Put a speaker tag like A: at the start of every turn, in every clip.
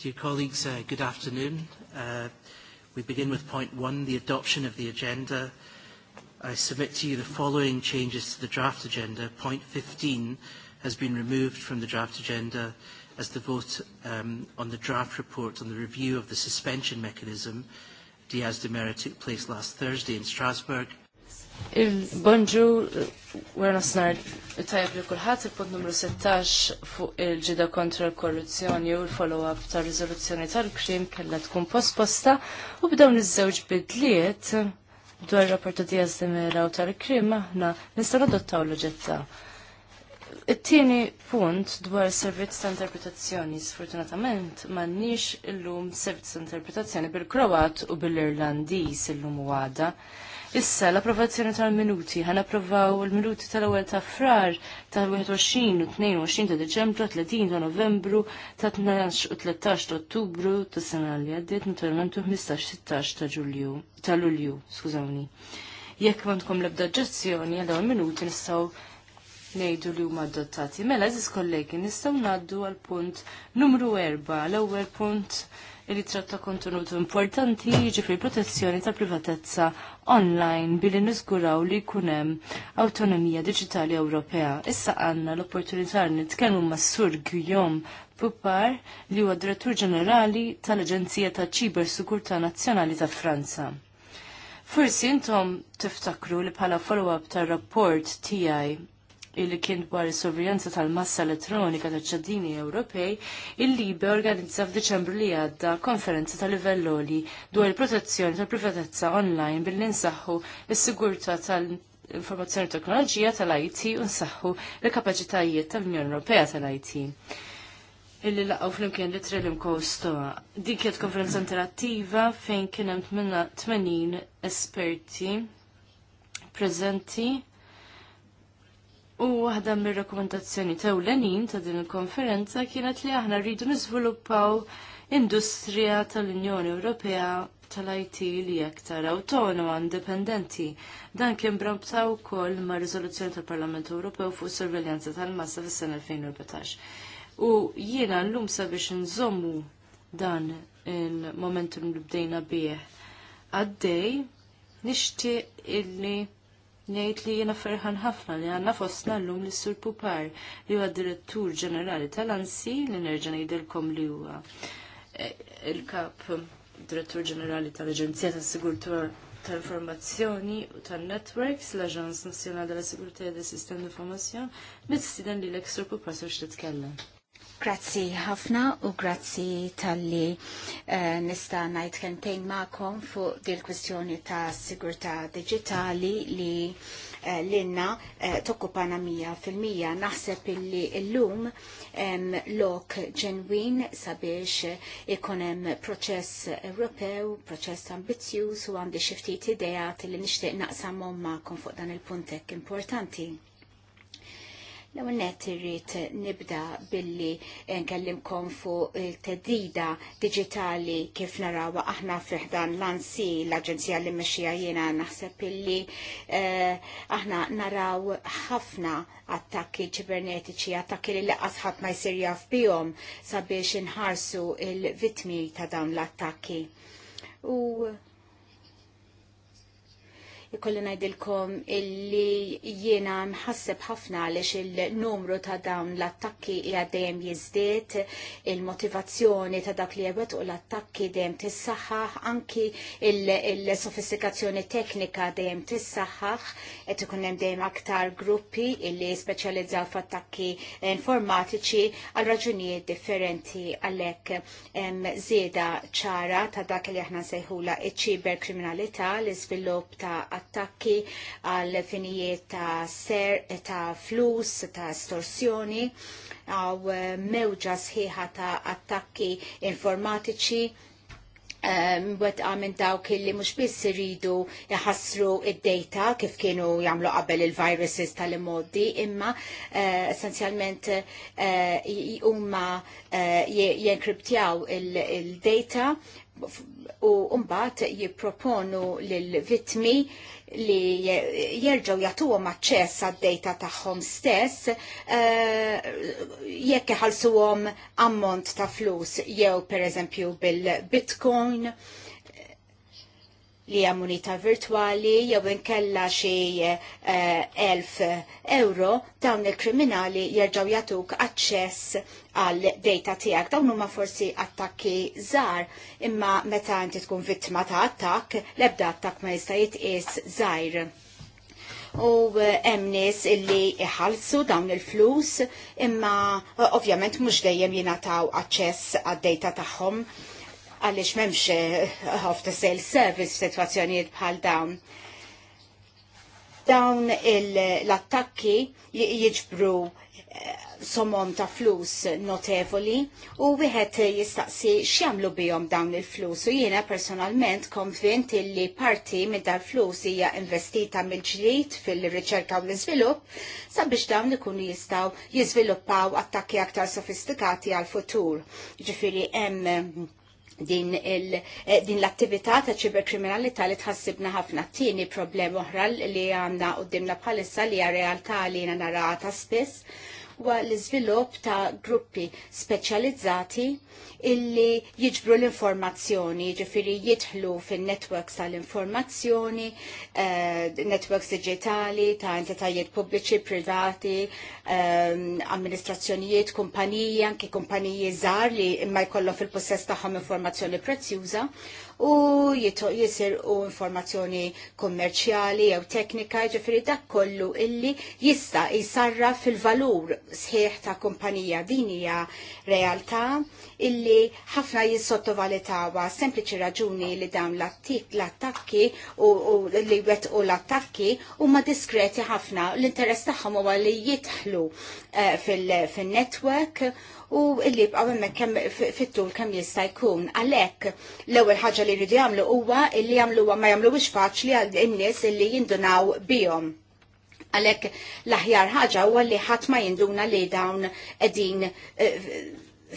A: Dear colleagues, uh, good afternoon. Uh, we begin with point one, the adoption of the agenda. I submit to you the following changes to the draft agenda. Point 15 has been removed from the draft agenda as the vote um, on the draft report on the review of the suspension mechanism, Diaz de Mera, took place last Thursday in Strasbourg.
B: Il-bonġu, snar nasnar, tajab li kullħat il-punt numru 16 fuq il-ġida kontra l-korruzzjoni u l-follow-up ta' rizoluzzjoni tal-krim kella tkun posposta u b'dawn iż-żewġ bidliet dwar rapportu Diaz de Mera u tal-krim aħna nistgħu nadottaw l ġetta It-tieni punt dwar servizz ta' interpretazzjoni sfortunatament m'għandniex illum servizz ta' interpretazzjoni bil-Kroat u bil-Irlandiż illum u għada. Issa, l-approvazzjoni tal-minuti, ħana approvaw il-minuti tal-ewel ta' frar ta' 21 u 22 ta' Deċembru, 30 ta' Novembru, ta' 12 u 13 ta' Ottubru ta' sena li għaddiet, naturalment 15-16 ta' Ġulju, ta' Lulju, skużawni. Jekk mandkom l-ebda ġezzjoni, għal minuti nistaw nejdu li huma adottati. Mela, eżis kollegi, nistaw naddu għal punt numru 4, l-ewwel punt li tratta kontenutu importanti ġifri protezzjoni ta' privatezza online billi niżguraw li kunem autonomija digitali Ewropea. Issa għanna l-opportunità li nitkellmu ma' Sur Guillaume Pupar li huwa Direttur Ġenerali tal-Aġenzija ta' Ċiber Sukurta Nazzjonali ta' Franza. Forsi intom tiftakru li bħala follow-up tar rapport tiegħi illi kien dwar is-sovrijanza tal-massa elettronika tal-ċaddini Ewropej, il-Libe organizza f'Diċembru li għadda konferenza tal livelloli dwar il-protezzjoni tal-privatezza online billi nsaħħu is-sigurtà tal- informazzjoni teknoloġija tal-IT u nsaħħu l-kapacitajiet tal-Unjoni Ewropea tal-IT illi laqgħu flimkien li trelim kostoa. Dik kienet konferenza interattiva fejn kien hemm 80 esperti preżenti U waħda mir-rakkomandazzjoni tewlenin ta' din il-konferenza kienet li aħna rridu niżviluppaw industrija tal-Unjoni Ewropea tal-IT li aktar autonoma, indipendenti. Dan kien brabta wkoll ma' riżoluzzjoni tal-Parlament Ewropew fuq sorveljanza tal-massa fis-sena 2014. U jiena llum sabiex nżommu dan il-momentum li bdejna bih għaddej nixtieq illi ngħid li jiena ferħan ħafna li għandna fostna llum li sur Pupar li huwa direttur ġenerali tal-Ansi li nerġa' ngħidilkom li huwa eh, il-kap direttur ġenerali tal-Aġenzija tas-Sigurtura tal-Informazzjoni u tan-Networks, l-Aġenz Nazzjonali tal-Sigurtà tal e Sistem tal informazzjon mit sidan li l-ek sur Pupar sur titkellem.
C: Grazzi ħafna u grazzi tal-li uh, nista najt kentejn ma'kom fuq dil-kwestjoni ta' sigurta digitali li uh, eh, l-inna uh, eh, tokkupana 100%. Naħseb illi l-lum lok ġenwin sabiex ikonem proċess Ewropew, proċess ambizzjuż u għandi xiftit idejat li nixtieq naqsam ma'kom fuq dan il-puntek importanti. Law net irrit nibda billi nkellimkom fuq il-tedida digitali kif narawa aħna fiħdan l-ANSI, l-Aġenzija li mexxija jiena naħseb billi eh, aħna naraw ħafna attakki ċibernetiċi, attakki li laqasħat ma jisir jaf bijom sabiex inħarsu il-vitmi ta' dawn l-attakki. U Ikolli ngħidilkom illi jiena mħasseb ħafna għaliex il-numru ta' dawn l-attakki hija dejjem jiżdied, il-motivazzjoni ta' dak li jgħabet u l-attakki dejjem tissaħħaħ, anki il-sofistikazzjoni teknika dejjem tissaħħaħ, qed ikun hemm dejjem aktar gruppi illi speċjalizzaw f'attakki informatiċi għal raġunijiet differenti għalhekk żieda ċara ta' dak li aħna sejħula iċ-ċiber kriminalità, l-iżvilupp ta' attakki għal finijiet ta' ser, ta' flus, ta' storsjoni, għaw eh, mewġa sħiħa ta' attakki informatiċi, eh, wet minn dawk li mux biss iridu jħassru id-data kif kienu jamlu qabel il-viruses tal-immoddi, imma eh, essenzjalment umma jenkriptjaw il-data u mbagħad jipproponu lill-vittmi li jerġgħu jagħtuhom aċċess għad-dejta tagħhom stess eh, jekk iħallsuhom ammont ta' flus jew pereżempju bil-Bitcoin li hija munita virtwali jew inkella xi eh, elf euro dawn il-kriminali jerġgħu jagħtuk aċċess għal data tiegħek. Dawn huma forsi attakki żgħar imma meta inti tkun vittma ta' attakk l-ebda attakk ma jista' jitqies żgħir. U eh, hemm nies illi iħallsu dawn il-flus imma eh, ovvjament mhux dejjem jingħataw aċċess għad-data tagħhom għalix memx ħafna eh, sales service situazzjoniet bħal dawn. Dawn l-attakki jiġbru eh, somom ta' flus notevoli u wieħed jistaqsi x'jamlu bihom dawn il-flus u jiena personalment konvint li parti minn dal flus hija investita mill-ġrid fil-riċerka u l-iżvilupp sabiex dawn ikunu jistgħu jiżviluppaw attakki aktar sofistikati għal-futur. Ġifieri hemm din, eh, din l-attività ta' ċiberkriminalità li tħassibna ħafna t-tieni problem oħra li għanna u dimna bħalissa li hija realtà li jena narata spess huwa l-iżvilupp ta' gruppi speċjalizzati illi jiġbru l-informazzjoni, ġifiri jidħlu fil-networks tal-informazzjoni, uh, networks digitali, ta' entitajiet pubbliċi, privati, um, amministrazzjonijiet, kumpaniji, anki kumpaniji żgħar li imma jkollhom fil-possess tagħhom informazzjoni prezzjuża u jisir u informazzjoni kommerċjali jew teknika ġifiri dak kollu illi jista' jisarra fil-valur sħiħ ta' kumpanija din hija realtà illi ħafna jissottovalitawa sempliċi raġuni li dawn l-attakki u, u li wet u l-attakki u ma diskreti ħafna l-interess tagħhom huwa li jitħlu uh, fil-network fil u illi jibqaw hemmhekk kem fit-tul kemm jista' jkun. Għalhekk l-ewwel ħaġa li jridu jagħmlu huwa illi jagħmlu ma jagħmluwix faċli għal in-nies illi jindunaw bihom. Għalhekk l-aħjar ħaġa huwa li ħadd ma jinduna li dawn qegħdin eh,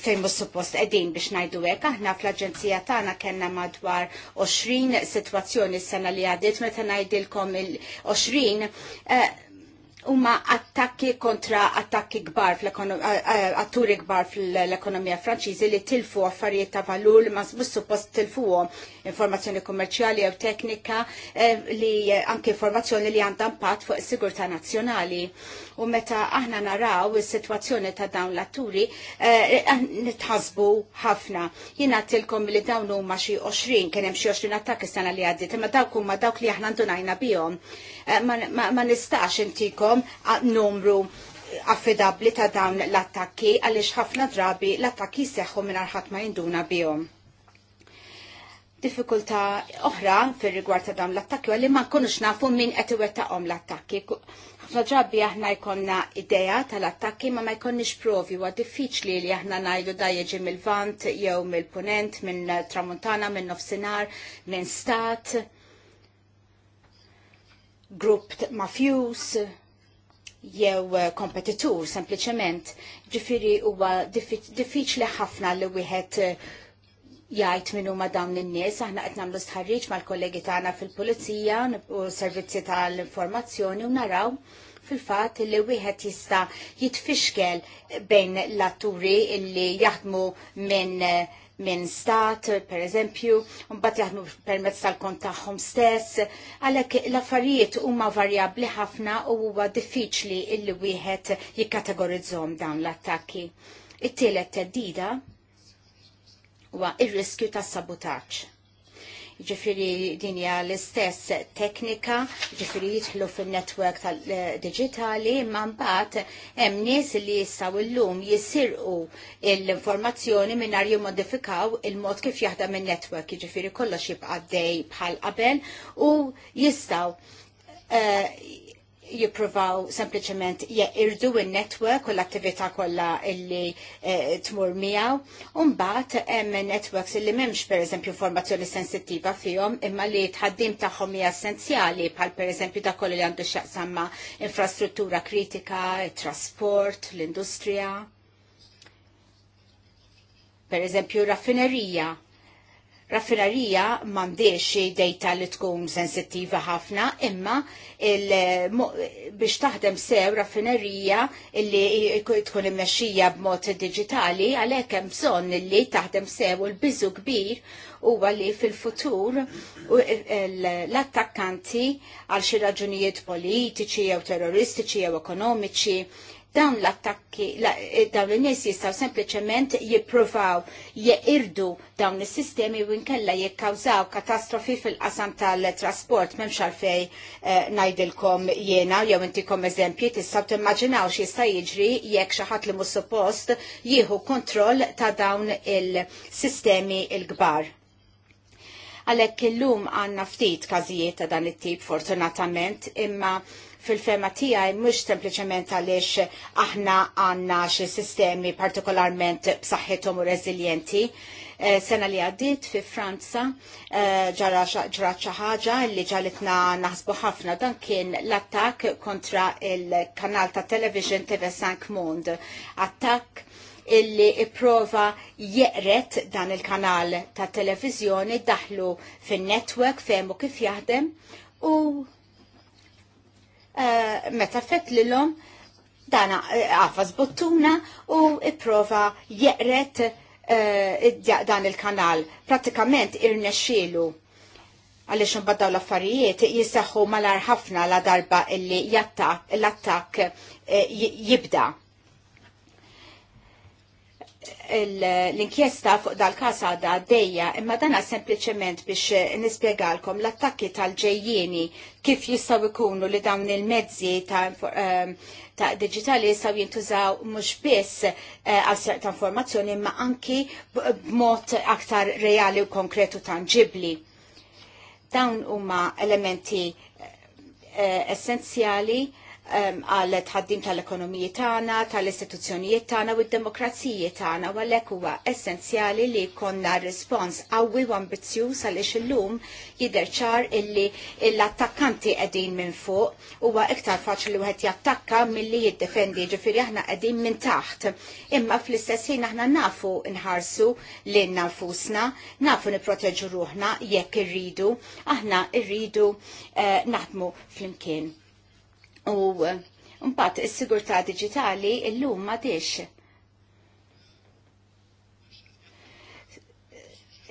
C: fejn mhux suppost qegħdin biex ngħidu hekk aħna fl-aġenzija tagħna kellna madwar 20 sitwazzjoni s-sena li għaddiet meta ngħidilkom il-20 huma attakki kontra attakki kbar atturi kbar fl-ekonomija franċiżi li tilfu affarijiet ta' valur li ma suppost tilfuhom informazzjoni kummerċjali jew teknika eh, li eh, anke informazzjoni li għandha impatt fuq is-sigurtà nazzjonali. U meta aħna naraw is-sitwazzjoni ta' dawn l-atturi eh, nitħasbu ħafna. Jiena tilkom li dawn huma xi 20 kien hemm xi 20 attakki sena li għaddiet, imma dawk huma dawk li aħna ndunajna bihom. Ma nistax intikom għandhom numru affidabli ta' dawn l-attakki għaliex ħafna drabi l-attakki seħħu minn ħadd ma jinduna bihom. Diffikultà oħra fir rigward ta' dawn l-attakki għalli ma nkunux nafu min qed iwettaqhom l-attakki. Ħafna drabi aħna jkollna idea tal-attakki ma ma jkollniex provi huwa diffiċli li aħna ngħidu da jiġi mill-vant jew mill-punent, minn tramuntana, minn nofsinhar, minn stat grupp mafjus jew eh, kompetitur sempliċement. Ġifiri huwa diffiċli ħafna li wieħed eh, jgħid minn huma dawn in-nies, aħna qed nagħmlu stħarriġ mal-kollegi tagħna fil-pulizija u servizzi tal-informazzjoni u naraw fil-fatt li wieħed jista' jitfixkel bejn l-atturi li jaħdmu minn uh, minn stat, per eżempju, mbagħad jaħdmu permezz tal-kont tagħhom stess, għalhekk l-affarijiet huma varjabbli ħafna u huwa diffiċli illi wieħed jikkategorizzom dawn l-attakki. It-tielet teddida huwa ir-riskju tas-sabotaġġ ġifiri dinja l-istess teknika, ġifiri jitħlu fil-network tal-digitali, eh, ma mbagħad hemm nies li jistgħu llum jissirqu l-informazzjoni mingħajr jimmodifikaw il-mod kif jaħdem min network ġifiri kollox jibqa' dej bħal qabel u jistgħu uh, jipruvaw sempliciment jeqirdu il-network u l-attività kollha illi eh, tmur miegħu. Umbagħad hemm networks illi m'hemmx pereżempju informazzjoni sensittiva fihom imma li tħaddim tagħhom hija essenzjali bħal pereżempju dak kollu li għandu x'jaqsam infrastruttura kritika, trasport, l-industrija. Pereżempju raffinerija raffinerija m'għandix dejta li tkun sensittiva ħafna, imma biex taħdem sew raffinerija li tkun immexxija b'mod digitali għalhekk hemm bżonn li taħdem sew u l biżu kbir huwa li fil-futur l-attakkanti għal xi raġunijiet politiċi jew terroristiċi jew ekonomiċi dawn l-attakki, eh, dawn il-nis jistaw sempliciment jipruvaw jeqirdu dawn il-sistemi u nkella jikkawżaw katastrofi fil-qasam tal-trasport memx għalfej eh, najdilkom jena, jew intikom eżempji, tistaw timmaġinaw x'jista' jiġri jekk xi ħadd li mhux suppost jieħu kontroll ta' dawn il-sistemi il-kbar. Għalhekk illum għandna ftit każijiet ta' dan it-tip fortunatament, imma fil-fema tiegħi mhux sempliċement għaliex aħna għandna xi sistemi partikolarment b'saħħithom u reżiljenti. Eh, sena li għaddit fi Franza eh, ġara xi ħaġa li ġalitna naħsbu ħafna dan kien l-attakk kontra il-kanal ta' television TV5 Mond. Attakk illi iprova jeqret dan il-kanal ta' televizjoni daħlu fin-network fejmu kif jaħdem u Eh, meta fett l-lum dana eh, għafas bottuna u ipprova jeqret eh, dan il-kanal. Pratikament irnexxielu għalix nbaddaw l-affarijiet jisaxħu malar ħafna la darba illi l-attak jibda l-inkjesta fuq dal-kas għadha għaddejja, imma dana sempliċement biex eh, nispjegalkom l-attakki tal-ġejjieni kif jistaw ikunu li dawn il-mezzi ta', eh, digitali jistaw jintużaw mhux biss eh, għal ta' informazzjoni imma anki b'mod aktar reali u konkretu tangibli. Dawn huma elementi uh, essenzjali għalet ħaddim tal-ekonomiji tagħna, tal-istituzzjonijiet tagħna u d-demokrazijiet tagħna u għalhekk huwa essenzjali li konna respons qawwi u ambizzjuż għaliex illum jidher ċar illi l-attakkanti qegħdin minn fuq huwa iktar faċli wieħed jattakka milli jiddefendi ġifieri aħna qegħdin minn taħt. Imma fl-istess ħin aħna nafu nħarsu lil nafusna, nafu nipproteġu ruħna jekk irridu, aħna irridu eh, naħdmu flimkien U eh, mbagħad is-sigurtà diġitali llum m'għadix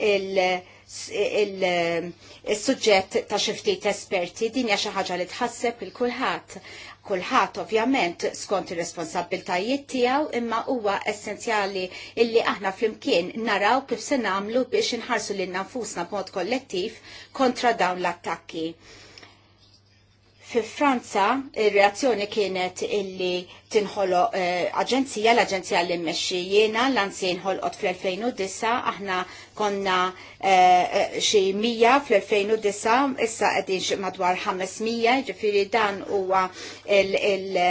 C: il-sujġett eh, ta' ftit esperti din hija xi ħaġa li tħasseb il kulħadd. Kulħadd ovvjament skont ir-responsabbiltajiet tiegħu imma huwa essenzjali illi aħna flimkien naraw kif se nagħmlu biex inħarsu lil nafusna b'mod kollettiv kontra dawn l-attakki. Fi Franza ir-reazzjoni kienet illi tinħolo eh, aġenzija, l-aġenzija li mmexxi jiena l-ansi nħolqot fl-2009, aħna konna eh, eh, xi mija fl-2009, issa qegħdin madwar 500, ġifieri dan huwa il-, il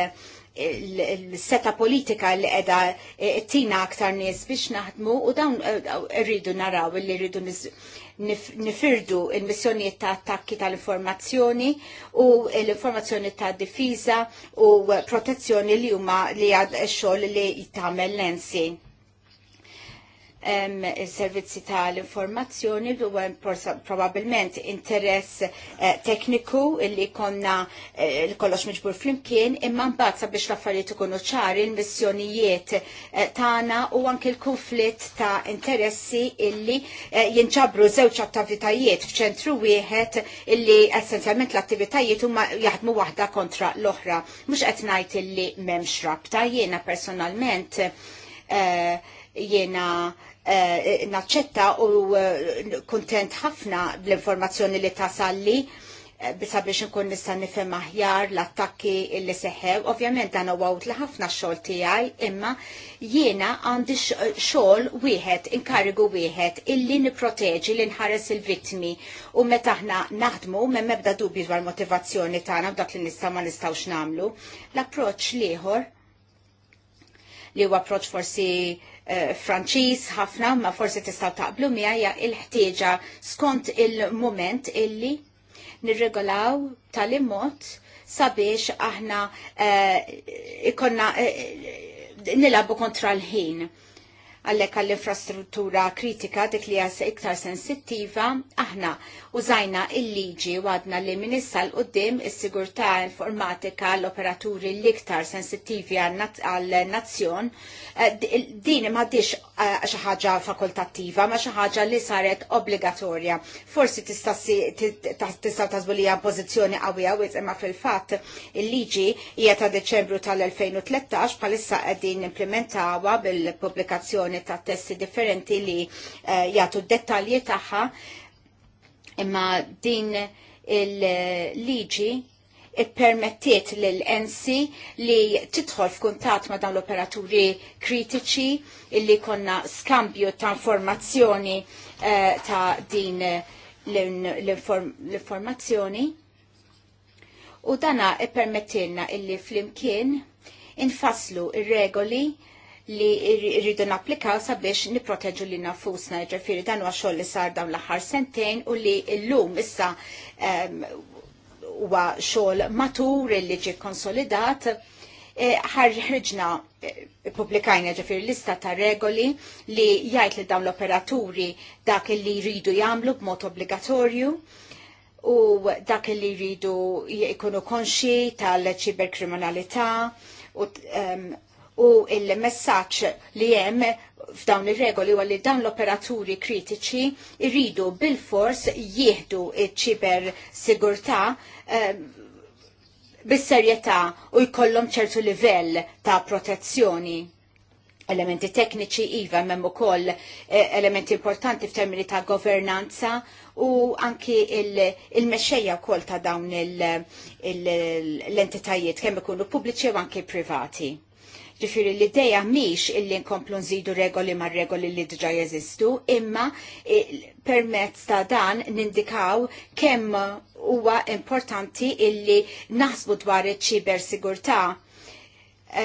C: l-seta politika li edha e, tina aktar nies biex naħdmu u dawn e, rridu naraw li rridu nifirdu il-missjonijiet ta' attakki tal-informazzjoni u l-informazzjoni ta' difiża u protezzjoni li huma li għad xogħol li jitamel l il-servizzi tal-informazzjoni u probabilment interess eh, tekniku illi konna eh, kollox miġbur flimkien imma mbagħad sabiex l-affarijiet ikunu ċari l-missjonijiet eh, tagħna u anke l-konflitt ta' interessi illi eh, jinġabru żewġ attivitajiet f'ċentru wieħed illi essenzjalment l-attivitajiet huma jaħdmu waħda kontra l-oħra. Mhux qed ngħid illi m'hemmx rabta jiena personalment eh, jiena Eh, naċċetta u eh, kontent ħafna l-informazzjoni li tasalli eh, bisa biex nkun nista' nifhem aħjar l-attakki li seħew. Ovvjament dan huwa utla ħafna x-xogħol tiegħi, imma jiena għandi xogħol wieħed, inkarigu wieħed illi nipproteġi li nħares il-vittmi u meta aħna naħdmu m'hemm ebda dubju dwar motivazzjoni tagħna dak li nista' ma nistgħux nagħmlu. L-approċċ lieħor. ieħor li huwa approach forsi uh, Franċiż ħafna, ma forsi tistgħu taqblu miegħja il-ħtieġa skont il-moment illi nirregolaw tal-imot sabiex aħna uh, ikonna uh, nilabu kontra l-ħin għallek għall-infrastruttura kritika dik li għas iktar sensittiva, aħna użajna il-liġi u għadna li minissa l-qoddim il-sigurta informatika l-operaturi l-iktar sensittivi għal-nazzjon, eh, din ma diċ eh, xaħġa fakultattiva, ma xaħġa li saret obbligatorja. Forsi tista' tazbulija pozizjoni għawija u imma fil-fat il-liġi hija ta' Deċembru tal-2013 palissa qegħdin implementawa bil-pubblikazzjoni kombinazzjoni ta' testi differenti li eh, jagħtu dettalji tagħha imma din il-liġi permettiet l-NC li titħol f'kuntat ma dawn l-operaturi kritiċi illi konna skambju ta' informazzjoni eh, ta' din l-informazzjoni. U dana permettilna illi flimkien infaslu ir-regoli il li rridu napplikaw sabiex niproteġu li nafusna ġifiri dan huwa xogħol li sar dawn l-aħħar sentejn u li llum issa ehm, huwa um, xogħol matur li ġie konsolidat e, ħarġna e, publikajna ġifir lista ta' regoli li jgħid li dawn l-operaturi dak li jridu jagħmlu b'mod obbligatorju u dak li jridu jkunu konxi tal-ċiberkriminalità u ehm, u il-messaġġ li hemm f'dawn ir-regoli u li dawn l-operaturi kritiċi irridu bil-fors jieħdu iċ-ċiber sigurta ehm, bis-serjetà u jkollhom ċertu livell ta' protezzjoni elementi tekniċi iva memm ukoll eh, elementi importanti f'termini ta' governanza u anki il-mexxejja il wkoll ta' dawn l-entitajiet kemm ikunu pubbliċi u anki privati. Ġifiri l-ideja miex illi nkomplu nżidu regoli ma' regoli li diġa jeżistu, imma e, permezz ta' dan nindikaw kemm huwa importanti illi naħsbu dwar iċ-ċiber sigurtà. E,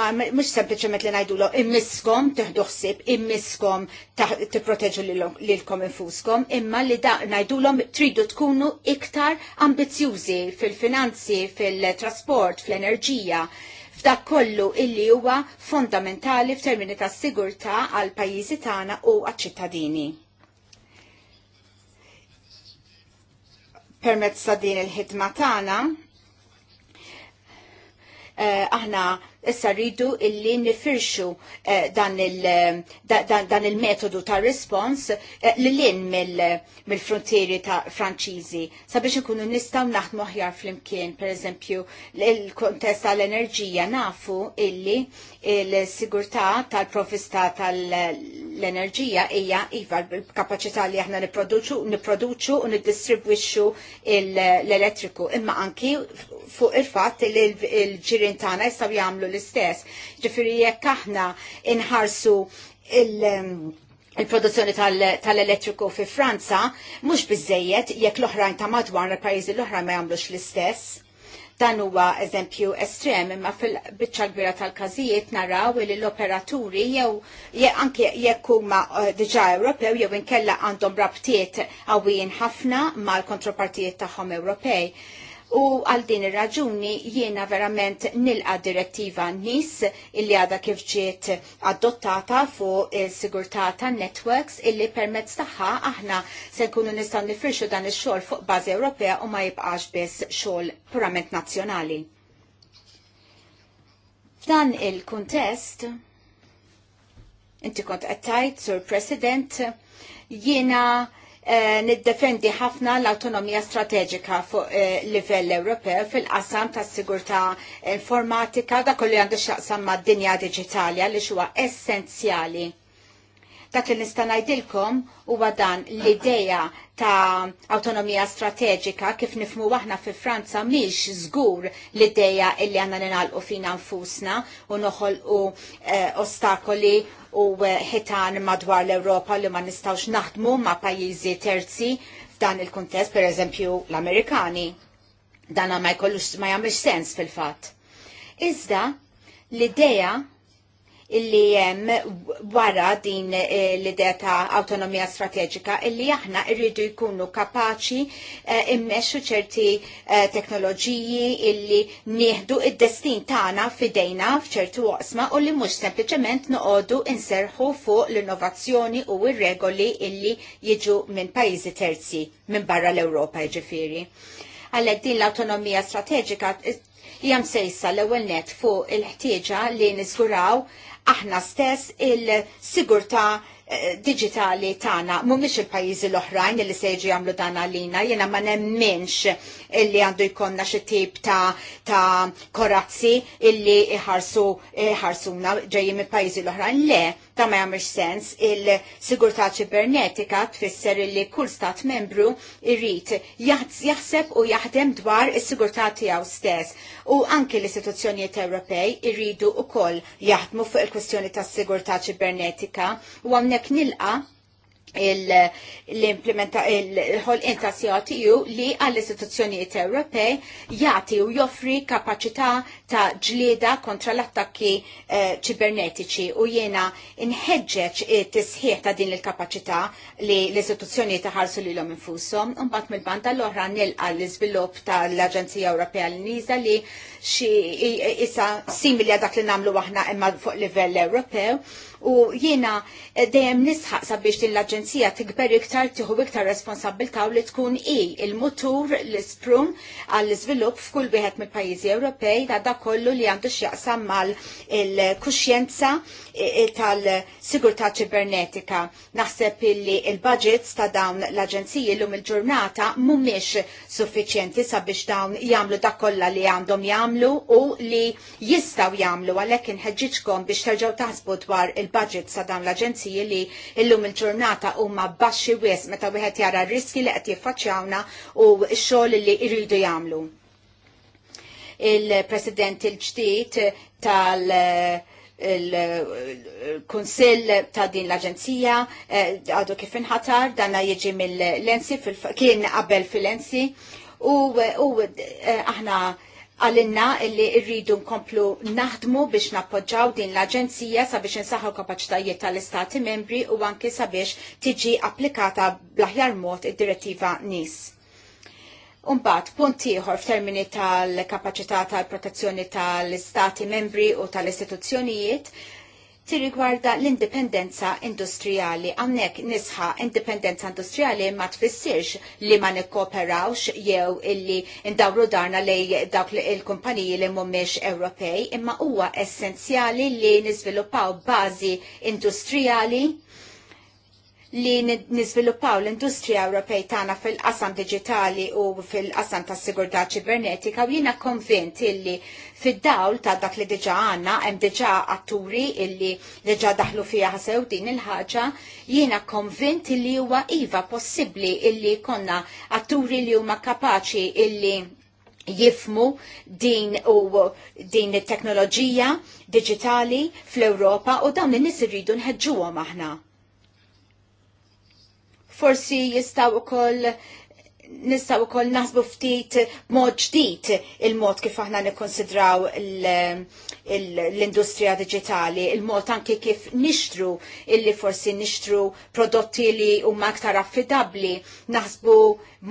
C: ma mux sempliciment li najdu lo immiskom tuħduħsib, immiskom t-proteġu l-kom infuskom, imma li da najdu lo tridu tkunu iktar ambizjużi fil-finanzi, fil-trasport, fil-enerġija, fil finanzi fil trasport fil enerġija fil fil enerġija dak kollu illi huwa fondamentali f'termini ta' sigurtà għal pajjiżi tagħna u għaċ-ċittadini. Permezz ta' din il-ħidma tagħna eh, aħna issa rridu illi nifirxu eh, eh, dan il-metodu ta' respons eh, l-lin mill-frontieri ta' franċizi. Sabiex nkunu nistaw naħdmu ħjar fl-imkien, per eżempju, l kontest tal-enerġija nafu illi l-sigurtà tal-provista tal-enerġija hija iva l-kapacità li aħna niproduċu u niddistribwixxu l-elettriku imma anki fuq il-fatt li l-ġirin tagħna jistgħu jagħmlu l-istess. Ġifiri jekk aħna inħarsu il- il-produzzjoni tal-elettriku fi Franza, mhux bizzejiet, jekk l-oħrajn ta' madwar il-pajjiżi l-oħrajn ma jagħmlux l-istess. Dan huwa eżempju estrem, imma fil-biċċa gbira tal-każijiet naraw li l-operaturi jew anke jekk huma uh, diġà Ewropew jew inkella għandhom rabtiet qawwijin ħafna mal-kontropartijiet tagħhom Ewropej. U għal din ir-raġuni jiena verament nilqa direttiva NIS illi għada kif ġiet adottata fuq il-sigurtà tan-networks illi permezz tagħha aħna se nkunu nistgħu nifrixu dan ix-xogħol fuq bażi Ewropea u ma jibqax biss xogħol purament nazzjonali. F'dan il-kuntest inti kont qed tajt sur President jiena Eh, niddefendi ħafna l-autonomija strateġika fuq eh, livell Ewropew fil-qasam tas sigurtà informatika da kollu għandu xaqsam mad dinja Digitali għalli huwa essenzjali Dak li nista' ngħidilkom huwa dan l-idea ta' autonomija strateġika kif nifmu aħna fi Franza mhix żgur l-idea illi għandna ninalqu fina nfusna u noħolqu eh, ostakoli u eh, ħitan madwar l-Ewropa li ma nistawx naħdmu ma' pajjiżi terzi f'dan il-kuntest, per eżempju l-Amerikani. Dan ma jkollux ma jagħmilx sens fil-fatt. Iżda l-idea illi jem wara din eh, l-idea ta' autonomija strategika illi aħna irridu jkunu kapaċi eh, ċerti eh, teknoloġiji illi nieħdu id-destin tagħna fidejna f'ċertu waqsma u li mhux sempliċement noqogħdu inserħu fuq l-innovazzjoni u r-regoli illi jiġu minn pajjiżi terzi minn barra l-Ewropa jiġifieri. Għalhekk din l-autonomija strateġika eh, jam sejsa l-ewwel net fuq il-ħtieġa li niżguraw aħna stess il-sigurta eh, digitali tana, mumiex il-pajizi l-oħrajn li seġi għamlu dan għalina, jena ma nemminx illi għandu jkonna xi tip ta', ta korazzi illi iħarsu iħarsuna ġejji il pajizi l-oħrajn. Le, Ta' ma jagħmilx sens il-sigurtà ċibernetika tfisser li kull stat membru irrit jaħseb u jaħdem dwar is-sigurtà tiegħu stess. U anki l-istituzzjonijiet Ewropej irridu wkoll jaħdmu fuq il-kwestjoni tas-sigurtà ċibernetika u hawnhekk nilqa' il-ħolqin ta' CRTU li għall istituzzjonijiet Ewropej jagħti u joffri kapaċità ta' ġlieda kontra l-attakki eh, ċibernetiċi u jiena inħeġġeġ tisħiħ ta' din il-kapacità li l-istituzzjoni taħarsu li l-om infusom. Unbat mill-banda l-oħra nilqa l-iżvilupp tal-Aġenzija Ewropea l niza li xi issa simili għadak dak li nagħmlu aħna imma fuq livell Ewropew u jiena eh, dejjem nisħaq sabiex din l-Aġenzija tikber iktar tieħu iktar responsabilta u li tkun i il-mutur l-isprum għall-iżvilupp f'kull wieħed mill-pajjiżi Ewropej ta' dak kollu li għandu x'jaqsam mal il-kuxjenza e, e, tal-sigurtà ċibernetika. Naħseb illi il-budgets ta' dawn l-aġenziji l-lum il-ġurnata mumiex suffiċjenti sabiex dawn jamlu dak kollha li għandhom jamlu u li jistaw jamlu għalhekk inħeġġiġkom biex terġgħu taħsbu dwar il-budgets ta' dawn l-aġenziji li l-lum il-ġurnata huma baxxi wies meta wieħed jara r-riski li qed jiffaċċjawna u x-xogħol li jridu jagħmlu il-President il-ġdid tal- il-Kunsill ta' din l-Aġenzija eh, għadu kif inħatar danna jiġi mill-Lensi kien qabel fil-Lensi u eh, aħna għalinna illi irridu nkomplu naħdmu biex nappoġġaw din l-Aġenzija sabiex insaħħu kapaċitajiet tal-Istati membri u anki sabiex tiġi applikata bl-aħjar mod id-direttiva NIS. Umbat, punt ieħor f'termini tal-kapacità tal-protezzjoni tal-istati membri u tal-istituzzjonijiet tirrigwarda l-indipendenza industrijali. Għamnek nisħa indipendenza industrijali ma tfissirx li ma nikkoperawx jew illi indawru darna li dawk il-kumpaniji li mummiex Ewropej, imma huwa essenzjali li niżviluppaw bażi industrijali li niżviluppaw l-industrija Ewropej tagħna fil-qasam diġitali u fil-qasam tas-sigurtà ċibernetika u jiena konvint illi fid-dawl ta' dak li diġa għanna, hemm diġa atturi illi diġa daħlu fija ħasew din il-ħaġa, jiena konvint illi huwa iva possibbli illi konna atturi li huma kapaċi illi jifmu din u din it-teknoloġija digitali fl-Ewropa u dawn in-nies irridu nħeġġuhom aħna forsi jistaw ukoll nistaw koll nasbu ftit mod ġdid il-mod kif aħna nikkonsidraw l-industrija digitali, il-mod anki kif nixtru illi forsi nixtru prodotti li huma aktar affidabbli, naħsbu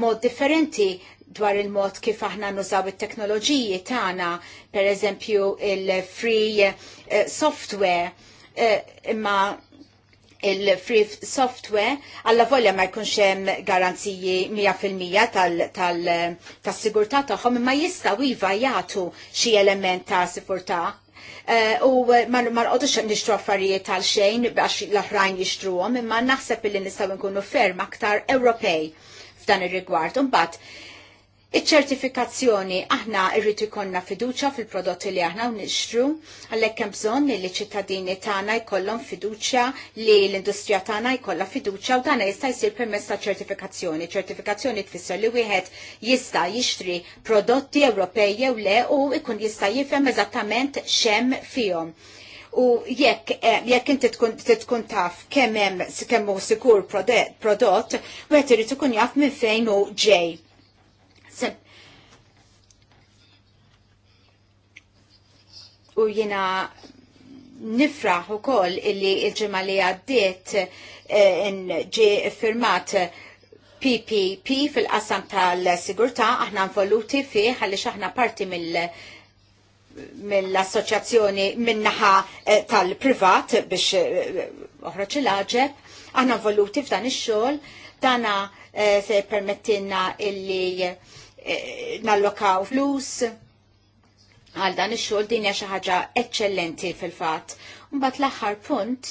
C: mod differenti dwar il-mod kif aħna nużaw it-teknoloġiji tagħna, per eżempju il-free eh, software, eh, imma il-free software għalla volja ma jkunx hemm garanziji 100% tal-sigurtà tal, tagħhom imma jistgħu iva jagħtu xi element ta' sigurtà eh, u ma nqodux nixtru affarijiet għal xejn għax l-oħrajn jixtruhom, imma naħseb illi nistgħu nkunu ferm aktar Ewropej f'dan ir-rigward. Imbagħad Iċ-ċertifikazzjoni aħna irrid ikollna fiduċja fil-prodotti li aħna nixtru, għalhekk hemm bżonn li ċittadini tagħna jkollhom fiduċja li l-industrija tagħna jkollha fiduċja u dan jista' jsir permezz ta' ċertifikazzjoni. Ċertifikazzjoni tfisser li wieħed jista' jixtri prodotti Ewropej jew le u jkun jista' jifhem eżattament xemm fihom u jekk eh, jekk inti tkun taf kemm hemm kemm hu sikur prodott, wieħed irid ikun jaf minn fejn hu ġej u jina nifraħ u koll illi il-ġemma li għaddiet eh, ġi firmat PPP fil-qasam tal-sigurta, aħna nvoluti fih għalli aħna parti mill- mill-assoċjazzjoni minnaħa eh, tal-privat biex eh, oħroċ laġeb, aħna nvoluti f'dan ix-xogħol, dana se permettinna illi nallokaw flus, għal dan ix-xogħol din hija xi ħaġa eċċellenti fil-fatt. Mbagħad l-aħħar punt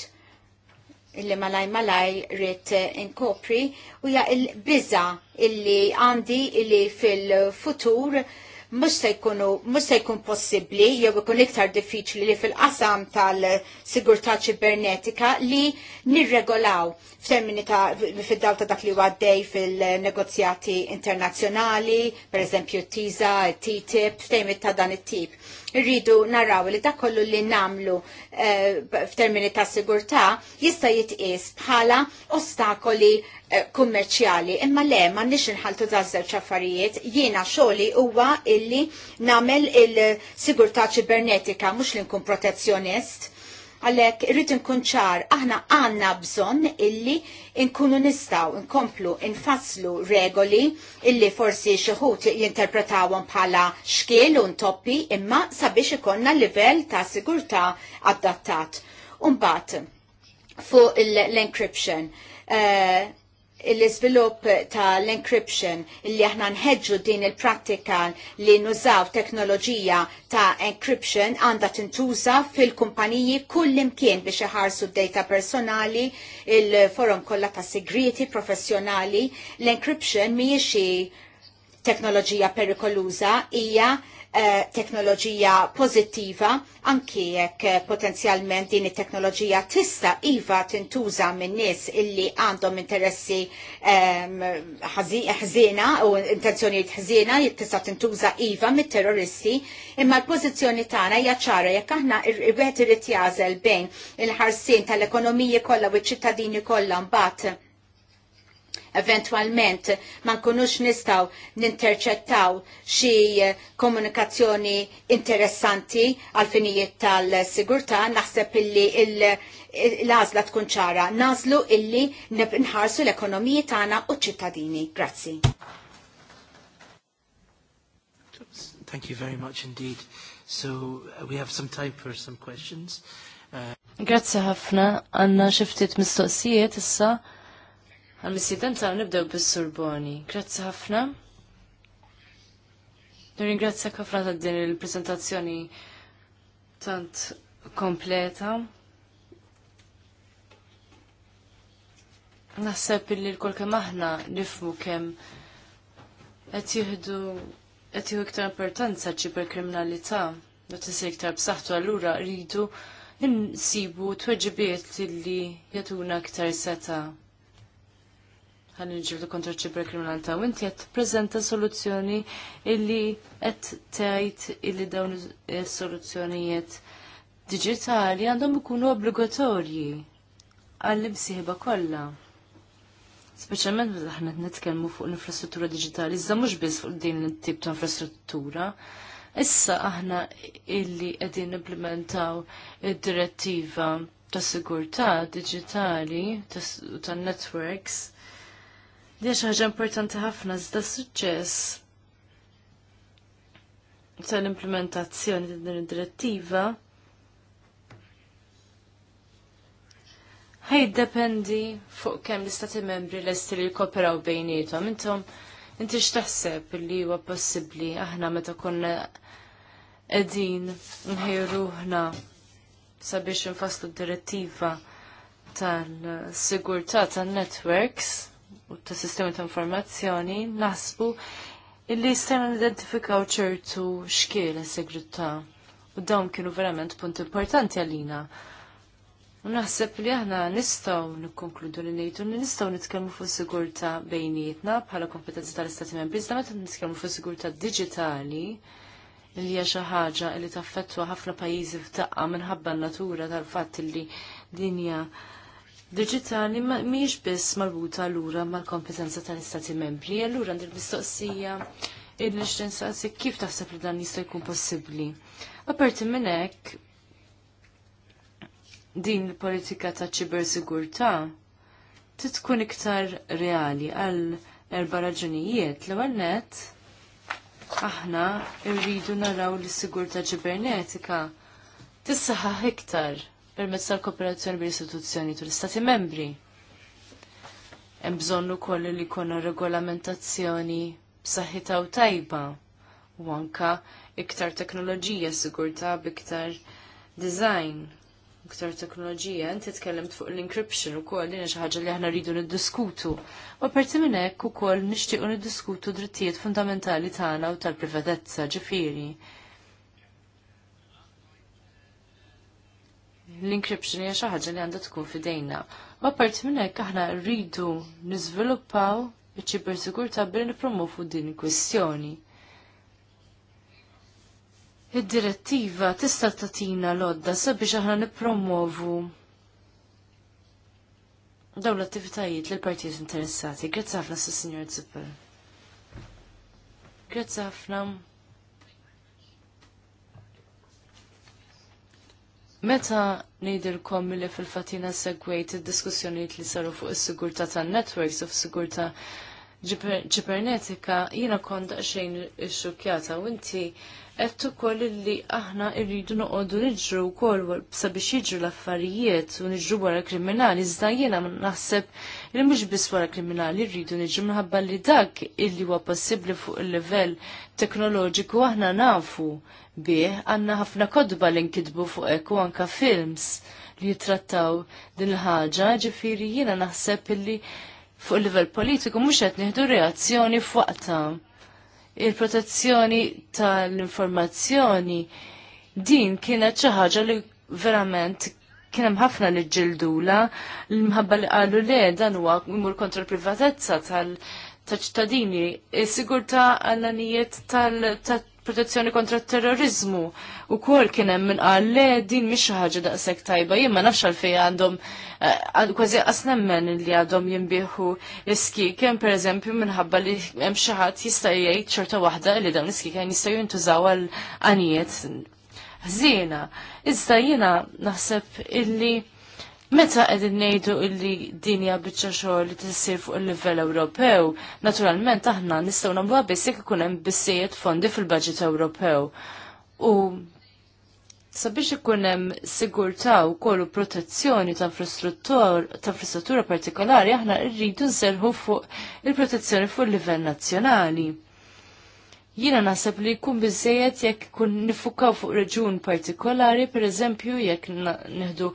C: illi malaj malaj rrit inkopri u ja il-biza illi għandi illi fil-futur mux se jkunu, se jkun possibli, jew ikun iktar diffiċli li fil-qasam tal-sigurtà ċibernetika li nirregolaw f'termini ta' fid dal ta' dak li għaddej fil-negozjati internazzjonali, per eżempju TISA, TTIP, f'termini ta' dan it-tip. Irridu naraw li dak kollu li namlu eh, f'termini ta' sigurtà jista' jitqies bħala ostakoli eh, kummerċjali. Imma le, ma nix nħaltu da' żewġ affarijiet, jiena xogħli huwa illi namel il-sigurtà ċibernetika mhux li nkun protezzjonist Għalek irrid nkun ċar, aħna għanna bżonn illi nkunu nistaw nkomplu nfasslu regoli illi forsi xieħut jinterpretawhom bħala xkiel u ntoppi imma sabiex ikonna livell ta' sigurtà adattat. Umbat, fuq l-encryption. Uh, l-izvilup tal-encryption li aħna nħedġu din il-prattika li nużaw teknoloġija ta' encryption għanda tintuża fil-kumpaniji kull imkien biex iħarsu d-data personali il-forum kollha ta' segreti professjonali l-encryption mhijiex teknoloġija perikoluża hija Eh, teknoloġija pozittiva, anki jekk eh, potenzjalment din it-teknoloġija tista iva tintuża minn nies illi għandhom interessi ehm, ħażina u intenzjonijiet ħżina tista tintuża iva mit-terroristi, imma l-pożizzjoni tagħna hija ċara jekk aħna wieħed irid jażel bejn il-ħarsien tal-ekonomiji kollha u ċ-ċittadini kollha mbagħad eventualment ma nkunux nistaw ninterċettaw xi eh, komunikazzjoni interessanti għal finijiet tal-sigurtà naħseb illi l-għażla tkun ċara. nazlu illi nħarsu l-ekonomiji tagħna u ċittadini. Grazzi.
A: Thank you very much indeed. So uh, we have some time for some questions.
B: Uh... Grazzi ħafna, għanna xiftit mistoqsijiet issa. Għal-missident għal nibdew bis-Sorboni. Grazzi ħafna. Nirringrazzjak ħafna ta' din il-prezentazzjoni tant kompleta. Naħseb illi l-kol kem aħna nifmu kem qed jieħdu qed jieħu iktar importanza ċiberkriminalità u tisir iktar b'saħħtu allura rridu nsibu tweġibiet li jagħtuna iktar seta' ħalli nġibdu kontra kriminalità u inti qed tippreżenta soluzzjoni illi qed tgħid illi dawn is-soluzzjonijiet eh, digitali għandhom ikunu obbligatorji għall-imsieħba kollha. Speċjalment meta aħna nitkellmu fuq l-infrastruttura digitali, iżda mhux biss fuq din it-tip ta' infrastruttura. Issa aħna illi qegħdin implementaw id-direttiva ta' sigurtà diġitali tan-networks Din xi ħaġa importanti ħafna iżda suċċess tal-implementazzjoni ta' din id-direttiva dependi fuq kemm l-istati membri lesti li jkoperaw bejnietom. Intom inti x'taħseb li huwa possibbli aħna meta konna qegħdin nħejruħna sabiex nfasslu d-direttiva tal-sigurtà tan-networks u ta' sistemi ta' informazzjoni nasbu illi stajna identifikaw ċertu xkiel segretta u dawn kienu verament punt importanti għalina. U naħseb li aħna nistaw nikkonkludu li nejtu li nistaw nitkellmu fuq sigurta bejnietna bħala kompetenzi tal-Istati Membri, iżda meta nitkellmu fuq sigurta digitali li hija xi ħaġa li taffettwa ħafna pajjiżi f'daqqa minħabba n-natura tal-fatt li dinja digitali miex biss marbuta l-ura mal-kompetenza tal-istati membri, l-ura mistoqsija il-nixten kif taħseb li dan jista' jkun possibbli. Aperti minn hekk, din il-politika ta' ċibersigurtà titkun iktar reali għal erba raġunijiet l net aħna rridu naraw li s-sigurta ġibernetika tissaħa iktar permezz tal-kooperazzjoni bil-istituzzjoni tal-Istati membri. Hemm bżonn ukoll li jkollna regolamentazzjoni b'saħħitha u tajba u anka iktar teknoloġija sigurtà biktar design iktar teknoloġija, inti tkellimt fuq l-encryption u koll xi ħaġa li aħna rridu niddiskutu. U parti minn hekk ukoll nixtiequ niddiskutu drittijiet fundamentali tagħna u tal-privatezza ġifieri. l-encryption hija xi ħaġa li għandha tkun f'idejna. U apparti minn hekk aħna rridu niżviluppaw iċ-ċiber sigurtà billi nippromovu din il-kwistjoni. Id-direttiva tista' tatina lodda sabiex aħna nippromovu dawn l-attivitajiet li l-partijiet interessati. Grazzi ħafna, Signor Zippel. Grazzi ħafna. Meta ngħidilkom li fil-fatina segwejt id-diskussjonijiet li saru fuq is-sigurtà tan-networks u f sigurtà ġipernetika, jiena kont daqsxejn ixxukjata u inti qed ukoll li aħna rridu noqogħdu niġru wkoll sabiex jiġru l-affarijiet u niġru wara kriminali iżda jiena naħseb li mhux biss wara kriminali rridu niġru minħabba li dak illi huwa possibbli fuq il-livell teknoloġiku aħna nafu bih, għanna ħafna kodba li nkidbu fuq eku anka films li jitrattaw din ħaġa, ġifiri jiena naħseb li fuq il-livell politiku mhux qed nieħdu reazzjoni fuqta. Il-protezzjoni tal-informazzjoni din kienet xi ħaġa li verament kien hemm ħafna li ġildula l-mħabba li qalu le dan huwa jmur kontra l-privatezza tal- ta' ċittadini, is-sigurtà għall-anijiet protezzjoni kontra terrorizmu u kol kienem minn għalle din mish ħaġa daqsek tajba jimma nafx fej għandhom eh, kważi għasnemmen li għadhom jimbiħu iski kien per eżempju minħabba li hemm xi ħadd jista' jgħid xorta waħda li dawn iski kien jista' jintużaw għal għanijiet ħżiena. Iżda jiena naħseb illi Meta qegħdin ngħidu li dinja bieċa biċċa xogħol li tissir fuq il-livell Ewropew, naturalment aħna nistgħu nagħmluha biss jekk ikun hemm bissijiet fondi fil budget Ewropew. U sabiex ikun hemm sigurtà kollu protezzjoni ta' infrastruttura partikolari aħna rridu nserħu fuq il-protezzjoni fuq il-livell nazzjonali. Jiena naħseb li jkun biżejjed jekk kun nifukaw fuq reġun partikolari, pereżempju jekk neħdu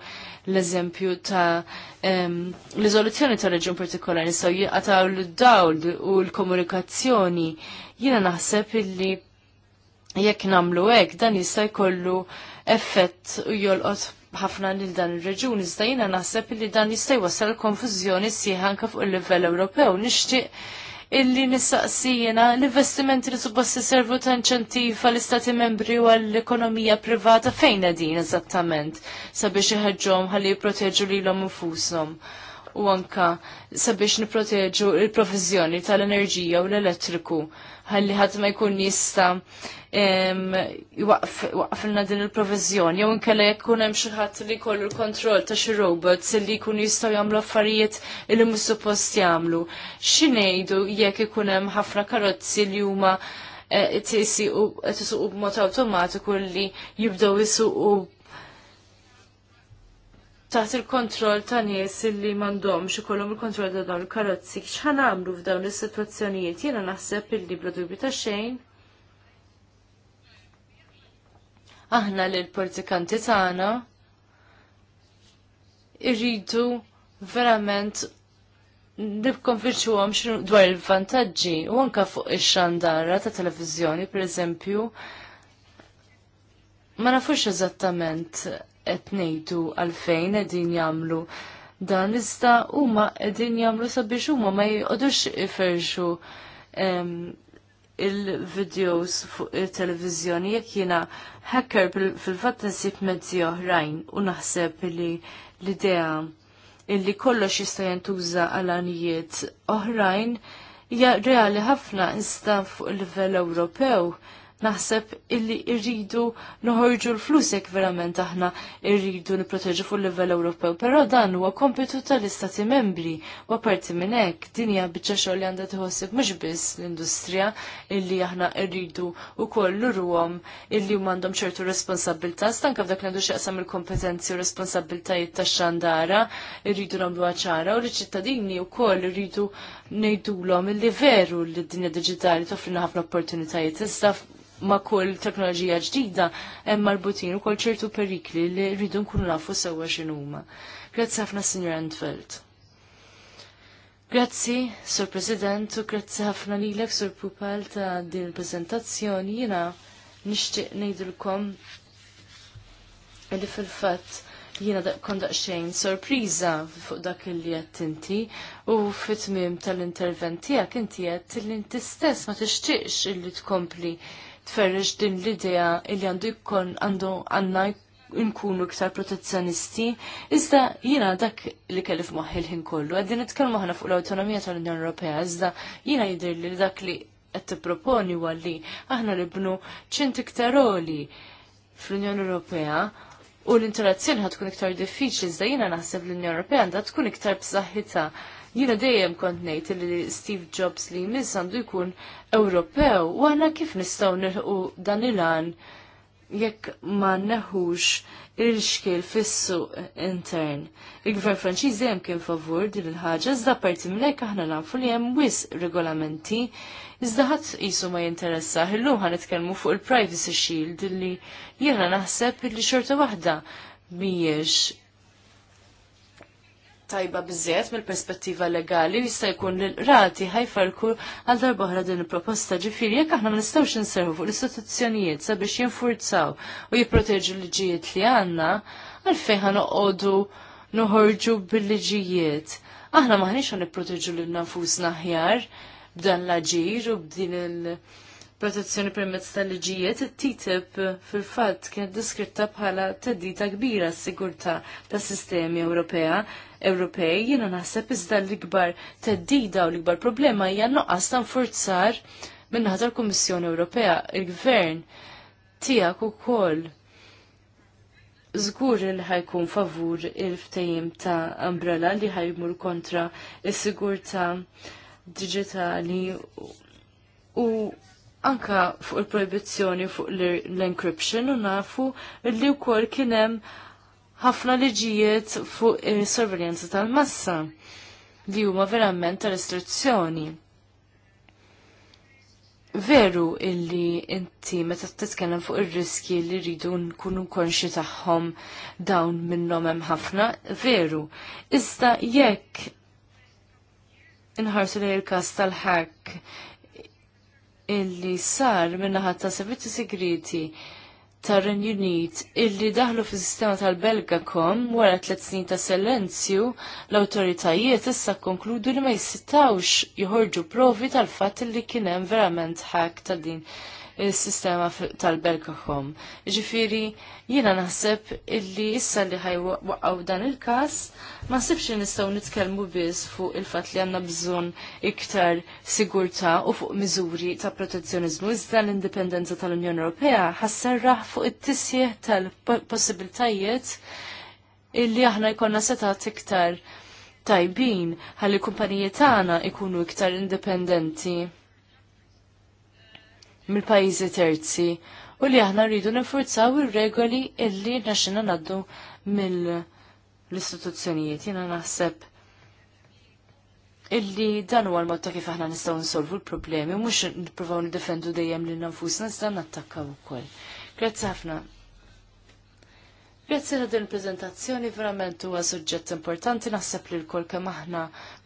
B: l-eżempju ta' l-izoluzzjoni ta' reġun partikolari so jgħataw l-dawl u l-komunikazzjoni jina naħseb illi jekk namlu hekk dan jista' jkollu effett u jolqot ħafna lil dan ir-reġun iżda jiena naħseb li dan jista' jwassal konfużjoni sieħa anke fuq il-livell Ewropew. Nixtieq illi nistaqsijina l-investimenti li suppost servu ta' inċentiv għall-istati membri u għall-ekonomija privata fejn din eżattament sabiex iħeġġhom ħalli jipproteġu lilhom infushom u anka sabiex niproteġu il-provizjoni tal-enerġija u l-elettriku ħalli ħadd ma jkun jista jwaqfilna din il-provizjoni jew inkella jekk hemm xi ħadd li jkollu l-kontroll ta' xi robots li jkunu jistgħu jagħmlu affarijiet li mhux suppost jagħmlu. X'ingħidu jekk ikun hemm ħafna karozzi li huma eh, tisuqu b'mod awtomatiku li jibdew isuqu taħt il-kontroll ta' nies illi m'għandhomx ikollhom il-kontroll ta' dawn il-karozzi x'ħan għamlu f'dawn is-sitwazzjonijiet jiena naħseb il-libra dubju ta' xejn. Aħna li l-politikanti tagħna irridu verament nikkonvinċuhom dwar il-vantaġġi u anke fuq ix-xandara ta' televiżjoni pereżempju ma nafux eżattament qed ngħidu għalfejn qegħdin jagħmlu dan iżda huma qegħdin jagħmlu sabiex huma ma jqogħdux iferxu il-videos fuq il-televizjoni jekk jiena hacker fil-fatt nsib mezzi oħrajn u naħseb li l-idea illi kollox jista' jintuża għal anijiet oħrajn hija reali ħafna iżda fuq il-livell Ewropew naħseb illi irridu noħorġu l flusek verament aħna irridu niproteġu fuq livell Ewropew. Però dan huwa kompitu tal-istati membri u apparti minn hekk din hija biċċa xogħol li għandha tħossib mhux biss l-industrija illi aħna rridu wkoll nurruhom illi huma għandhom ċertu responsabilità stanka f'dak li għandu x'jaqsam il-kompetenzi u responsabbiltajiet tax-xandara irridu nagħmlu ċara u l-ċittadini wkoll irridu ngħidulhom illi veru li d-dinja diġitali toffrina ħafna opportunitajiet. issa ma' kull teknoloġija ġdida hemm marbutin ukoll ċertu perikli li rridu nkunu nafu sewwa x'inhuma. Grazzi ħafna Sinjor Antfeld. Grazzi, Sur President, u grazzi ħafna lilek Sur Pupal ta' din il-prezentazzjoni jiena nixtieq ngħidilkom li fil-fatt jiena kon daqsxejn sorpriża fuq dak li qed inti u fit-tmiem tal-intervent tiegħek inti qed li inti stess ma tixtieqx illi tkompli tferrex din l-idea li għandu jkun għandu għanna nkunu iktar protezzjonisti, iżda jina dak li kellif f'moħħi l-ħin kollu, għaddin nitkellmu ħana fuq l-autonomija tal-Unjoni Ewropea, iżda jina jidir li dak li qed tipproponi għalli aħna nibnu ċint iktar oli fl-Unjoni Ewropea u l-interazzjoni ħad tkun iktar diffiċli, iżda jina naħseb l-Unjoni Ewropea għandha tkun iktar b'saħħitha Jiena dejjem kont ngħid li Steve Jobs li jmiss għandu jkun Ewropew u għana kif nistgħu nilħu dan il-għan jekk ma neħux il-xkil fis-suq intern. Il-gvern Franċiż hemm kien favur din il-ħaġa iżda parti mlek aħna nafu li hemm wis regolamenti iżda ħadd qisu ma jinteressa. Illum ħan nitkellmu fuq il-privacy shield li jiena naħseb li xorta waħda mhijiex tajba biżjed mill-perspettiva legali jista' jkun li rati ħajfarku għal darba oħra din il-proposta ġifieri jekk aħna ma nistgħux inservu fuq l-istituzzjonijiet sabiex jinfurzaw u jipproteġu l-liġijiet li għandna għalfejn ħanoqogħdu noħorġu bil-liġijiet. Aħna maħniex ħan nipproteġu lil nafusna ħjar b'dan l-aġir u b'din il- protezzjoni permezz tal-liġijiet, it-TTIP fil-fatt kienet diskritta bħala teddita kbira s-sigurta tas sistemi Ewropea. Ewropej, jiena naħseb iżda l-ikbar teddida u l-ikbar problema hija noqqas ta' nfurzar naħa tal-Kummissjoni Ewropea, il-Gvern tiegħek ukoll żgur li ħajkun favur il-ftehim ta' Umbrella li ħajmur kontra s sigurtà digitali u anka fuq il-proibizzjoni fuq l-encryption u nafu li wkoll kien hemm ħafna liġijiet fuq il-sorveljanza tal-massa li huma verament ta' restrizzjoni. Veru illi inti meta titkellem fuq ir-riski li rridu nkunu konxi tagħhom dawn minnhom hemm ħafna, veru. Iżda jekk inħarsu li l-kas tal-ħak illi sar ħadd ta' servizzi segreti tar-Renju Unit illi daħlu fi sistema tal belga kom wara tliet snin ta' silenzju, l-awtoritajiet issa konkludu li ma jissittawx joħorġu provi tal-fatt li kien hemm verament ħak ta' din il-sistema tal-Belkakom. Ġifiri, jiena naħseb illi issa li waqgħu dan il-kas, ma sibx nistaw nitkelmu biss fuq il-fat li għanna bżon iktar sigurta u fuq miżuri ta' protezzjonizmu. Iżda l-indipendenza tal-Unjoni Ewropea ħasserraħ fuq it-tisjeħ tal-possibiltajiet illi aħna jkollna setat iktar tajbin ħalli kumpaniji tagħna ikunu iktar indipendenti mill-pajjiżi terzi u li aħna rridu nifurzaw ir-regoli illi naxxina naddu mill-istituzzjonijiet. Jiena naħseb illi dan huwa l-mod ta' kif aħna nistgħu nsolvu l-problemi, mhux nippruvaw nidefendu dejjem lil nfusna iżda nattakkaw ukoll. Grazzi ħafna. Grazzi għal din il-prezentazzjoni verament huwa suġġett importanti naħseb li l-kol kemm aħna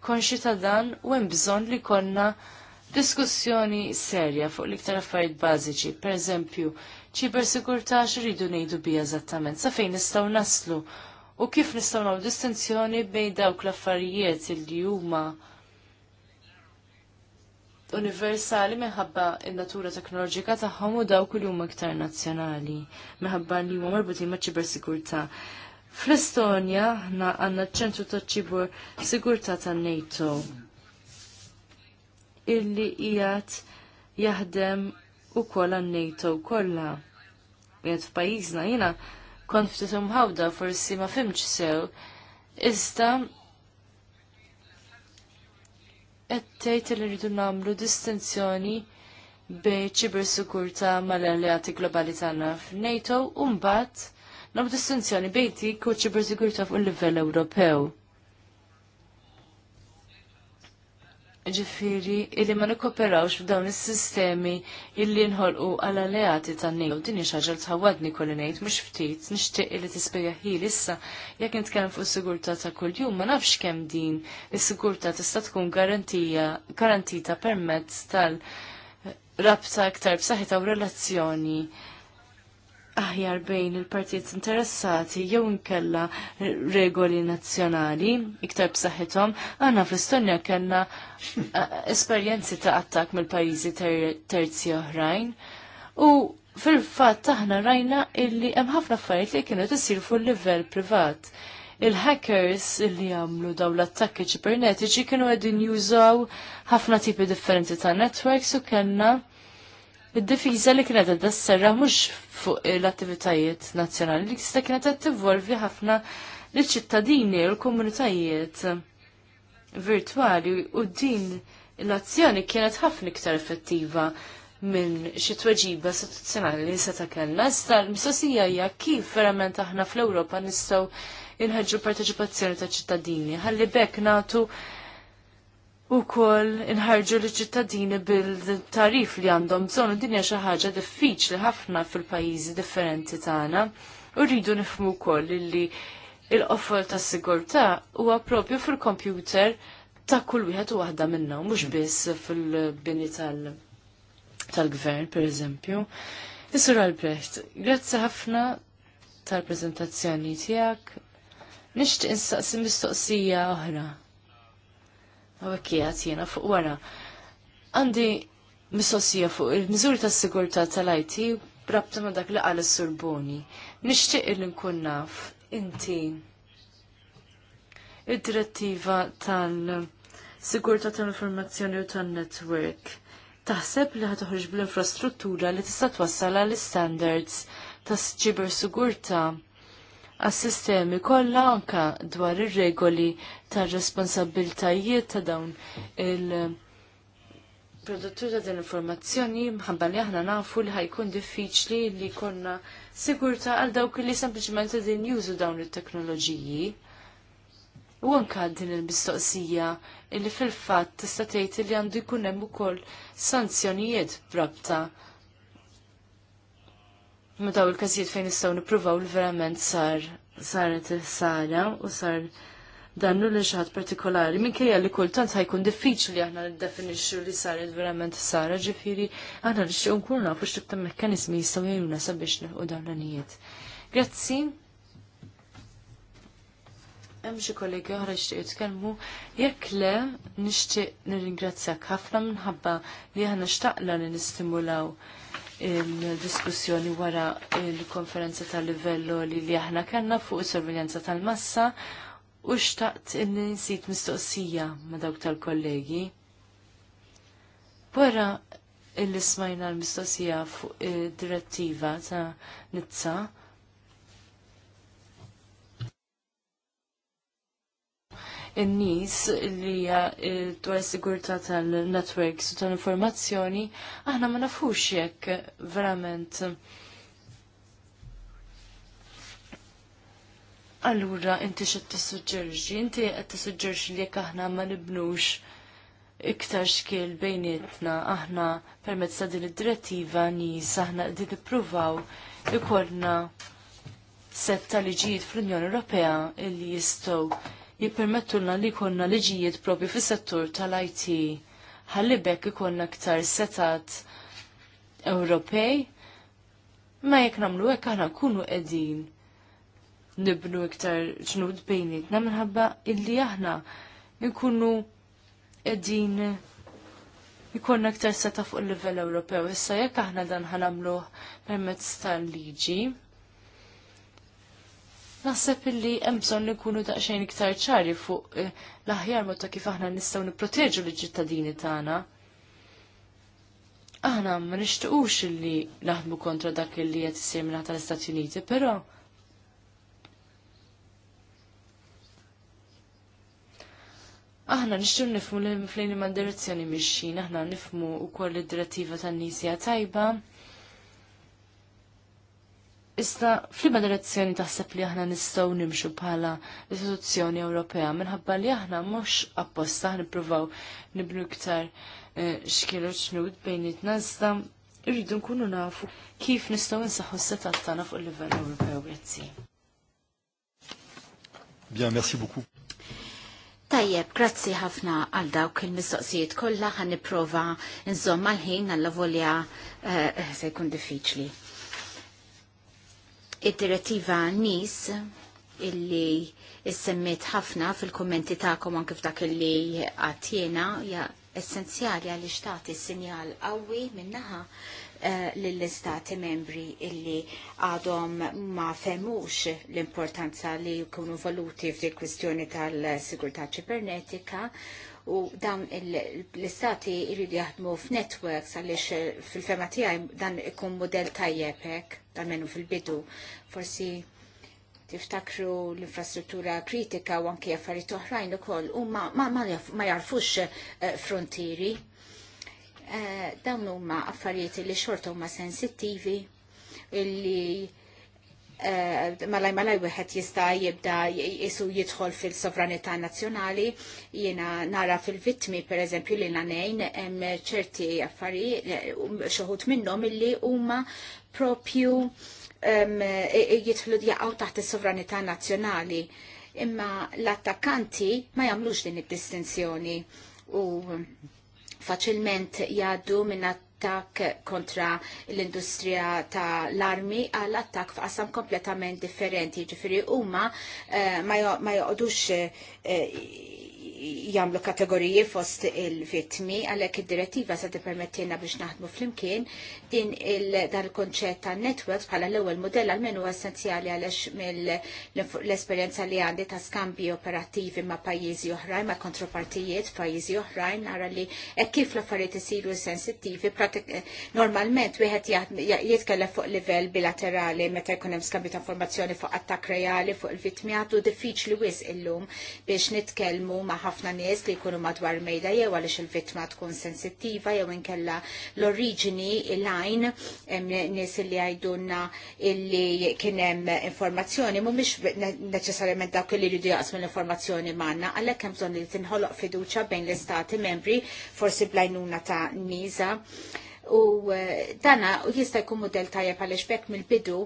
B: konxi ta' dan u hemm bżonn li konna diskussjoni serja fuq l-iktar affarijiet bażiċi, pereżempju, ċibersikurtà x'ridu ngħidu bija eżattament, sa fejn nistgħu naslu u kif nistgħu nagħmlu distinzjoni bejn dawk l-affarijiet li huma universali minħabba in-natura teknoloġika tagħhom u dawk li huma iktar nazzjonali minħabba li huma marbutin maċ ċibersikurtà. Fl-Estonja għandna ċ ċentru ta' ċibur sigurtà tan NATO illi qiegħed jaħdem u kolla nato kollha. Qiegħed f'pajjiżna jiena kont ftit imħawda forsi ma fimx sew, iżda qed tgħid li rridu nagħmlu distinzjoni bej ċibersigurtà mal-alleati globali tagħna f'NATO u mbagħad nagħmlu distinzjoni bejti ku ċibir sukurta fuq il-livell Ewropew. ġifiri illi ma nikoperawx f'dawn is-sistemi illi nħolqu għal alleati tan-nejl. Din hija xaġa li tħawadni kollu ngħid mhux ftit, nixtieq illi tispjega ħil issa jekk nitkellem fuq sigurtà ta' kuljum ma nafx kemm din is-sigurtà tista' tkun garantija garantita permezz tal rabta aktar b'saħħitha u relazzjoni aħjar bejn il-partijiet interessati jew inkella regoli nazzjonali iktar b'saħħithom, għandna fl istonja kellna eh, esperjenzi ta' attak mill-pajjiżi terzi oħrajn. U fil-fatt aħna rajna illi hemm ħafna affarijiet li kienu tisir fuq livell privat. Il-hackers li għamlu daw l-attakki ċibernetiċi kienu għedin jużaw ħafna tipi differenti ta' networks u kellna id-difiża li kienet s-serra mhux fuq l-attivitajiet nazzjonali li tista' kienet t tivvolvi ħafna liċ-ċittadini u l-komunitajiet virtwali u din l-azzjoni kienet ħafna iktar effettiva minn xi tweġiba istituzzjonali li se kellna. Iżda l-mistoqsija hija kif verament aħna fl-Ewropa nistgħu inħeġġu l-parteċipazzjoni ta' ċittadini ħalli bekk nagħtu u kol inħarġu li ċittadini bil-tarif li għandhom bżonu dinja xaħġa diffiċli ħafna fil-pajizi differenti tagħna. U rridu nifmu kol li il-qofol ta' sigurtà huwa propju fil-kompjuter ta' kull wieħed u waħda minnhom, mhux biss fil-bini tal-gvern, per eżempju. Isur Albrecht, grazzi ħafna tal-prezentazzjoni tiegħek. Nixtieq instaqsi mistoqsija oħra. Għawekkijat jena fuq wara. Għandi misosija fuq il-mizuri tas sigurtà tal-IT brabta ma dak li għal surboni Nixtieq li nkun naf inti id-direttiva tal-sigurtà tal-informazzjoni u tan-network taħseb li ħatoħroġ bl-infrastruttura li tista' twassal l standards ta' ċiber sigurtà għas-sistemi kollha anka dwar ir-regoli tar-responsabbiltajiet ta' dawn il- produttur ta' din informazzjoni mħabba li aħna nafu li ħajkun diffiċli li konna sigurta għal dawk li sempliċement din jużu dawn it-teknoloġiji. U anka din il-mistoqsija illi fil-fatt tista' tgħid li għandu jkun hemm ukoll sanzjonijiet brabta ma il-każijiet fejn nistgħu nippruvaw li verament sar saret is sara u sar dannu li xaħat partikolari. Minkejja li kultant ħajkun diffiċli aħna niddefinixxu li saret verament sara ġifiri aħna li xiequn nkunu nafu x'tib ta' mekkanizmi jistgħu jajuna sabiex nilqu dawn l Grazzi. Hemm xi kollegi oħra jixtieq jitkellmu, jekk le nixtieq nirringrazzjak ħafna minħabba li aħna xtaqla li nistimulaw il-diskussjoni wara il-konferenza tal-livello li li aħna kanna fuq il-sorveljanza tal-massa u xtaqt il-nsit mistoqsija ma dawk tal-kollegi. Wara il-ismajna l-mistoqsija fuq il-direttiva ta' Nizza, n-nies li eh, dwar sigurtà tal-networks u tal-informazzjoni, aħna ma nafux jekk verament. Allura, inti xed t-sugġerġi, inti qed tissuġġerġi li jekk aħna ma nibnux iktar xkiel bejnietna aħna permezz ta' din id-direttiva nies aħna qegħdin nippruvaw ikollna set ta' liġijiet fl-Unjoni Ewropea illi jistgħu jippermettulna li konna liġijiet propju fis-settur tal-IT. Ħalli bekk ikonna ktar setat Ewropej, ma jekk nagħmlu hekk aħna nkunu qegħdin nibnu iktar ġnud bejnietna minħabba illi aħna nkunu qegħdin jikonna iktar seta fuq il-livell Ewropew. Issa jekk aħna dan ħanamlu permezz tal-liġi, Naħseb illi hemm bżonn li nkunu daqsxejn iktar ċari fuq eh, l-aħjar mod ta' kif aħna nistgħu nipproteġu l ġittadini tagħna. Aħna ma nixtiequx illi naħdmu kontra dak illi qed isir mingħata tal-Istati Uniti, però Aħna nixtieq nifmu li flejn ma' direzzjoni mixxin, aħna nifmu wkoll id-direttiva tan-nisja tajba. Iżda fl direzzjoni taħseb li aħna nistgħu nimxu bħala istituzzjoni Ewropea minħabba li aħna mhux apposta nippruvaw nibnu iktar eh, xkielu bejn bejnietna iżda irridu nkunu nafu kif nistgħu nsaħħu s-setat tagħna fuq il-livell Ewropew grazzi. Bien, merci beaucoup.
C: Tajjeb, grazzi ħafna għal dawk il-mistoqsijiet kollha ħan nipprova nżomm għal-ħin għall volja eh, se jkun diffiċli. Id-direttiva NIS illi semmit ħafna fil-kommenti ta'kom anke f'dak illi għatjena ja essenzjali għal ixtati sinjal qawwi minnaħa eh, l-istati membri illi għadhom ma femux l-importanza li jkunu voluti f'di kwistjoni tal-sigurtà ċibernetika u dan l-istati jridu jaħdmu f'networks għaliex fil-fema tiegħi dan ikun model tajjeb tal-menu fil-bidu. Forsi tiftakru l-infrastruttura kritika u anki affarijiet oħrajn ukoll u ma, ma, ma, ma jarfux eh, frontieri. Eh, dawn huma affarijiet li xorta huma sensittivi illi eh, malaj malaj wieħed jista' jibda jisu jidħol fil-sovranità nazzjonali, jiena nara fil-vittmi pereżempju li nanejn hemm ċerti affarijiet xoħut minnhom illi huma propju e, e, jitħlu jaqgħu taħt is-sovranità nazzjonali. Imma l-attakkanti ma jagħmlux din id-distinzjoni u faċilment jgħaddu minn attak kontra l-industrija ta' l-armi għal attak f'qasam kompletament differenti, ġifiri huma eh, ma joqdux eh, jamlu kategoriji fost il-vitmi, għalek id-direttiva se permettina biex naħdmu fl-imkien din il-dan il-konċett ta' networks bħala l-ewwel modell għal-menu essenzjali għaliex mill esperienza li għandi ta' skambji operattivi ma' pajjiżi oħrajn, ma' kontropartijiet pajizi oħrajn, nara li kif l-affarijiet isiru sensittivi, normalment wieħed jitkellem fuq livell bilaterali meta jkun hemm ta' informazzjoni fuq attak reali fuq il-vitmi għadu diffiċli wis illum biex nitkellmu ma' ħafna nies li jkunu madwar mejda jew għaliex il-vittma tkun sensittiva jew inkella l-oriġini il lajn nies li għajdunna illi kien hemm informazzjoni mhumiex neċessarjament dawk li jridu jaqsmu l-informazzjoni magħna għalhekk hemm bżonn li tinħoloq fiduċja bejn l-istati membri forsi blajnuna ta' niża u eh, dana jista' jkun mudell tajjeb għal xbek mill-bidu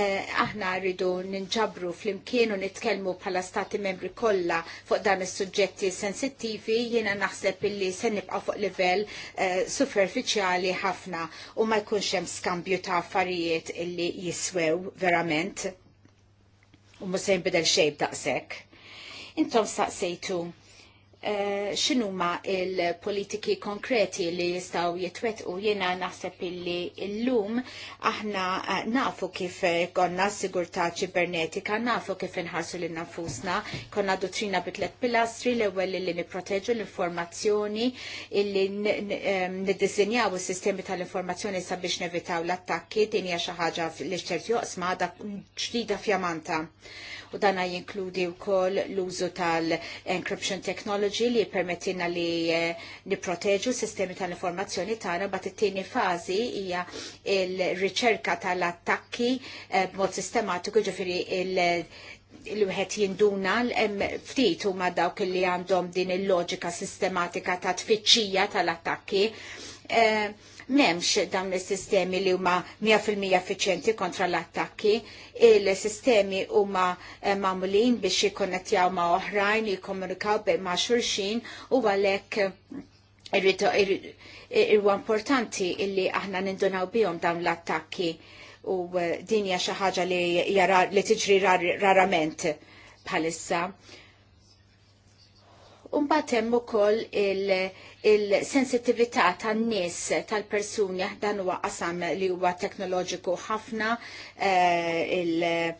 C: eh, aħna rridu ninġabru flimkien u nitkellmu bħala stati membri kollha fuq dan is-suġġetti sensittivi jiena naħseb illi se nibqa' fuq livell eh, superfiċjali ħafna u ma jkunx hemm skambju ta' affarijiet illi jiswew verament u mhux se jinbidel xejn daqshekk. Intom saqsejtu Eh, xinu ma il-politiki konkreti li jistaw jitwet u jena naħseb illi il-lum aħna eh, nafu kif konna sigurta ċibernetika, nafu kif nħarsu li nafusna, konna dottrina bitlet pilastri l ewwel li niproteġu l-informazzjoni, illi ehm, niddizinjaw il-sistemi tal-informazzjoni sabiex nevitaw l-attakki, dinja xaħġa li xċert joqsma da ġdida fjamanta u dana jinkludi wkoll l-użu tal-encryption technology li permettina li eh, niproteġu sistemi tal-informazzjoni tagħna bat it-tieni fażi hija il-riċerka tal-attakki eh, b'mod sistematiku ġifiri il- l-wħed jinduna ftit huma dawk li għandhom din il-loġika sistematika ta' tfittxija tal-attakki eh, memx dawn il-sistemi li huma 100% effiċjenti kontra l-attakki, il-sistemi huma eh, mamulin biex jikkonnettjaw ma' oħrajn, jikkomunikaw bejn ma' xulxin u għalhekk eh, eh, irwa importanti illi aħna nindunaw bihom dawn l-attakki u dinja xi ħaġa li li tiġri rarament bħalissa. Umbat hemm ukoll il-sensittività il sensitività il tan tal-persuni dan huwa qasam li huwa teknoloġiku ħafna eh, il eh,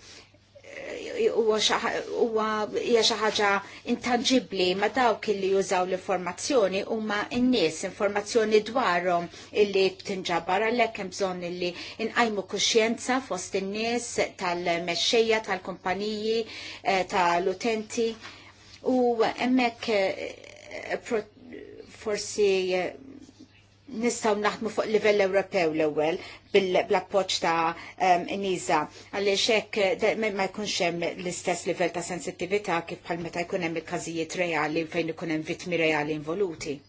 C: huwa hija xi ħaġa intangibbli ma dawk li jużaw l-informazzjoni huma n-nies informazzjoni dwarhom illi tinġabar għalhekk hemm bżonn illi inqajmu kuxjenza fost in-nies tal-mexxejja tal-kumpaniji eh, tal-utenti. tal mexxejja tal kumpaniji tal utenti tal tal kumpaniji tal utenti u hemmhekk eh, forsi eh, nistaw naħdmu fuq livell Ewropew l-ewwel bl-appoġġ ta' Iniza ehm, għaliex hekk eh, ma jkunx hemm l-istess livell ta' sensittività kif bħal meta jkun hemm il-każijiet reali fejn ikun hemm vittmi reali involuti.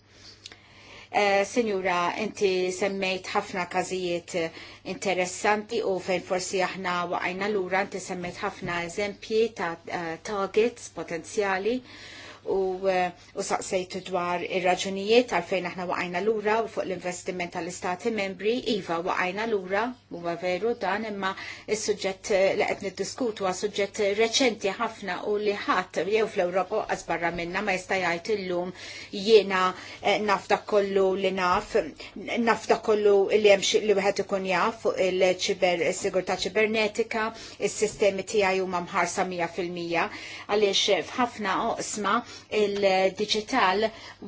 C: Eh, Senjura, inti semmejt ħafna każijiet interessanti u fejn forsi aħna waqajna lura inti semmejt ħafna eżempji ta' eh, targets potenzjali u eh, saqsejtu dwar ir-raġunijiet għalfejn aħna waqajna lura u fuq l-investiment tal-istati membri, iva waqajna lura, huwa veru dan imma il suġġett eh, li qed diskutu għas suġġett reċenti ħafna u li ħadd jew fl-Ewropa għazbarra minna ma jista' jgħid illum jiena eh, nafda kollu li naf, nafda kollu li hemm li wieħed ikun jaf fuq il-ċiber sigurtà ċibernetika, il sistemi tiegħi huma mħarsa mija fil-mija għaliex f'ħafna oqsma il-digital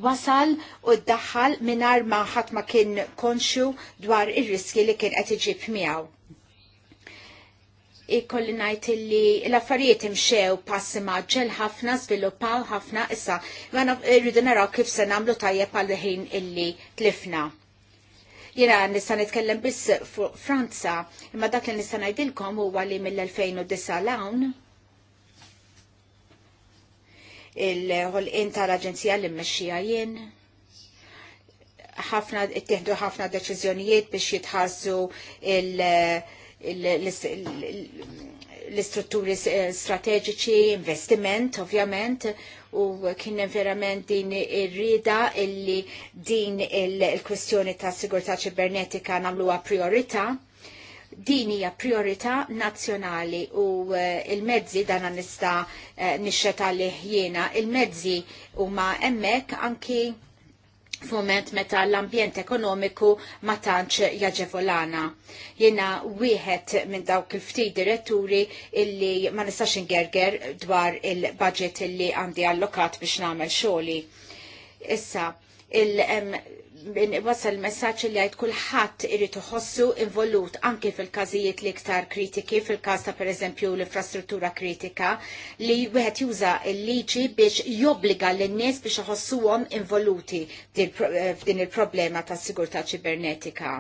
C: wasal u d-daħħal minar ma ħadd ma kien konxu dwar ir-riski li kien qed iġib miegħu. Ikolli ngħid li l-affarijiet imxew passi maġġel ħafna, sviluppaw ħafna, issa, għana rridu naraw kif se namlu tajjeb għal ħin illi tlifna. Jena nista' nitkellem biss fuq Franza, imma dak li nista' ngħidilkom huwa li mill-2009 il-ħolqin tal-Aġenzija li mmexxija jien ħafna ittieħdu ħafna deċiżjonijiet biex jitħassu l-istrutturi strateġiċi, investiment ovvjament, u kien verament din ir-rida illi din il-kwestjoni ta' sigurtà ċibernetika nagħmluha priorità Din hija priorità nazzjonali u eh, il-mezzi dan nista eh, nixxeta li jiena. Il-mezzi huma hemmhekk anki f'moment meta l-ambjent ekonomiku ma tantx jaġevolana. Jiena wieħed minn dawk il-ftit diretturi illi ma nistax ingerger dwar il-budget illi għandi allokat biex nagħmel xogħli. Issa, il l messaċ li għajt kullħat irrit uħossu involut anki fil-kazijiet li iktar kritiki, fil-kaz ta' per eżempju l-infrastruttura kritika, li wieħed juża l-liġi biex jobbliga l-nies biex għom involuti eh, f'din il-problema ta' sigurtà ċibernetika.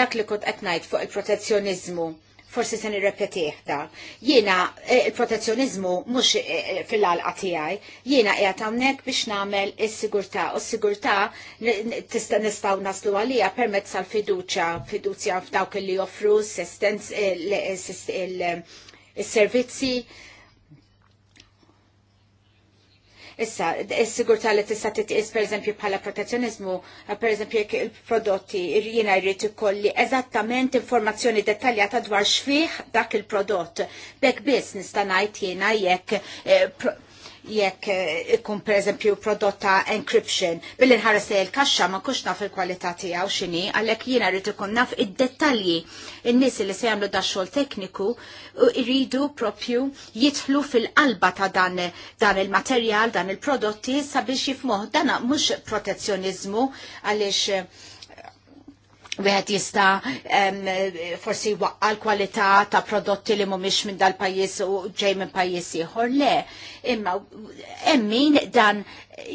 C: Dak li kont qed ngħid fuq il-protezzjonizmu forsi se nirrepetih da. Jiena eh, il-protezzjonizmu mhux eh, eh, fil-għalqa tiegħi, jiena qiegħed hawnhekk biex nagħmel il sigurtà u s-sigurtà tista' nistgħu naslu għalija permezz tal-fiduċja, fiduċja f'dawk li joffru s-servizzi Issa, s-sigurta li tista' titqis pereżempju bħala protezzjonizmu, pereżempju jekk il-prodotti jiena jrid ikolli eżattament informazzjoni dettaljata dwar xfih dak il-prodott. Bek biss nista' ngħid jiena jekk eh, jekk eh, ikun pereżempju prodotta encryption billi nħares li l-kaxxa ma kux naf il-kwalità tiegħu x'inhi għalhekk jiena rrid ikun naf id-dettalji in-nies li se jagħmlu dax xogħol tekniku jridu propju jidħlu fil-qalba ta' dan, dan il-materjal, dan il-prodotti sabiex jifmoh. dan mhux protezzjonizmu għaliex eh, Wieħed jista' um, forsi għal l-kwalità ta' prodotti li mhumiex minn dal-pajjiż u ġej minn pajjiż ieħor le. Imma hemm min dan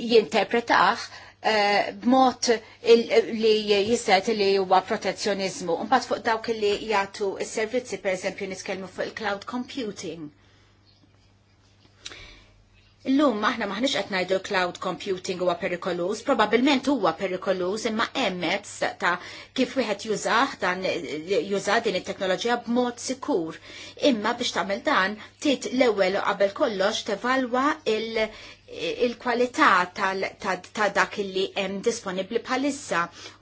C: jinterpretah eh, b'mod li jisset li huwa protezzjonizmu. Mbagħad fuq dawk li jagħtu s-servizzi pereżempju nitkellmu fuq il-cloud computing Illum aħna maħniex qed ngħidu cloud computing huwa perikolus, probabbilment huwa perikolus imma hemm ta' kif wieħed jużah dan juża din it-teknoloġija b'mod sikur. Imma biex tagħmel dan tit l-ewwel qabel kollox tevalwa il-kwalità ta' dak li hemm disponibbli bħalissa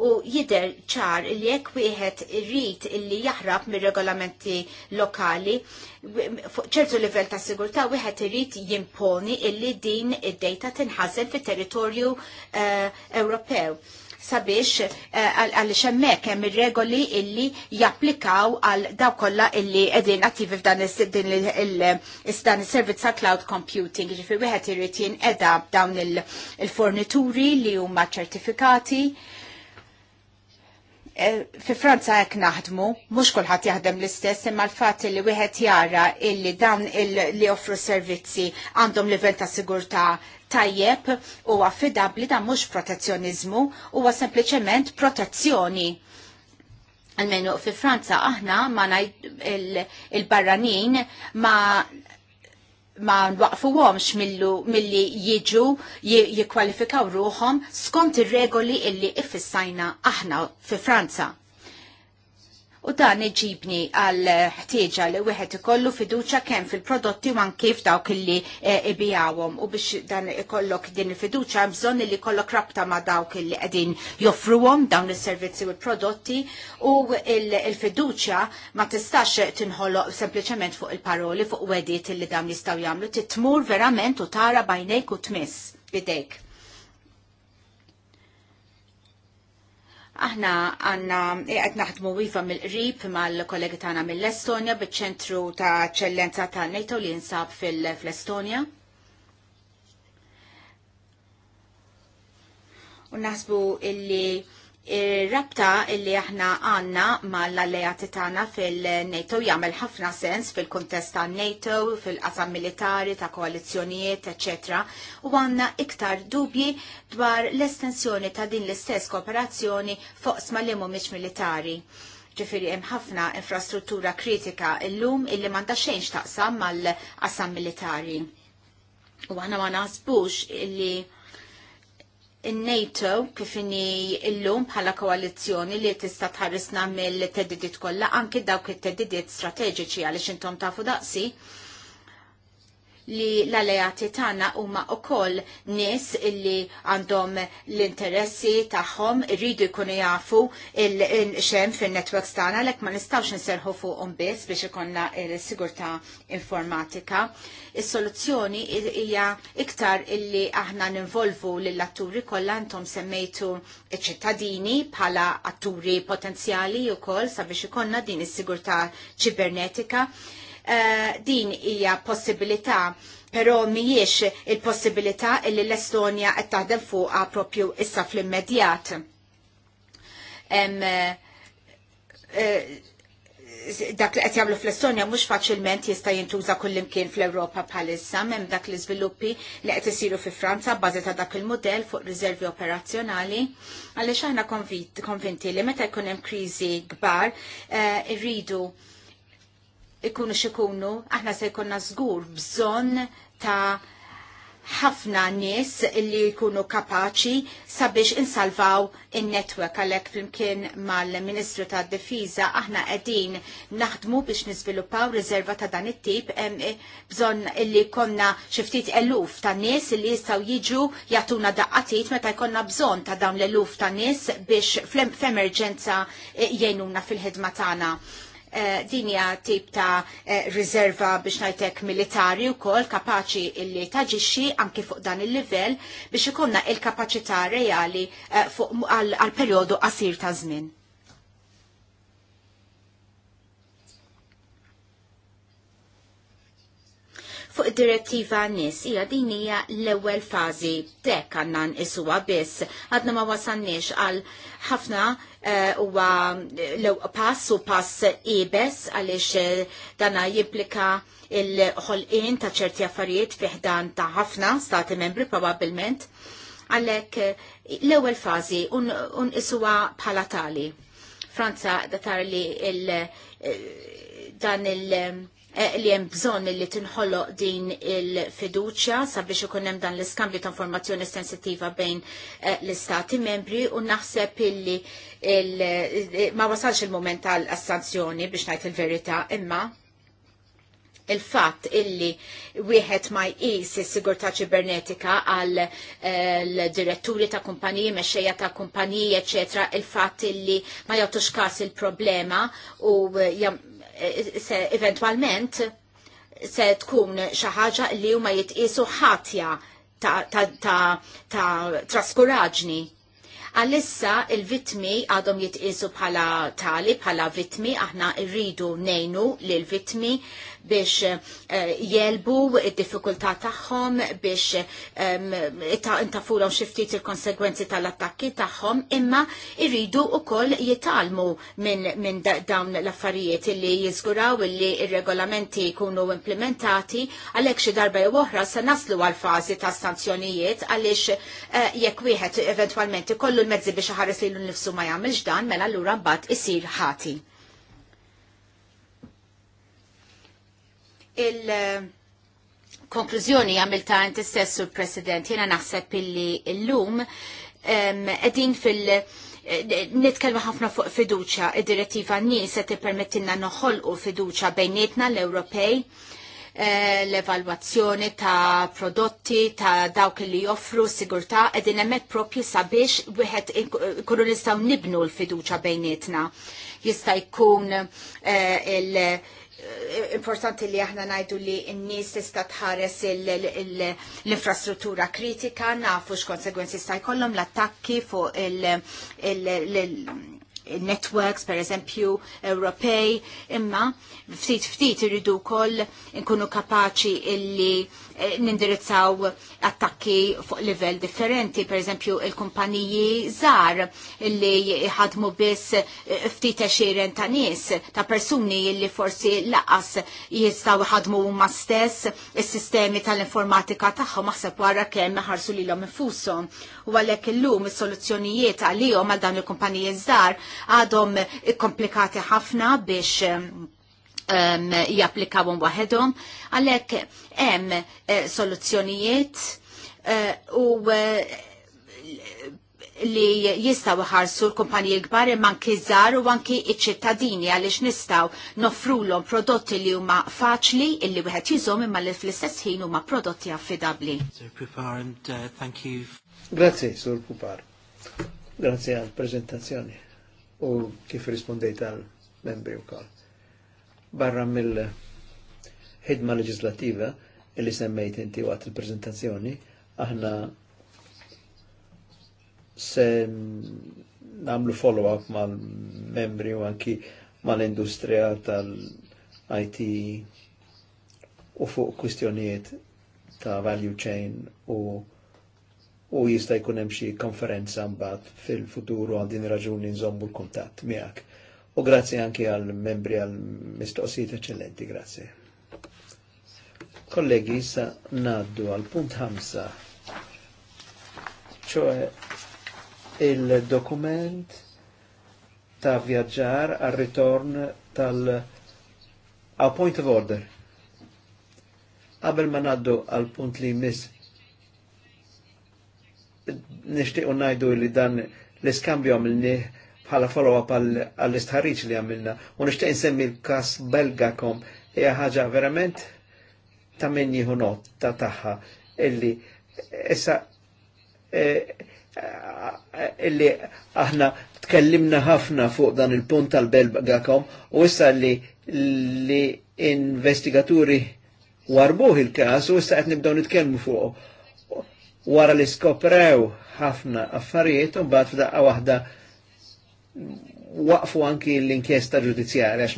C: u jider ċar li jekk wieħed irrid illi jaħrab mir-regolamenti lokali fuq ċertu livell ta' sigurtà wieħed irrid jimponi illi din id-dejta tinħażen fit-territorju eh, Ewropew. Uh, sabiex eh, għal xemmek hemm ir-regoli illi japplikaw għal daw kollha illi qegħdin attivi f'dan dan is-servizz ta' cloud computing, ġifi wieħed irid jinqeda dawn il-fornituri li huma ċertifikati Eh, fi Franza jek naħdmu, mux kullħat jaħdem l-istess, imma l-fat li wieħed jara illi dawn li offru servizzi għandhom livell ta' sigurta tajjeb u affidabli dan mux protezzjonizmu u sempliċement protezzjoni. Almenu fi Franza aħna ma il-barranin ma ma nwaqfu għomx mill-li jiġu jikwalifikaw ruħom skont ir-regoli illi ifissajna aħna fi Franza. U dan iġibni għal ħtieġa li wieħed ikollu fiduċa kemm fil-prodotti u anke f'dawk illi e, ibijawhom u biex dan ikollok din il-fiduċa bżonn li kollok rabta ma' dawk li qegħdin joffruhom dawn is-servizzi u l-prodotti u il-fiduċa ma tistax tinħoloq sempliċement fuq il-paroli fuq wedi li dawn jistgħu jagħmlu titmur verament u tara bajnejk u tmiss bidejk. Aħna għanna qed eh, naħdmu wifa mill-qrib mal-kollegi tagħna mill-Estonja biċ-ċentru ta' ċellenza ta' NATO li jinsab fil-Estonja. U naħsbu illi Ir-rabta illi aħna għanna mal-alleati tagħna fil-NATO jagħmel ħafna sens fil-kuntest ta' NATO, fil-qasam militari, ta' koalizzjonijiet, etc. U għanna iktar dubji dwar l-estensjoni ta' din l-istess kooperazzjoni fuq sma li mhumiex militari ġifiri hemm ħafna infrastruttura kritika illum illi m'għandha xejn x'taqsam mal-qasam militari. U aħna ma naħsbux illi il-NATO kif inni illum bħala koalizjoni li tista' tħarrisna mill-teddidiet kollha anke dawk it-teddidiet strateġiċi għaliex intom tafu daqsi li l-alleati tagħna huma wkoll nies li għandhom l-interessi tagħhom irridu jkunu jafu il-xem fin-networks tagħna lek ma nistgħux nserħu fuqhom biss biex ikonna l-sigurtà informatika. Is-soluzzjoni hija iktar illi aħna ninvolvu lill-atturi kollha intom semmejtu ċittadini bħala atturi potenzjali wkoll sabiex ikonna din is-sigurtà ċibernetika Eh, din hija possibilità pero mhijiex il-possibilità li l-Estonja qed taħdem fuqha propju issa fl-immedjat. Eh, eh, dak li qed jagħmlu fl-Estonja mhux faċilment jista' jintuża kullimkien fl-Ewropa bħalissa hemm dak l-iżviluppi li qed isiru fi Franza bbażi ta' dak il-mudell fuq riservi operazzjonali għaliex aħna konvinti li meta jkun hemm kriżi kbar irridu uh, ikunu xikunu, aħna se jkunna zgur bżon ta' ħafna nies li jkunu kapaċi sabiex insalvaw in netwek għalhekk flimkien mal-Ministru tad Difiża aħna qegħdin naħdmu biex niżviluppaw riserva ta' dan it-tip eh, bżonn illi konna xi ftit eluf ta' nies li jistgħu jiġu jagħtuna daqqatit meta jkollna bżonn ta' dawn l-eluf ta' nies biex f'emerġenza eh, jgħinuna fil-ħidma tagħna. Eh, dinja tip ta' eh, riserva biex najtek militari u kol kapaċi illi taġiċi anki fuq dan il-level biex ikonna il-kapacità reali eh, għal periodu qasir ta' żmien. fuq direttiva nis hija din hija l-ewwel fażi tek għandna nqisuha biss għadna ma wasanniex għal ħafna Eh, huwa eh, pass u pass ibes għaliex eh, dana jimplika il-ħolqien ta' ċerti affarijiet fiħdan ta' ħafna stati membri probabbilment għalek l-ewwel fażi un, un isuwa bħala tali. Franza datar li il, dan il- Eh, li hemm bżonn li tinħoloq din il-fiduċja sabiex ikun hemm dan l-iskambju ta' informazzjoni sensittiva bejn eh, l-istati membri u naħseb illi eh, ma wasalx il-moment tal-assanzjoni biex ngħid il-verità imma il-fatt illi wieħed ma jqis is-sigurtà ċibernetika għal diretturi ta' kumpaniji, mexxejja ta' kumpaniji, eċetera, il-fatt illi ma jagħtux każ il-problema u jam se eventualment se tkun xi ħaġa li huma jitqisu ħatja ta', ta, ta, ta traskuraġni. Għalissa il-vitmi għadhom jitqisu bħala tali, bħala vitmi, aħna rridu nejnu l vitmi biex eh, jelbu id-diffikultà tagħhom biex intafulhom xi ftit il-konsegwenzi tal-attakki tagħhom, imma irridu wkoll jitalmu minn dawn l-affarijiet li jiżguraw li il regolamenti jkunu implementati għalhekk xi darba jew oħra se naslu għal fażi ta' sanzjonijiet għaliex eh, jekk wieħed eventwalment ikollu l-mezzi biex ħares l nnifsu ma jagħmilx dan mela allura mbagħad isir ħati. il- Konklużjoni għamilta inti stess, President, jena naħseb illi l-lum edin fil- nitkellmu ħafna fuq fiduċa, id-direttiva n-nies se tippermettilna noħolqu fiduċa bejnietna l-Ewropej eh, l-evalwazzjoni ta' prodotti ta' dawk li joffru sigurtà qegħdin emmet propju sabiex wieħed ikunu nistgħu nibnu l-fiduċa bejnietna. Jista' jkun eh, il- importanti li aħna najdu li n-nis tista tħares l-infrastruttura kritika, nafu x-konsegwenzi sta' jkollhom l-attakki fuq il-networks, per eżempju, Ewropej, imma ftit ftit irridu koll nkunu kapaċi illi Eh, nindirizzaw attakki fuq livell differenti, per eżempju il-kumpaniji zar li ħadmu biss eh, ftit xiren ta' nis, ta' persuni li forsi laqas jistaw ħadmu huma stess is-sistemi tal-informatika tagħhom maħseb wara kemm ħarsu lilhom infushom. U għalhekk illum is-soluzzjonijiet għalihom għal dawn il-kumpaniji żgħar għadhom komplikati ħafna biex eh, um, japplikawhom waħedhom, għalhekk hemm eh, soluzzjonijiet eh, u eh, li jistaw ħarsu l-kumpanji l-kbar imman kizzar u anki iċ-ċittadini għaliex nistaw nofrulhom prodotti li huma faċli illi wieħed jiżhom imma li fl-istess ħin huma prodotti affidabbli.
A: Uh,
D: Grazie, Sur Pupar. Grazie għal prezentazzjoni u kif rispondejt għal membri u kol barra mill-ħidma leġislativa illi semmejt inti waqt il-prezentazzjoni, aħna se namlu follow-up mal-membri u anki mal-industrija tal-IT u fuq kwistjonijiet ta' value chain u u jista' jkun hemm xi konferenza mbagħad fil-futuru għal din raġuni nżommu l-kuntatt miegħek. U grazzi anki għal membri għal mistoqsijiet eccellenti, grazzi. Kollegi, sa naddu għal punt 5, ċoħe il-dokument ta' vjaġġar għal ritorn tal a point of order. Qabel ma naddu għal punt li mis nishtiqu najdu li dan l-iskambju għamilni bħala follow-up għall-istħarriċ li għamilna. U nixtieq insemmi l-kas Belgakom hija ħaġa verament ta' min jieħu ta' tagħha illi issa e, illi aħna tkellimna ħafna fuq dan il-punt tal-Belgakom u issa li li investigaturi warbuħ il-kas u issa qed nibdaw nitkellmu fuq wara li skoprew ħafna affarijiet u bat f'daqqa waħda waqfu anki l-inkjesta ġudizzjarja għax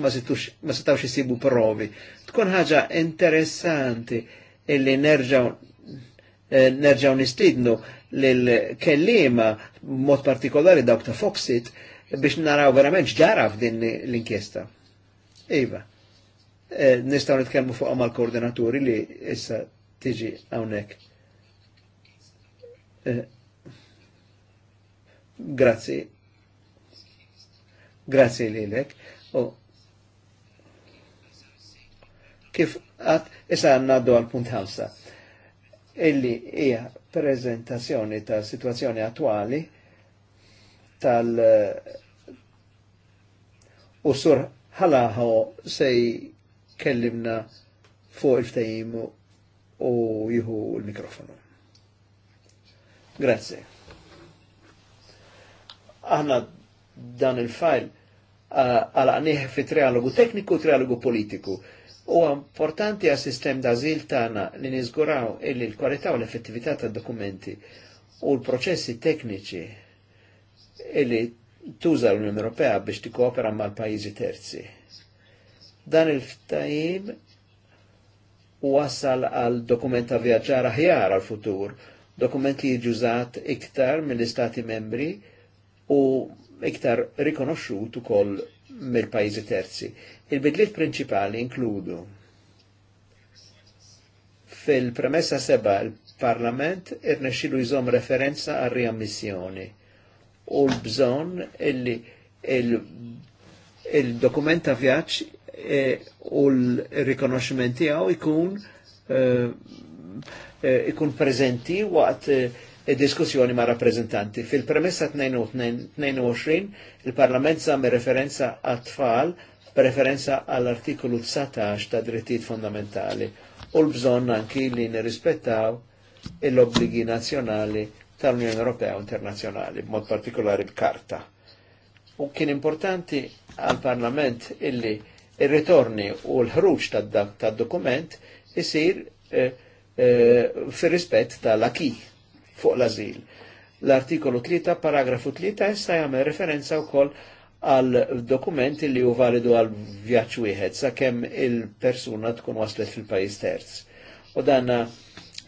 D: ma setawx jisibu provi. Tkun ħaġa interessanti illi nerġaw eh, nerġaw nistidnu l-kellima mod partikolari dawk ta' Foxit biex naraw verament ġara f'din l-inkjesta. Iva, eh, nistaw nitkellmu fuq mal koordinaturi li issa tiġi hawnhekk. Eh, grazzi. Grazie lilek. kif għat, issa għannaddu għal punt ħamsa. Illi hija prezentazzjoni ta' situazzjoni attuali tal- eh, u sur ħalaħo sej kellimna fuq il-ftajim u jihu l-mikrofonu. Grazie. Aħna dan il-fajl għal għanieħ fi trialogu tekniku trialogu politiku. U importanti għas sistem d'azil tana li nizguraw illi l-kwalità u l-effettività ta' dokumenti u l-proċessi tekniċi illi tuża l-Unjoni Ewropea biex tikkoopera l pajjiżi terzi. Dan il-ftajim wasal għal dokumenta vjaġġar aħjar għal futur, dokumenti li jiġużat iktar mill-Istati membri u iktar rikonoxxut ukoll mill-pajjiżi terzi. Il-bidliet prinċipali inkludu fil-premessa seba il-Parlament irnexxilu jżomm referenza għal riammissjoni u l-bżon illi il-dokument ta' vjaċ e, u l-rikonoxximent tiegħu ikun ikun e, e, prezenti waqt diskussjoni ma' rappresentanti. Fil-premessa 22 il-Parlament samme referenza għat-tfal preferenza għall-artikolu 19 ta' drittijiet fondamentali u l bżon anki li nirrispettaw l-obbligi nazjonali tal-Unjoni Ewropea u internazjonali, b'mod partikolari b'karta. U kien importanti għal-Parlament illi il-ritorni u l-ħruġ tad-dokument isir eh, eh, fir rispett tal-aki fuq l-azil. L-artikolu 3, paragrafu 3, issa jagħmel referenza wkoll għal dokumenti li hu validu għal vjaġġ wieħed sakemm il-persuna tkun waslet fil-pajjiż terz. U dan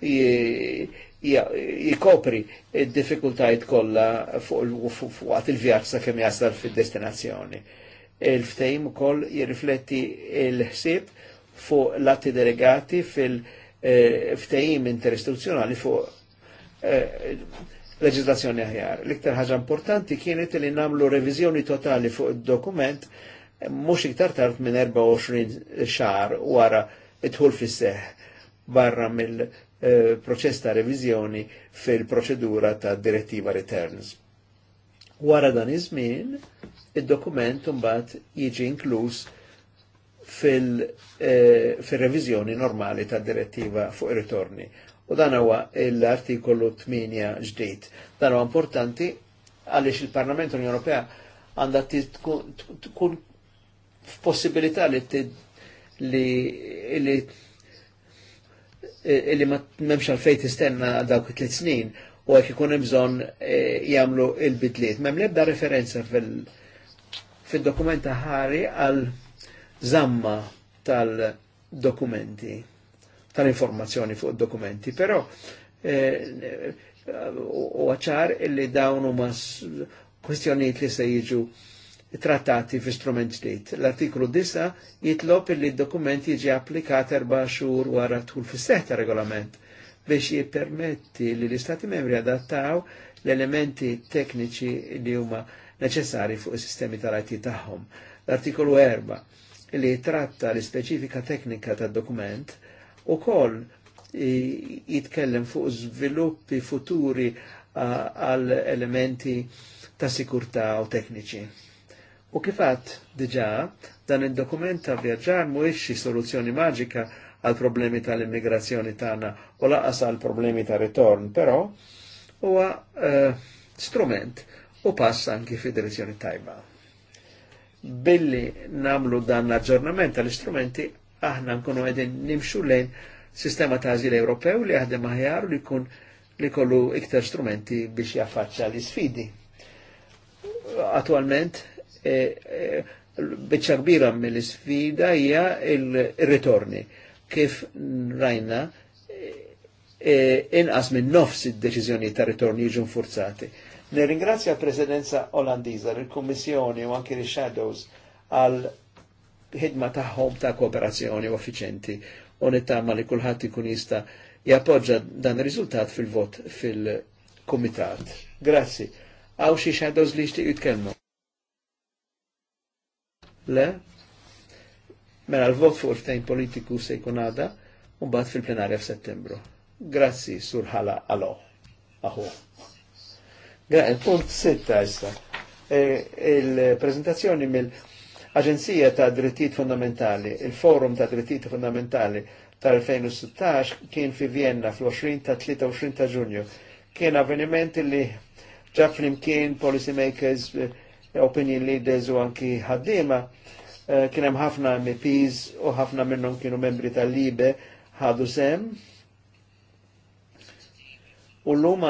D: jikopri id-diffikultajiet kollha fuq waqt il-vjaġġ sakemm jasal fid-destinazzjoni. Il-ftehim ukoll jirrifletti il-ħsieb fuq l-atti delegati fil-ftehim eh, interistituzzjonali fuq Eh, leġislazzjoni aħjar. L-iktar ħaġa importanti kienet li namlu revizjoni totali fuq id-dokument eh, mhux iktar tard minn 24 xahar wara idħul fis seħħ barra mill-proċess eh, ta' revizjoni fil-proċedura ta' direttiva returns. Wara dan iż-żmien, id-dokument mbagħad jiġi inkluż fil revizjoni normali ta' direttiva fuq ir-ritorni. U dan huwa l-artikolu 8 ġdid. Dan huwa importanti għaliex il-Parlament Unjoni Ewropea għandha tkun f'possibilità li li li ma memx għalfej tistenna dawk it-tliet snin u għek ikun imżon eh, jamlu il-bidliet. Mem lebda referenza fil-dokumenta ħari għal zamma tal-dokumenti tal-informazzjoni fuq dokumenti, però eh, u għacħar illi dawn huma kwestjoniet li se jiġu trattati fi strument ġdid. L-artiklu 10 jitlob illi d jiġi applikat erba' xhur wara tul fi seħ regolament biex jipermetti li l-Istati membri adattaw l-elementi tekniċi li huma neċessari fuq is-sistemi tal-IT tagħhom. L-artikolu 4 li tratta l-ispeċifika teknika tad-dokument u koll jitkellem fuq sviluppi futuri għal elementi ta' sikurta u tekniċi. U kifat diġa dan il-dokument ta' vjaġġar mhuwiex soluzzjoni maġika għal problemi tal-immigrazzjoni tana u laqas għal problemi ta' ritorn, però huwa uh, strument u pass anki fi direzzjoni tajba. Billi namlu dan l-aġġornament tal-istrumenti aħna nkunu għedin nimxu lejn sistema ta' azil Ewropew li għadem maħjar li kun li kollu iktar strumenti biex jaffaċċa l sfidi. Attualment, e, e, bieċa kbira mill-sfida hija il-ritorni. Kif rajna, e, inqas minn nofs id-deċiżjoni ta' ritorni jiġu forzati. Nirringrazzja l-Presidenza Olandiża, il kummissjoni u anki l-Shadows għal ħidma tagħhom ta' kooperazzjoni u effiċenti u nittama li kulħadd ikun jista' jappoġġa dan ir-riżultat fil-vot fil-kumitat. Grazzi. Għaw xi shadows li jixtieq jitkellmu. Le? Mela l-vot fuq il ftajn politiku se jkun għada u mbagħad fil-plenarja f'Settembru. Grazzi sur ħala għalo. Aħu. Punt 6 issa. E, il-prezentazzjoni mill Aġenzija ta' Drittijiet Fundamentali, il-Forum ta' Drittijiet Fundamentali tal-2016 kien fi Vienna fl-20 ta' 23 ta' ġunju. Kien avveniment li ġab flimkien policy makers, eh, opinion leaders u anki ħaddima, eh, kien hemm ħafna MPs u ħafna minnhom kienu membri tal-Libe ħadu sem. U l-lum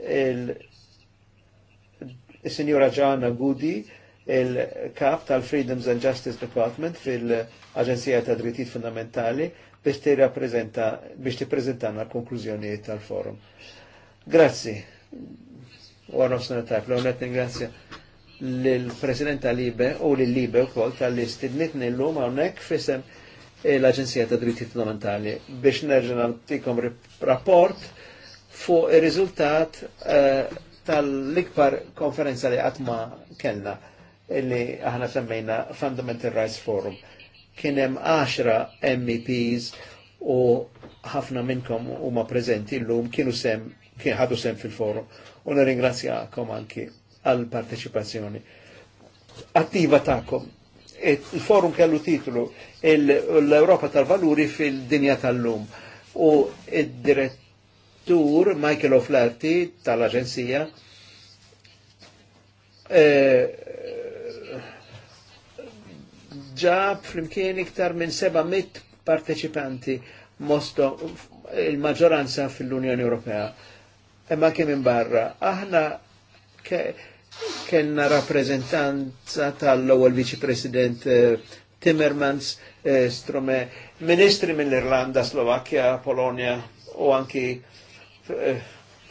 D: il-Sinjora Ġana Gudi, il-kap tal-Freedoms and Justice Department fil-Aġenzija ta' Drittijiet Fundamentali biex tirrappreżenta biex tippreżentana l-konklużjonijiet tal-forum. Grazzi. U għarnos natajf, l-għonet ningrazzja l-President tal-Libe u l-Libe u kol tal istidnit l-lum għonek fissem l-Aġenzija ta' Dritti Fundamentali biex nerġa' nagħtikom rapport fuq ir-riżultat eh, tal-ikbar konferenza li qatt ma kellna li aħna semmejna Fundamental Rights Forum. Kienem 10 MEPs u ħafna minnkom huma preżenti llum kienu sem kien ħadu sem fil-forum u nirringrazzjakom anki għal partecipazzjoni attiva tagħkom. Il-forum kellu titlu l-Europa tal-Valuri fil-dinja tal-lum u id-direttur Michael O'Flaherty tal-Aġenzija E, ġab flimkien iktar minn 700 parteċipanti mosto il maġoranza fil-Unjoni Ewropea. Imma kien minn barra. Aħna kena rappresentanza tal-ewwel Viċi President eh, Timmermans, eh, strome ministri mill-Irlanda, Slovakkja, Polonia u anki eh,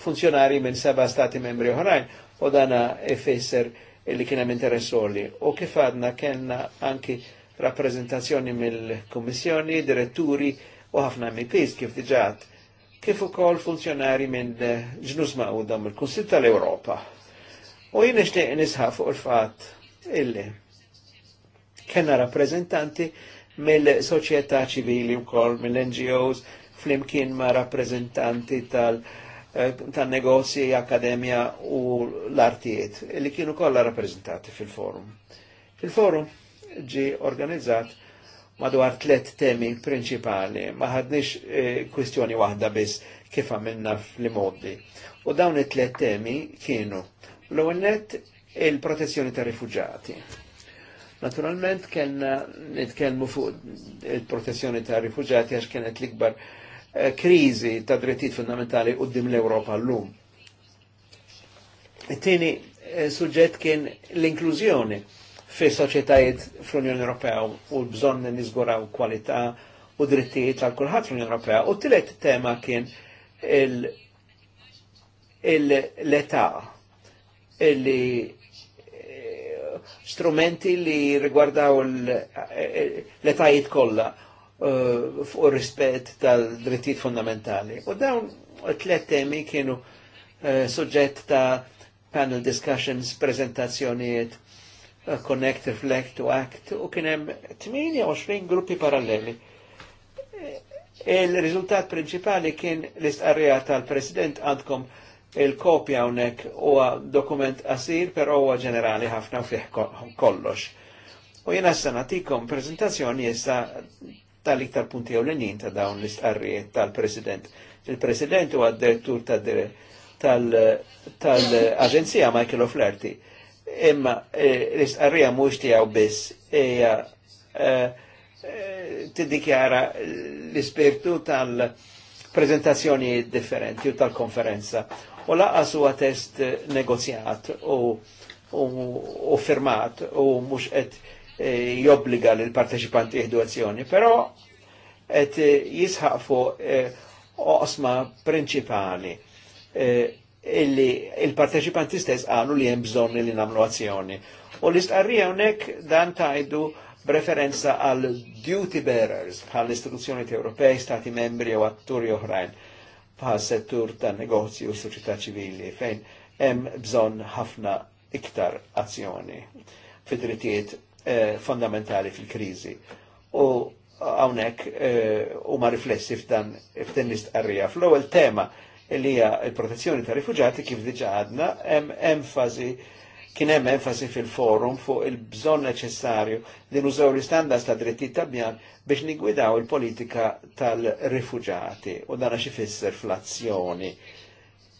D: funzjonari minn seba stati membri oħrajn u dana effesser li kienem interessoli. U kif għadna kellna anki rappreżentazzjoni mill kommissjoni diretturi u ħafna MPs kif diġat, kif ukoll funzjonari minn ġnus mawda mill-Kunsil tal-Ewropa. U jien nixtieq nisħa fuq il-fatt illi kena rappreżentanti mill-soċjetà ċivili wkoll mill-NGOs flimkien ma' rappreżentanti tal- eh, tan negozji, akademja u l-artijiet li kienu kollha rappreżentati fil-forum. Il-forum ġi organizzat madwar tlet temi prinċipali, ma ħadniex eh, kwistjoni waħda biss kif għamilna fl-modi. U dawn it-tlet temi kienu l net il-protezzjoni ta' rifuġati. Naturalment kellna nitkellmu fuq il-protezzjoni ta' rifuġati għax kienet l-ikbar krizi eh, kriżi ta' drittijiet fundamentali qudiem l-Ewropa llum. It-tieni eh, suġġett kien l-inklużjoni fi soċjetajiet fl-Unjoni Ewropea u bżonn niżguraw kwalità u drittijiet għal kulħadd fl-Unjoni Ewropea. U tielet tema kien l-età li eh, strumenti li rigwardaw eh, l-etajiet kollha eh, fuq rispett tal-drittijiet fundamentali. U dawn tliet temi kienu suġġett ta' panel discussions, prezentazzjonijiet Connect, Reflect to Act u kienem 28 gruppi paralleli. Il-rizultat principali kien l-istqarrija tal-President għandkom il-kopja unek u dokument asir per huwa ġenerali ħafna fih kollox. U jena s-sanatikom prezentazzjoni jessa tal-iktar punti u l-nin ta' dawn l-istqarrijiet tal-President. Il-President u għad-direttur tal-Aġenzija Michael O'Flaherty imma e, l-istqarrija mux tijaw biss hija e, e, tiddikjara l-ispirtu tal-prezentazzjoni differenti u tal-konferenza. U laqas u għatest negozjat u firmat u mux qed jobbliga l parteċipanti jihdu azzjoni, però qed jisħaq fuq oqsma prinċipali illi il-parteċipanti stess għalu li hemm bżonn li nagħmlu azzjoni. U l istqarri hawnhekk dan tajdu b'referenza għal duty bearers bħal istituzzjoni Ewropej, stati membri u atturi oħrajn bħal settur ta' negozju u soċjetà ċivili fejn hemm bżonn ħafna iktar azzjoni fid-drittijiet eh, fondamentali fil-kriżi. U hawnhekk eh, huma eh, riflessi f'dan f'din l-istqarrija. Fl-ewwel tema li hija il protezzjoni ta' rifugjati kif diġa għadna, hemm enfasi kien hemm enfasi fil-forum fuq il-bżonn neċessarju li nużaw l-istandards ta' dritti tabjan biex nigwidaw il-politika tal-rifuġati u dan xi fisser fl-azzjoni.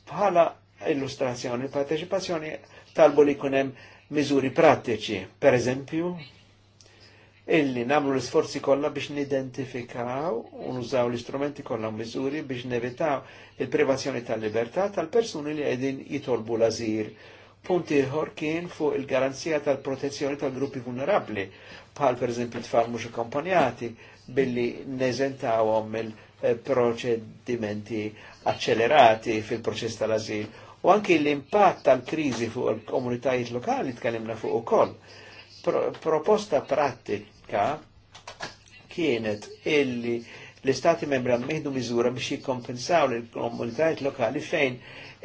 D: Bħala illustrazzjoni, parteċipazzjoni talbu li kunem miżuri prattiċi, per eżempju, illi namlu l-sforzi kollha biex nidentifikaw u nużaw l-istrumenti kollha miżuri biex nevitaw il-privazzjoni tal-libertà tal-persuni li qegħdin jitolbu l-azir. Punti ieħor kien fuq il-garanzija tal-protezzjoni tal-gruppi vulnerabbli, bħal pereżempju tfal mhux akkompanjati billi neżentawhom il-proċedimenti accelerati fil-proċess tal-azil u anki l-impatt tal-kriżi fuq il-komunitajiet lokali tkellimna fuq ukoll proposta pratik Amerika kienet illi l-istati membri għammiħdu miżura biex jikkompensaw l-komunitajiet lokali fejn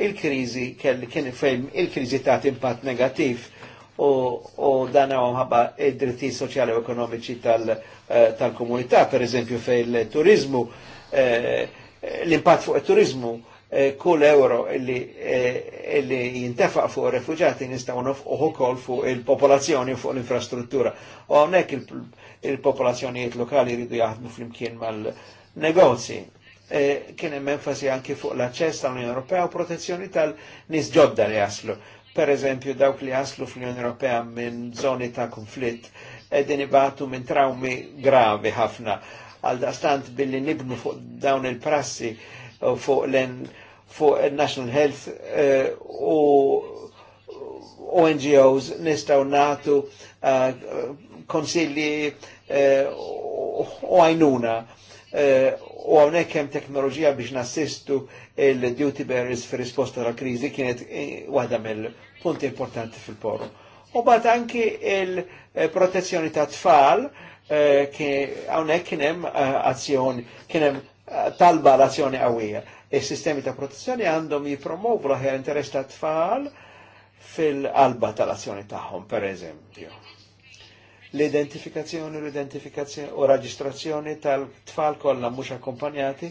D: il-krizi kien fejn il-krizi ta' impatt negativ u, u dan għom ħabba id-dritti soċjali u ekonomiċi eh, tal-komunità, tal per eżempju fejn l-turizmu, eh, l-impatt fuq il-turizmu Eh, kull euro illi eh, jintefaq fuq refugjati nistaw nofqoħ kol fuq il-popolazzjoni fuq l-infrastruttura. U għonek il-popolazzjonijiet lokali jridu jaħdmu fl-imkien mal-negozji. Eh, kien hemm enfasi anki fuq l-aċċess tal-Unjoni Ewropea u protezzjoni tal-nies ġodda li jaslu. Per eżempju, dawk li jaslu fl-Unjoni Ewropea minn zoni ta' konflitt edin ibatu minn traumi gravi ħafna. Għal dastant billi nibnu fuq dawn il-prassi fuq l fuq il-National Health eh, u ONGOs nistaw natu eh, konsilli eh, u għajnuna u għonek kem teknoloġija biex nassistu il-duty bearers fi risposta għal krizi kienet għada mill-punti importanti fil-poru. U bat anki il-protezzjoni ta' tfal għonek kienem azzjoni, kienem talba l-azzjoni għawija il e sistemi ta' protezzjoni għandhom jipromovu l interess ta' tfal fil-qalba tal-azzjoni tagħhom, per eżempju. L-identifikazzjoni, l-identifikazzjoni u raġistrazzjoni tal-tfal kollha mhux akkompanjati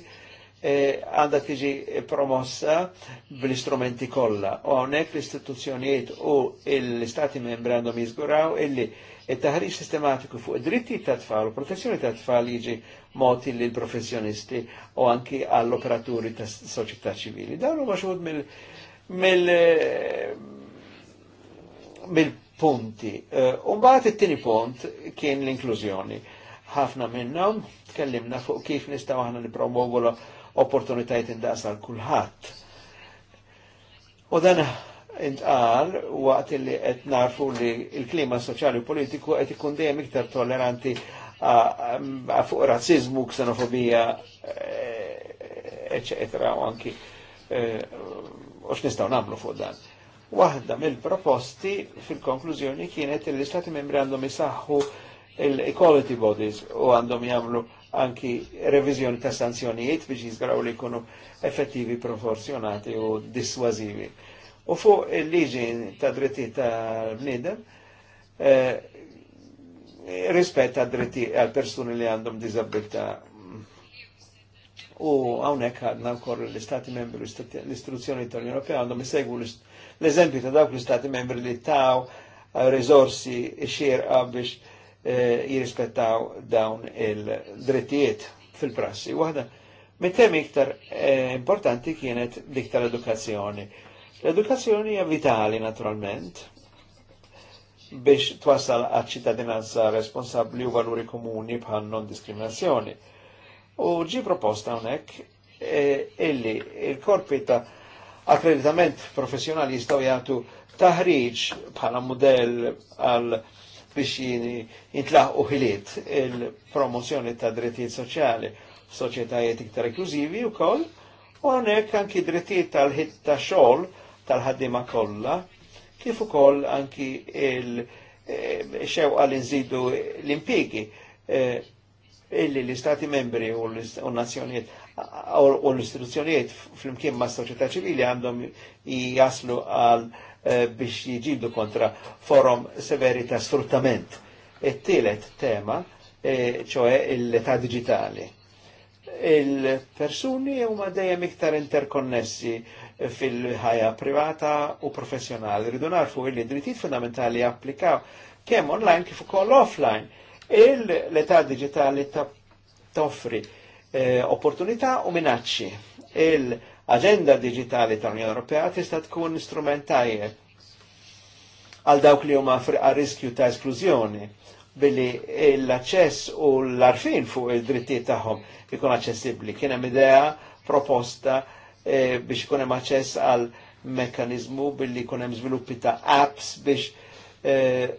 D: e, għandha e, tiġi promossa bl-istrumenti kollha. U hawnhekk l-istituzzjonijiet u l-istati membri għandhom jiżguraw illi it-taħriġ sistematiku fuq id-dritti tat-tfal u protezzjoni tat-tfal jiġi moti li l-professjonisti u anki għall-operaturi ta' soċjetà ċivili. Dan huma xogħod eh, mill punti eh, U mbagħad it-tieni punt kien l-inklużjoni. Ħafna minnhom tkellimna fuq kif nistgħu aħna nippromovu opportunitajiet indaqs għal kulħadd. U dan intqal waqt li qed narfu li l-klima soċjali u politiku qed ikun dejjem iktar tolleranti fuq razzizmu, ksenofobija, ecc. Eh, u anki eh, ux nistaw namlu fuq dan. Wahda mill-proposti fil-konklużjoni kienet il istati membri għandhom jisaxħu il-equality bodies u għandhom jamlu anki revizjoni ta' sanzjonijiet biex jizgaraw li kunu effettivi proporzjonati u diswazivi. U fuq il liġin ta' dritti ta' bnidem, eh, rispetta għad-dritti għal persuni li għandhom disabilità. U għawnek għadna wkoll l-Istati membri, l-istruzzjoni tal-Unjoni Ewropea għandhom isegwu l-eżempju ta' dawk l-Istati membri li taw eh, risorsi xierqa biex eh, jirrispettaw dawn il-drittijiet fil-prassi. Waħda, mit-temi iktar eh, importanti kienet dik tal-edukazzjoni. L-edukazzjoni hija vitali naturalment, biex twasal għad ċittadinanza responsabli u valuri komuni bħal non-diskriminazzjoni. U ġi proposta unek e, illi il-korpi ta' akkreditament professjonali jistaw jgħatu taħriġ bħala model għal biex jintlaħqu ħiliet il-promozjoni ta' drittijiet soċjali f'soċjetajiet iktar inklużivi u koll, u għonek anki drittijiet tal-ħit ta' xogħol tal ħaddima kollha kif ukoll anki il-xewqa eh, li nżidu l-impjegi eh, illi l-istati membri u l-nazzjonijiet u l-istituzzjonijiet fl-imkien ma' soċjetà ċivili għandhom jaslu għal eh, biex jiġidu kontra forum severi ta' sfruttament. It-tielet tema, ċoħe l età digitali il-persuni huma dejjem iktar interkonnessi fil-ħajja privata u professjonali. Rridu narfu li drittijiet fundamentali applikaw kemm online kif ukoll offline. Il-età digitali toffri eh, opportunità u minacci. Il-agenda digitali tal-Unjoni Ewropea tista' tkun strument għal dawk li huma riskju ta' esklużjoni billi l-aċċess u l-arfin fuq id-drittijiet tagħhom ikun aċċessibbli. Kien hemm idea proposta Eh, biex ikun hemm aċċess għal mekkanizmu billi jkun hemm żviluppi ta' apps biex eh,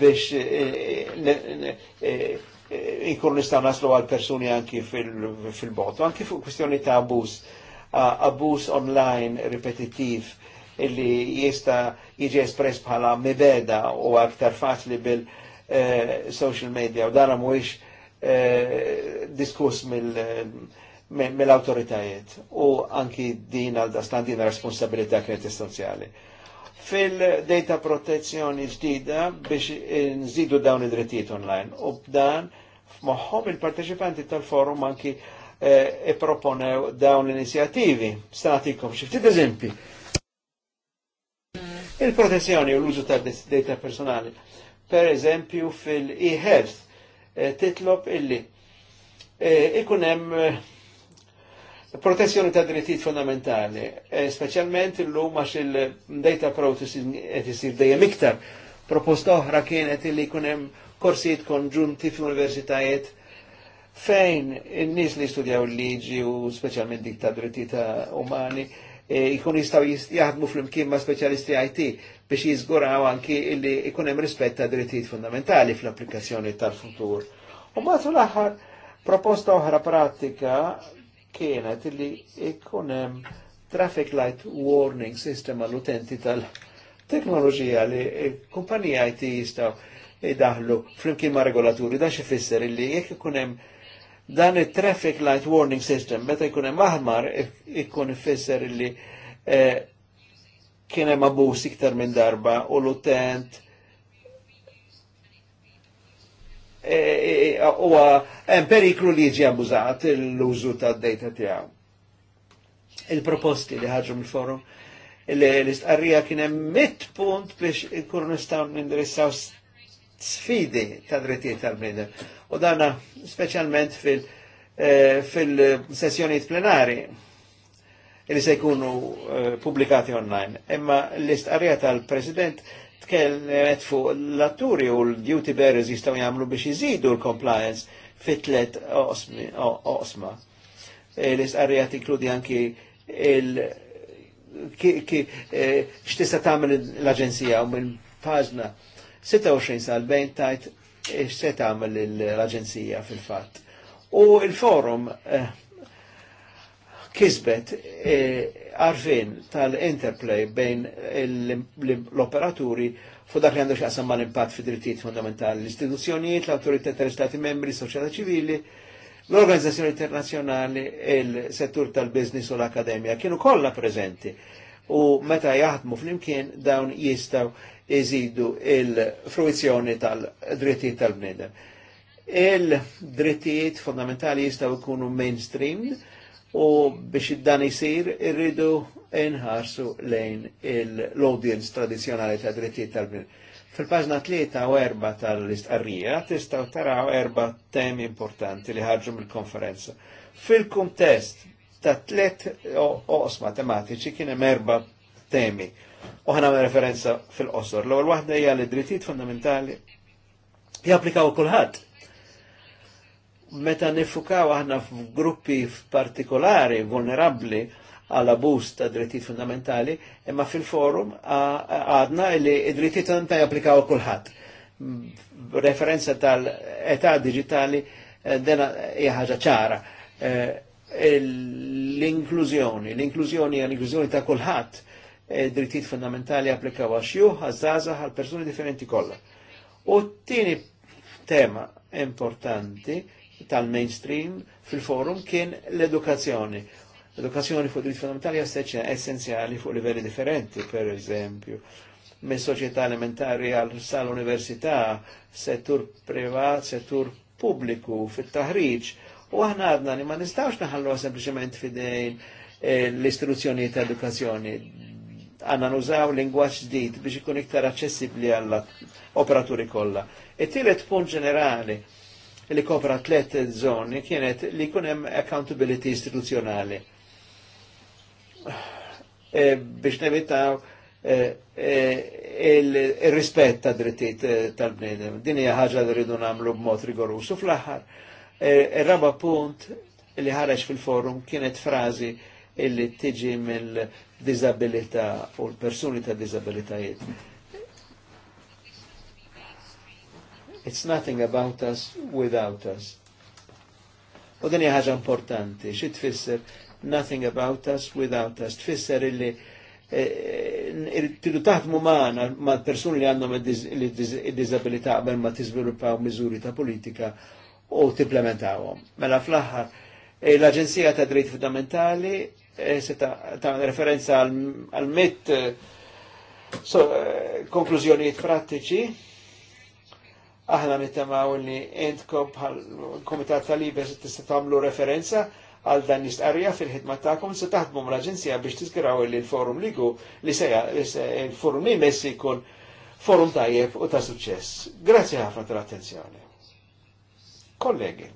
D: biex eh, eh inkun nistaw naslu għal persuni anki fil bot anki fuq kwestjoni ta' abus, abus online repetitiv illi jista jiġi espress bħala mibeda u aktar faċli bil-social media u dara mwix diskuss mill- mill-autoritajiet u anki din għal dastan din responsabilità kienet essenzjali. Fil-data protezzjoni ġdida biex eh, nżidu dawn id-drittijiet online u b'dan f'moħħom il-parteċipanti tal-forum anki e eh, proponew dawn l-inizjativi. Statikom xiftit eżempi. Il-protezzjoni u l-użu tal data personali. Per eżempju fil-e-health eh, titlob illi ikunem e protezzjoni ta' drittijiet fondamentali, e specialment l-lum għax il-data processing qed isir dejjem iktar. Proposta oħra kienet li jkun hemm korsijiet konġunti fl-universitajiet fejn in-nies li studjaw il-liġi u speċjalment dik ta' drittijiet umani e, jkun jistaw jaħdmu fl-imkien ma' speċjalisti IT biex jiżguraw anki illi jkun hemm rispett ta' drittijiet fundamentali fl-applikazzjoni tal-futur. U mbagħad l-aħħar proposta oħra pratika kienet li ikkunem traffic light warning system għall-utenti tal-teknoloġija li kumpanija IT jistaw idaħlu flimkien ma' regolaturi, da xifisser illi jek ikkunem dan il-traffic light warning system, meta ikkunem maħmar ikun ifisser illi eh, kienem abus iktar minn darba u l-utent huwa hemm periklu li jiġi abbużat l-użu tad-data tiegħu. Il-proposti li ħarġu mill-forum l-istqarrija kien hemm mit punt biex ikunu nistgħu nindirissaw sfidi ta' drittijiet tal-bniedem. U dana speċjalment fil- eh, fil-sessjonijiet plenari li se jkunu eh, pubblikati online. Imma l-istqarrija tal-President tkelmet fuq l-atturi u l-duty bearers jistaw jgħamlu biex jizidu l-compliance fitlet tlet osma. E, L-isqarrija tinkludi anki il- e, x'tista' tagħmel l-aġenzija u minn paġna 26 sal-bejn tajt e, x'se tagħmel l-aġenzija fil-fatt. U l forum kisbet arfin tal-interplay bejn l-operaturi fu dak li għandu xaqsam mal impat fi drittijiet fundamentali, l-istituzzjonijiet, l-autorità tal-istati membri, soċjetà ċivili, l-organizzazzjoni internazjonali, il-settur tal-biznis u l akademija kienu kollha prezenti. u meta jaħdmu fl-imkien dawn jistaw jizidu il-fruizzjoni tal-drittijiet tal-bnedem. Il-drittijiet fundamentali jistaw ikunu mainstreamed, u biex id-dan jisir irridu inħarsu lejn l-audience tradizjonali ta' drittijiet tal-bnedmin. Fil-pażna tlieta u erba tal-istqarrija tistgħu taraw erba temi importanti li ħarġu mill-konferenza. Fil-kuntest ta' tliet oqsma tematiċi kien hemm erba temi. U ħana referenza fil-qosor. L-ewwel waħda hija li drittijiet fundamentali japplikaw kulħadd meta nifukaw aħna f'gruppi partikolari vulnerabli għal abus ta' drittijiet fundamentali, imma fil-forum għadna li id-drittijiet fundamentali japplikaw kullħat. Referenza tal-età digitali eh, dena ħaġa ċara. Eh, l-inklużjoni, l-inklużjoni għal inklużjoni ta' kulħadd, eh, drittijiet fundamentali applikaw għax juħ, għazzaza, għal persuni differenti kollha. U t-tieni tema importanti, tal-mainstream fil-forum kien l-edukazzjoni. l Edukazzjoni fuq diritti fondamentali għasteċ essenzjali fuq livelli differenti, per eżempju, minn soċjetà elementari għal sal-università, settur privat, settur pubbliku, fit-taħriġ, u għahna għadna li ma nistawx naħallu sempliciment fidejn eh, l-istruzzjoni ta' edukazzjoni. Għanna nużaw lingwaċ ġdid biex ikun iktar aċċessibbli għall operaturi kollha. E tielet punt ġenerali, li kopra tlet zoni kienet li kunem accountability istituzjonali. E, biex nevitaw il-rispetta e, e, e, e, drittit e, tal-bnedem. Dini ħagġa ħaġa li rridu nagħmlu b'mod rigorus. U fl-aħħar, e, ir-raba punt li ħareġ fil-forum kienet frazi illi tiġi mill-disabilità u l-persuni ta' disabilitajiet It's nothing about us without us. U din hija ħaġa importanti, xi tfisser nothing about us without us. Tfisser illi tridu eh, eh, taħdmu maħna ma' persuni li għandhom il-disabilità qabel ma' tiżviluppaw miżuri ta' politika u tipplementawhom. Mela fl-aħħar, eh, l-Aġenzija ta' Dritt Fundamentali se ta' referenza għal mit konklużjonijiet prattiċi Aħna nittamaw li entkom komitat tal-Libes tista' tagħmlu referenza għal dan l-istqarrija fil-ħidma ta'kom se taħdmu mal-Aġenzija biex tiżguraw li l-forum ligu li se l forum Libes jkun forum tajjeb u ta' suċess. Grazzi ħafna tal-attenzjoni. Kollegi,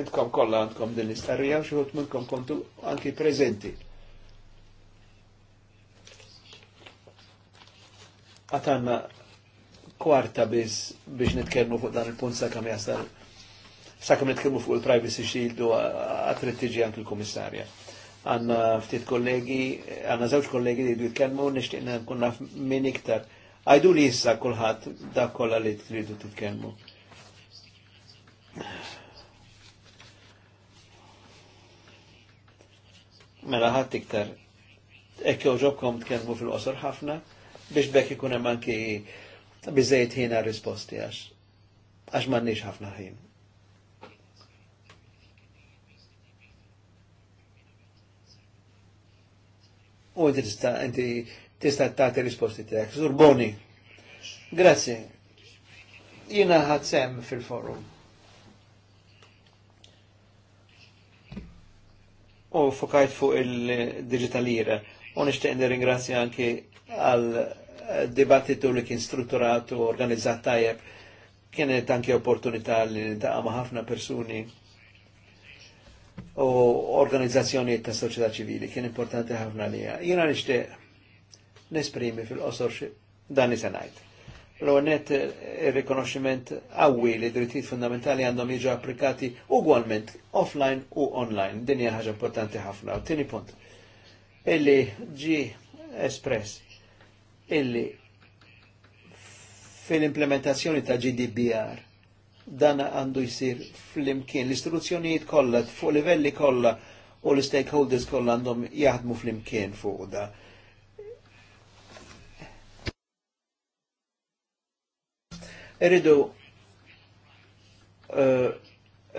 D: entkom kollha għandkom din l-istqarrija u xi minnkom kontu anki prezenti. għatanna kwarta biz biex nitkellmu fuq dan il-punt sa' kam jasal sa' kam nitkellmu fuq il-privacy shield u għatret tiġi anki l-komissarja. Għanna ftit kollegi, għanna zewġ kollegi li jdu jitkellmu, nishtiqna kunna minn iktar. Għajdu li jissa kullħat da' kolla li tridu titkellmu. Mela ħadd iktar. Ekk joġobkom tkellmu fil-qosor ħafna biex bekk ikun hemm anki ta' bizzejt ħina risposti għax, għax mannix ħafna ħin. U inti tista' inti tista' tagħti risposti tiegħek. għak Zurboni. Grazzi. Jiena ħad sem fil-forum. U fukajt fuq il-digitalira. U nishtiqni nirringrazzja anki għal dibattitu li kien strutturat u organizzat tajjeb kienet anke opportunità li nintaqa' ma' ħafna persuni u organizzazzjoni ta' soċjetà ċivili kien importanti ħafna lija. Jiena nixtieq nesprimi fil-qosor dan is se ngħid. L-għonet il-rikonoxximent għawi li drittijiet fundamentali għandhom jiġu applikati ugualment offline u online. Din hija ħaġa importanti ħafna. U tieni punt. Illi ġi espress illi fil-implementazzjoni ta' GDPR dan għandu jisir fl-imkien. L-istituzzjonijiet kollha fuq livelli kollha u l-stakeholders kollha għandhom jaħdmu fl-imkien fuq da. Irridu eh, eh,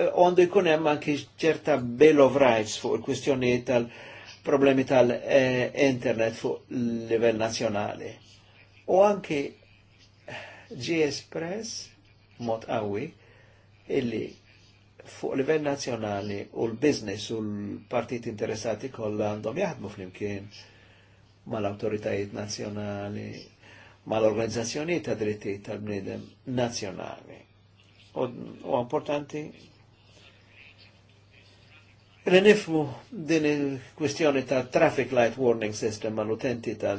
D: għandu uh, jkun hemm anki ċerta Bill of Rights fuq il-kwistjonijiet tal- problemi tal-internet fuq livell nazjonali. U anki G-Express, mod għawi, illi fuq livell nazjonali u l-biznis u l-partit interessati kollha għandhom jaħdmu flimkien mal-autoritajiet nazjonali, mal-organizzazzjonijiet ta' dritti tal bnidem nazjonali. U importanti Li mela nifmu din il-kwistjoni ta' traffic light warning system l utenti ta'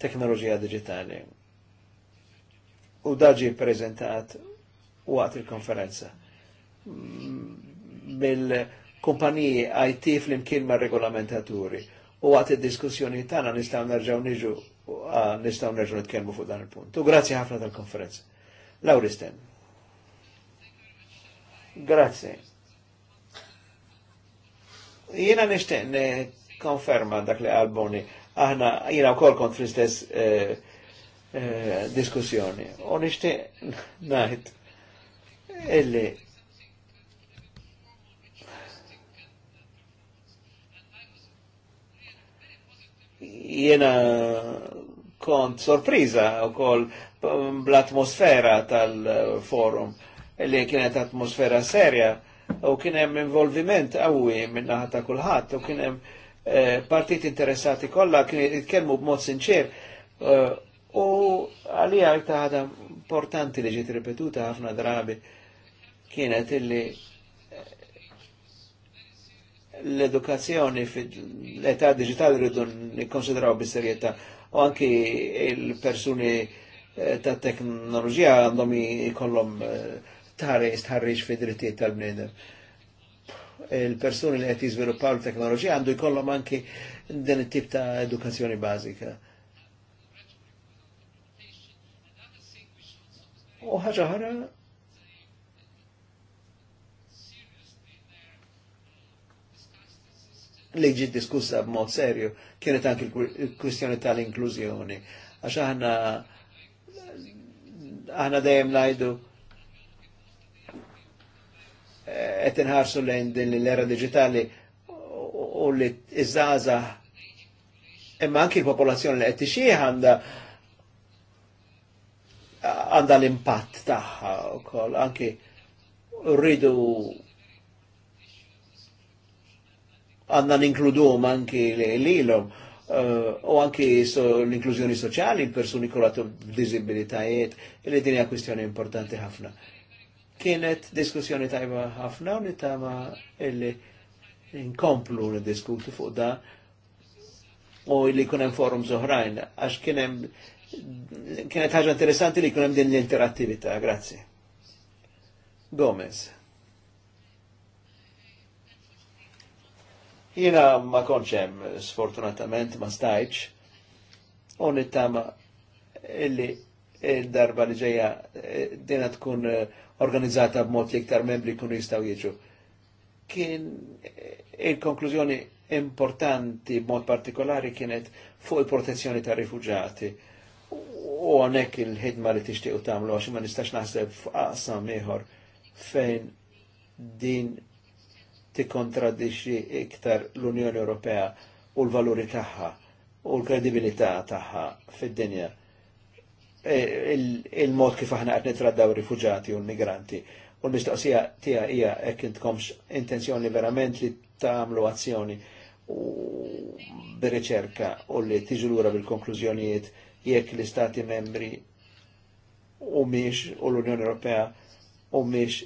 D: teknoloġija digitali. U daġi prezentat waqt il-konferenza mm, mill-kumpaniji IT fl-imkien ma' regolamentaturi. U għat il-diskussjoni tana nistaw nerġaw niġu, nistaw nerġaw nitkelmu fuq dan il-punt. U grazzi ħafna tal-konferenza. Lauristen. Grazie. Jena nishtiq konferma dak li għalboni, aħna jena u kol kont fl-istess eh, eh, diskussjoni. U nishtiq najt illi jena kont sorpriza u kol bl-atmosfera tal-forum, illi kienet atmosfera serja u kien hemm involviment qawwi minn naħa ta' kulħadd u kien hemm eh, partit interessati kollha kien jitkellmu b'mod sinċer eh, u għalija ta' ħadha importanti li ġiet ripetuta ħafna drabi kienet illi eh, l-edukazzjoni fil-età digitali rridu nikkonsidraw bis-serjetà u anki il-persuni ta' teknoloġija għandhom ikollhom uh, tħares tħarriġ fi tal-bnedem. Il-persuni li għet jiżviluppaw l-teknoloġija għandu jkollhom anki din it-tip ta' edukazzjoni bażika. U ħaġa ħara li ġi diskussa b'mod serju kienet anki l-kwistjoni tal-inklużjoni. Għax aħna aħna dejjem ngħidu qed inħarsu lejn din l-era digitali u li iżaza imma anki l-popolazzjoni li qed tixih għandha għandha l-impatt tagħha wkoll anki rridu għandna ninkludum anki lilhom uh, u anki l-inklużjoni soċjali, l-persuni kuratu b'diżibilitajiet, li din hija kwistjoni importanti ħafna. Kienet diskussjoni tajba ħafna u nittama illi inkomplu niddiskutu fuq da u illi kunem forum zoħrajn, għax kienem kienet ħaġa interessanti li kunem din l-interattività, grazzi. Gomez. Jina ma konċem, sfortunatament, ma stajċ, u nittama illi il darba li ġeja eh, dina tkun eh, organizzata b'mod li iktar membri kunu jistaw jieġu. Kien eh, il-konklużjoni importanti b'mod partikolari kienet fuq il-protezzjoni ta' rifugjati. U għonek il-ħidma li tixtiqu tamlu għax ma nistax naħseb f'qasam meħor fejn din tikkontradixxi iktar l-Unjoni Ewropea u l-valuri tagħha u l-kredibilità tagħha fid-dinja Eh, il-mod kif aħna qed traddaw rifugġati u l-migranti. U l-mistoqsija tiegħi ija hekk intkomx intenzjoni verament li tagħmlu azzjoni u b'riċerka u li tiġu lura bil-konklużjonijiet jekk l-Istati membri u miex u l-Unjoni Ewropea u miex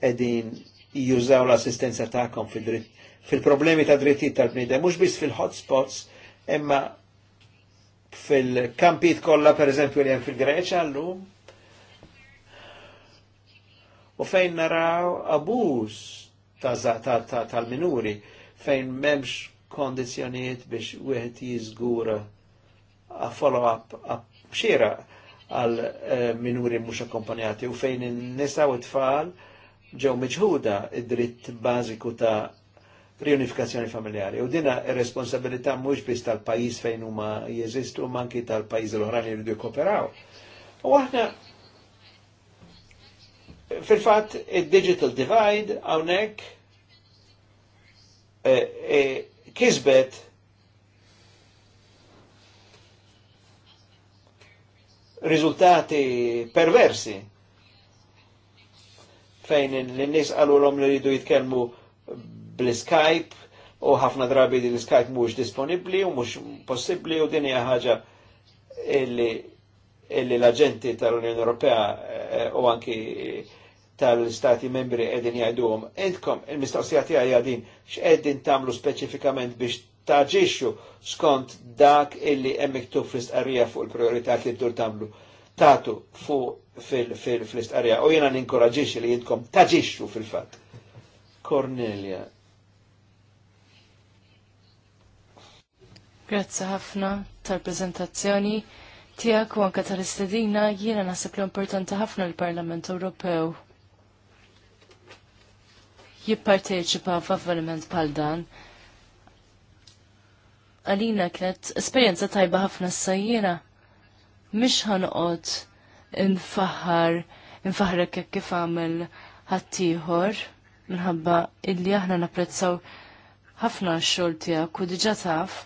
D: edin jużaw l-assistenza ta'kom fil-problemi ta' drittijiet tal-bnidem, mhux biss fil-hotspots, imma fil kolla kollha eżempju li hemm fil-Greċa llum. U fejn naraw abuż tal-minuri fejn memx kondizjoniet biex għet jizgura a follow-up xira għal eh, minuri mhux akkompanjati u fejn in-nisa u t-tfal ġew miġhuda id-dritt baziku ta' riunifikazzjoni familjari. U dina responsabilità mux biss tal pajis fejn huma jeżistu manki tal pajis l-oħra li jridu jkoperaw. U aħna fil-fatt id-digital divide hawnhekk e, e, kisbet riżultati perversi fejn l-nis għalulom li jridu jitkellmu bl-Skype u ħafna drabi din Skype mhux disponibbli u mhux possibbli u din hija ħaġa illi, l-aġenti tal-Unjoni Ewropea eh, u anki tal-stati membri qegħdin jgħiduhom. Intkom, il-mistoqsija tiegħi hija din x'qegħdin tagħmlu speċifikament biex taġixxu skont dak illi hemm miktub fl-istqarrija fuq il-priorità li ddur tagħmlu. Tatu fuq fil-istqarrija u jiena ninkoraġixxi li jintkom taġixxu fil-fatt. Cornelia,
B: Grazzi ħafna tal-prezentazzjoni tiegħek u anke tal-istedina jiena nasib li importanti ħafna l-Parlament Ewropew jipparteċipa f'avveniment bħal dan għalina kienet esperienza tajba ħafna s-sajjena. Mish ħanqot nfaħar, nfaħrek kek kif għamil ħattijħor, minħabba illi aħna napprezzaw ħafna xol tijak u diġa taf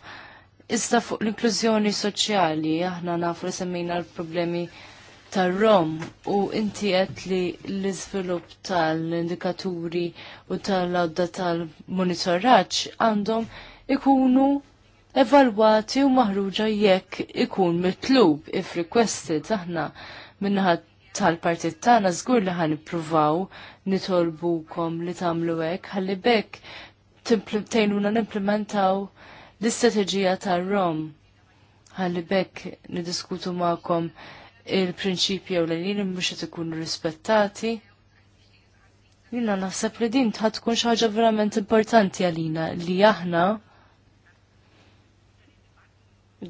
B: Iżda fuq l-inklużjoni soċjali, aħna nafu li semmejna l-problemi tar-rom u inti qed li l-iżvilupp tal-indikaturi u tal-għodda tal-monitoraġġ għandhom ikunu evalwati u maħruġa jekk ikun mitlub if requested aħna minnaħa tal-partit tagħna żgur li ħan ippruvaw nitolbukom li tagħmlu hekk ħalli bekk tejnuna nimplementaw l-istrateġija tar-Rom. Ħalli bekk niddiskutu magħkom il prinċipju u l-għalin mhux qed ikunu rispettati. Jina naħseb li din tħat tkun xi ħaġa verament importanti għalina li aħna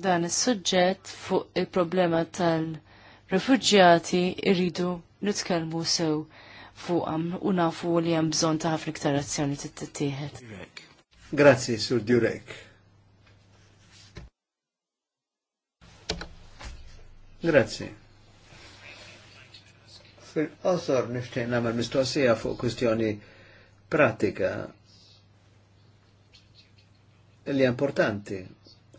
B: dan is-suġġett fuq il-problema tal refugġjati irridu nitkellmu sew fuq u nafu li hemm bżonn ta' ħafna iktar azzjoni tittieħed.
D: Grazzi, Sur Durek. Grazie. Fil-qosor nishtiq nagħmel mistoqsija fuq kwistjoni pratika li importanti.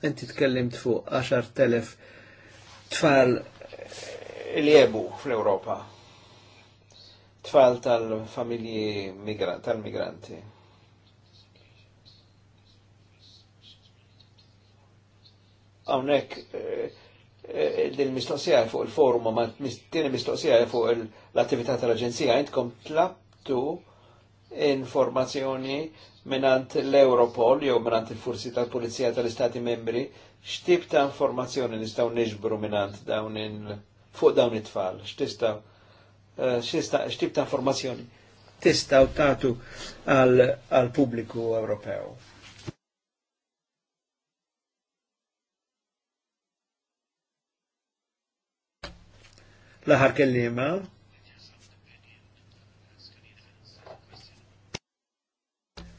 D: Inti tkellimt fuq 10.000 tfal li jebu fl-Ewropa. Tfal tal-familji tal-migranti. Hawnhekk eh, l-mistoqsija fuq il-forum ma tieni mistoqsija fuq l-attività tal-Aġenzija intkom tlabtu informazzjoni minant l-Europol jew minant il-Forsi tal-Pulizija tal-Istati Membri x'tip ta' informazzjoni nistgħu niġbru minant dawn in fuq dawn it-tfal, x'tista' eh, x'tip ta' informazzjoni tistgħu tagħtu għall-pubbliku Ewropew. l-aħar kellima.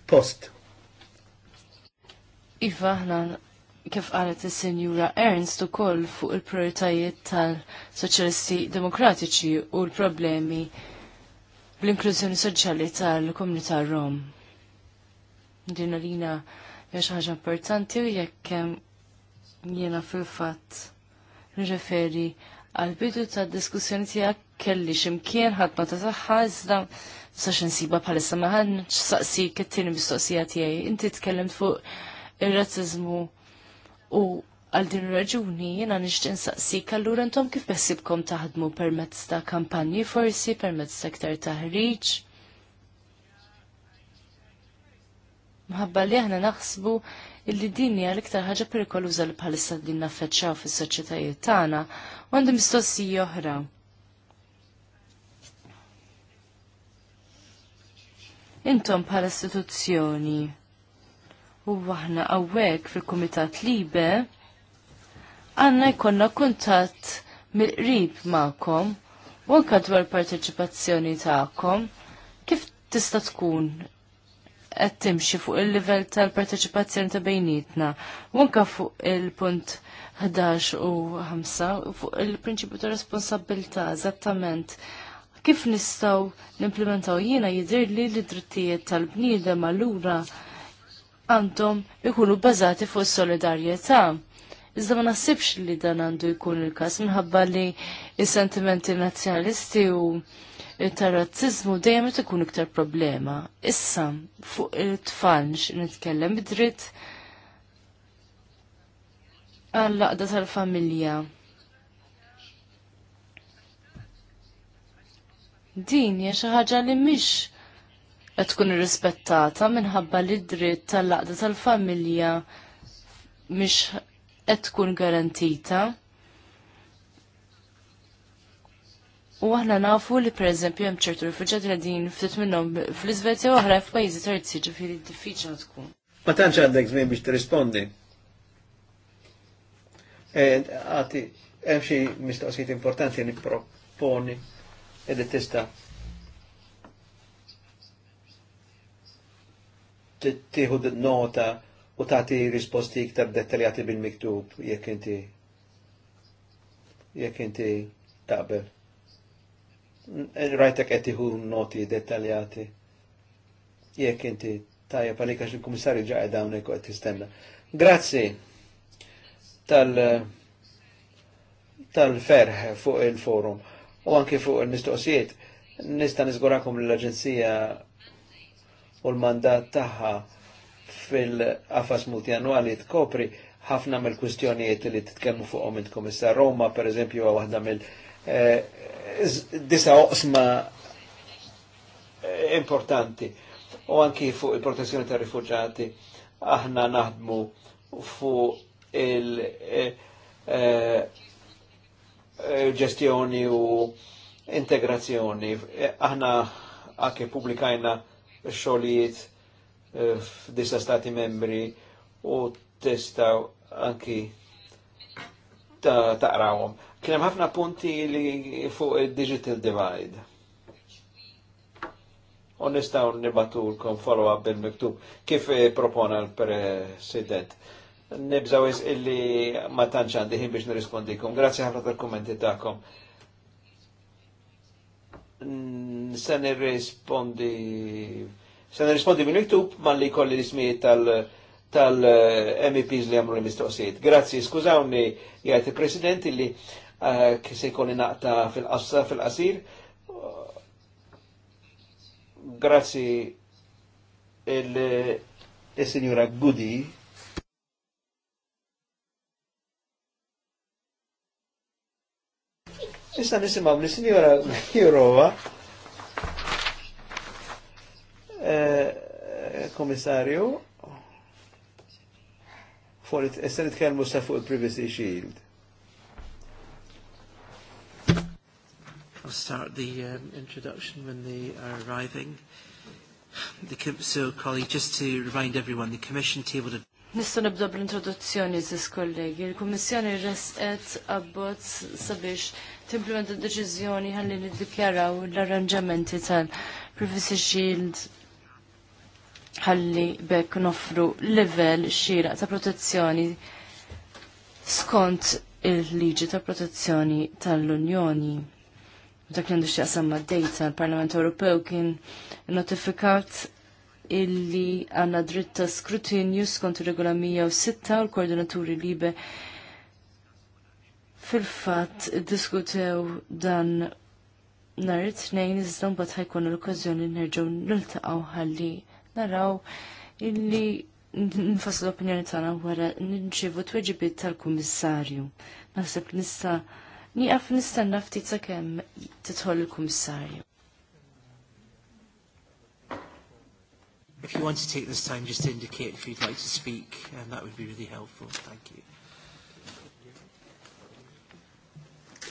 B: Post. Iva, ħna kif qalet is-Sinjura Ernst ukoll fuq il-prioritajiet tal-Soċjalisti Demokratiċi u l-problemi bl-inklużjoni soċjali tal-komunità Rom. Din għalina hija xi ħaġa importanti u jekk hemm jiena fil-fatt nirreferi għal-bidu ta' diskussjoni tijak kelli ximkien ma ta' taħħa iżda sax nsiba bħalissa maħan saqsi kettini mistoqsija tijaj. Inti tkellem fuq ir-razzizmu u għal din raġuni jena nixtieq saqsi allura intom kif beħsibkom taħdmu permezz ta' kampanji forsi, permezz ta' ktar taħriġ. Mħabba li aħna naħsbu illi din hija l-iktar ħaġa perikoluża li bħalissa din naffeċċaw fis-soċjetajiet tagħna u għandi mistoqsija oħra. Intom bħala istituzzjoni u aħna hawnhekk fil-Kumitat Libe għandna jkollna kuntatt mill-qrib magħkom u anke dwar parteċipazzjoni tagħkom kif tista' tkun qed timxi fuq il-livell tal-parteċipazzjoni ta' bejnietna. Wanka fuq il-punt 11 u 5 fuq il-prinċipju ta' responsabilità eżattament kif nistgħu nimplementaw jiena jidher li l-drittijiet tal-bniedem allura għandhom ikunu bbażati fuq solidarjetà. Iżda ma naħsibx li dan għandu jkun il-każ minħabba li s sentimenti nazzjonalisti u tar-razzizmu dejjem qed ikun iktar problema. Issa fuq it-tfanx nitkellem dritt għall-laqda tal-familja. Din hija xi ħaġa li mhix qed tkun irrispettata minħabba li d-dritt tal-laqda tal-familja mhix qed tkun garantita. U għahna nafu li per eżempju hemm ċertu rifuġjati li din ftit minnhom fl-Iżvezja u oħra f'pajjiżi terzi ġifieri diffiċli tkun.
D: Ma tantx għandek żmien biex tirrispondi. E, għati, hemm xi mistoqsijiet importanti li proponi e li tista' tieħu nota u tagħti risposti iktar dettaljati bil-miktub jekk inti jekk inti taqbel rajtek etiħu noti dettaljati. Jek inti tajja palika xin komissarju ġaqa dawnek qed tistenna. Grazzi tal tal-ferħ fuq il-forum u anki fuq il-mistoqsijiet. Nista nizgurakom l-Aġenzija u l-mandat tagħha fil-qafas multianwali tkopri ħafna mill-kwistjonijiet li titkellmu fuqhom intkom issa Roma, per eżempju, waħda mill- eh, disa oqsma eh, importanti u anki fuq il-protezzjoni ta' rifugjati aħna naħdmu fuq il-ġestjoni eh, eh, u integrazzjoni. Aħna anke publikajna xogħlijiet f'disa stati membri u testaw anki taqrawhom. Ta Kienem ħafna punti li fuq il-digital divide. U nistaw nibatulkom follow-up bil-miktub kif eh, propona l-president. Nibżaw illi ma tantx għandi ħin biex nirrispondikom. Grazzi ħafna tal-kommenti tagħkom. Se nirrispondi se nirrispondi bil-miktub ma li kolli l-ismijiet tal- tal-MEPs eh, li għamlu l-mistoqsijiet. Grazzi, skużawni, jgħajt il-President li Eh, kif se jkolli naqta fil-qassa fil-qasir. Grazzi il signora Gudi Issa nisimaw li sinjora Jurova, eh, komissarju, fuq issa nitkellmu sa fuq il-Privacy Shield.
A: I'll start the um, introduction when they are arriving. The, so, colleague, just to remind everyone, the Commission tabled a
B: Nista nibda bl-introduzzjoni, zis kollegi. Il-Kommissjoni res-et abbozz sabiex timplementa deċiżjoni ħalli niddikjaraw l-arranġamenti tal-Privacy Shield ħalli bekk nofru level xira ta' protezzjoni skont il-liġi ta' protezzjoni tal-Unjoni dak li għandu xieqsam mad-dejta, il-Parlament Ewropew kien notifikat illi għanna dritta skrutinju skont regola 106 u l-koordinaturi libe fil-fat diskutew dan nar it-tnejn iżda mbagħad ħajkun l-okkażjoni nerġgħu niltaqgħu ħalli naraw illi nfas l-opinjoni tagħna wara nirċievu tweġibiet tal-kummissarju. Naħseb nista' Nieqaf nistenna ftit sakemm titħol il-Kummissarju.
A: If you want to take this time just to indicate if you'd like to speak, and um, that would be really helpful. Thank you.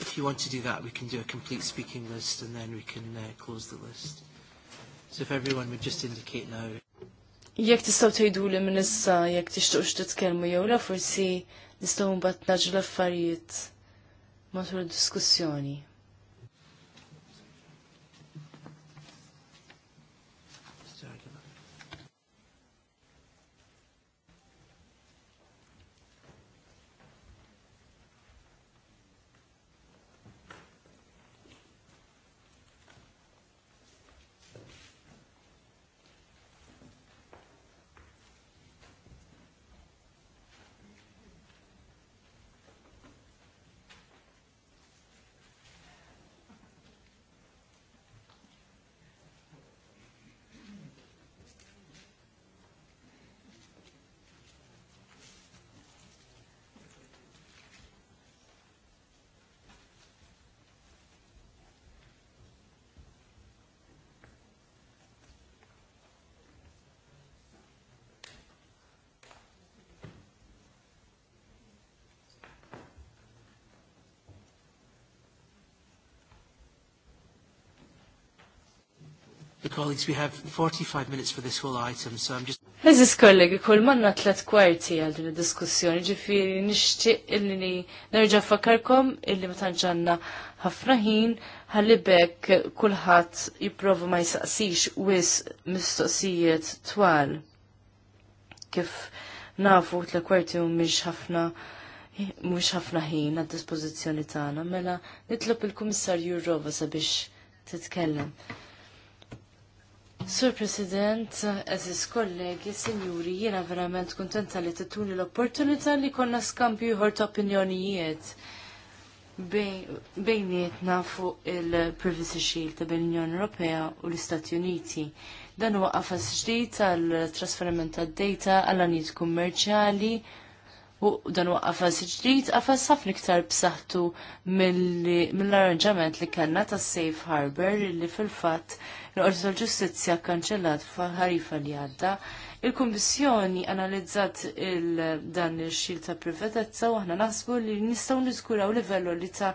A: If you want to do that, we can do a complete speaking list and then we can uh, close the list. So if everyone would just indicate now.
B: Jek tistaw tajdu li minissa, jek tixtuqx titkelmu jew la forsi nistaw mbatt naġla l-affarijiet matul diskussjoni.
A: colleagues, we have 45 minutes for this whole item, so I'm just...
B: Mrs. kollegi, kol manna tlet kwarti għal din diskussjoni ġifiri nishtiq illi nerġa fakarkom illi matanġanna tanġanna ħafna ħin ħalli bekk kulħadd jipprova ma jisaqsix wis mistoqsijiet twal. Kif nafu tla kwarti u mish ħafna mhux ħafna ħin għad dispozizjoni tagħna, mela nitlob il-Kummissarju Rova sabiex titkellem. Sur President, eżis kollegi, sinjuri, jiena verament kontenta li t-tuni l-opportunità li konna skambju jħor opinjonijiet bejnietna fuq il-Privacy Shield ta' l-Unjoni Ewropea u l-Istati Uniti. Dan huwa qafas ġdid għal trasferiment tad-data għal anijiet kummerċjali u dan huwa qafas ġdid qafas ħafna iktar b'saħħtu mill-arranġament li kellna tas-Safe Harbor li fil-fatt l-Qorti tal-Ġustizzja kkanċellat f'ħarifa li għadda. Il-Kummissjoni analizzat dan il-xil ta' privatezza u aħna naħsbu li nistgħu niżguraw livello li ta'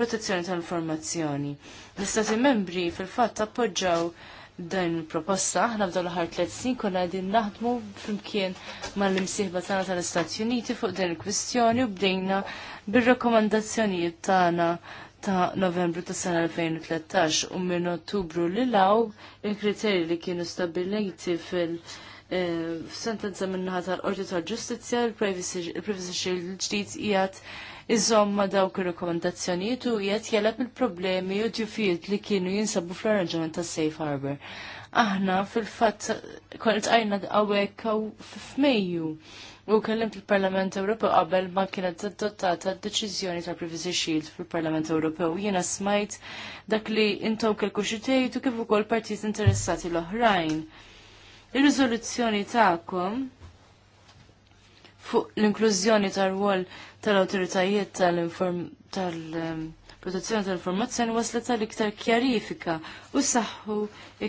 B: protezzjoni tal-informazzjoni. L-Istati membri fil-fatt appoġġaw dan il-proposta. Aħna f'dan l-ħar tliet snin konna għedin naħdmu flimkien mal-imsieħba tagħna tal-Istati Uniti fuq din il-kwistjoni u bdejna bir-rakkomandazzjonijiet tagħna ta' novembru ta' sena 2013 u minn ottubru li law il-kriterji li kienu stabiliti fil- eh, sentenza minnaħat tal qorti tal-Ġustizzja, il-Privacy Shield l-ġdijt qiegħed iżomma dawk ir-rekomendazzjonijiet u qiegħed jelab il-problemi u djufijiet li kienu jinsabu fl-arranġament tas Safe Harbor. Aħna fil-fatt konet għajna għawek f'Mejju u kellimt il-Parlament Ewropew qabel ma kienet adottata d-deċiżjoni tal-Privacy Shield fil-Parlament Ewropew. Jiena smajt dak li intaw kelku xi tgħidu kif ukoll partijiet interessati l-oħrajn. Ir-riżoluzzjoni tagħkom fuq l-inklużjoni tal-wol tal-autoritajiet tal-protezzjoni tal-informazzjoni waslet tal-iktar kjarifika u saħħu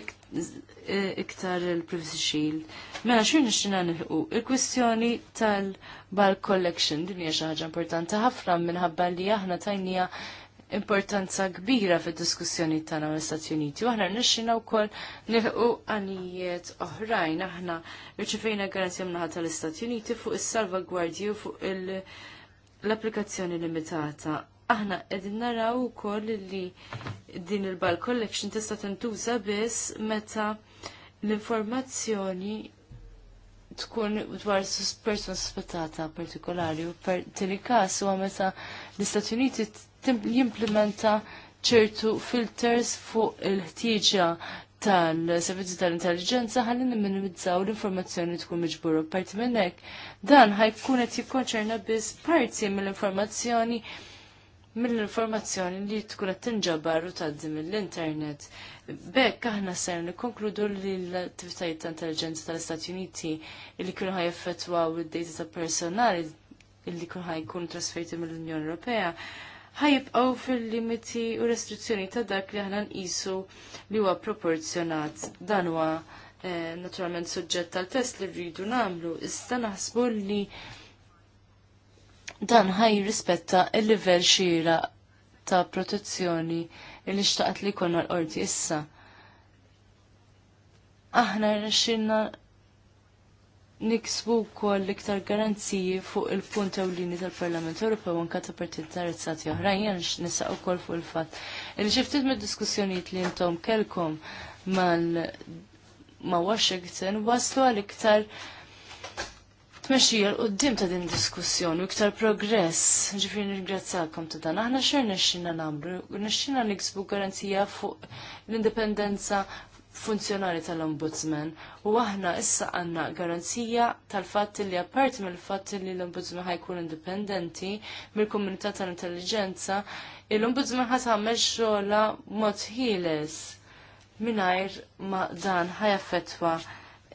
B: iktar il-Privacy Shield. Mela xejn nixtina nħu? il-kwistjoni tal-bulk collection din hija xi ħaġa importanti ħafna minħabba li aħna tajnija importanza kbira fid-diskussjoni tagħna mal-Istati Uniti u aħna nixxina wkoll nilħu għanijiet oħrajn aħna rċifejna garanzja mnaħa tal-Istati Uniti fuq is-salvagwardji u fuq l-applikazzjoni limitata. Aħna qegħdin naraw ukoll li din il-ball collection tista' tintuża biss meta l-informazzjoni tkun dwar persuna sospettata partikolari u per tili każ huwa meta l-Istati Uniti jimplementa ċertu filters fuq il-ħtieġa tal-servizzi tal-intelligenza ħalli nimminimizzaw l-informazzjoni tkun miġbura parti minnek. Dan ħajkun qed jikkonċerna biss parti mill-informazzjoni mill-informazzjoni li tkun qed tinġabar u tgħaddi mill-internet. Bekk aħna ser nikkonkludu li l-attivitajiet ta' intelligenza tal-Istati Uniti li kienu ħajaffettwaw id-data personali li kienu ħajkun trasferiti mill-Unjoni Ewropea ħajibqaw fil-limiti u restrizzjoni ta' dak li ħana nqisu li huwa proporzjonat. Dan huwa eh, naturalment suġġett tal-test li rridu namlu, issa naħsbu li dan ħaj rispetta il-livell xira ta' protezzjoni li xtaqt li konna l-qorti issa. Aħna rxinna niksbu wkoll liktar iktar garanziji fuq il-punt ewlini tal-Parlament Ewropew anka ta' partit tarizzati oħrajn jien nisaq kol fuq il-fatt. Illi xiftit mid-diskussjonijiet li intom kelkom mal ma' Washington waslu għal iktar tmexxija l-qoddim ta' din diskussjoni u iktar progress. Ġifri nirgrazzakom ta' dan. Aħna xer nexxina nagħmlu, nexxina niksbu garanzija fuq l-indipendenza funzjonari tal-Ombudsman u aħna issa għanna garanzija tal fat li apparti mill fat li l-Ombudsman ħajkun indipendenti mill-komunità tal-intelligenza, l-Ombudsman ħatamel xogħla mod ħiles mingħajr ma dan ħajaffetwa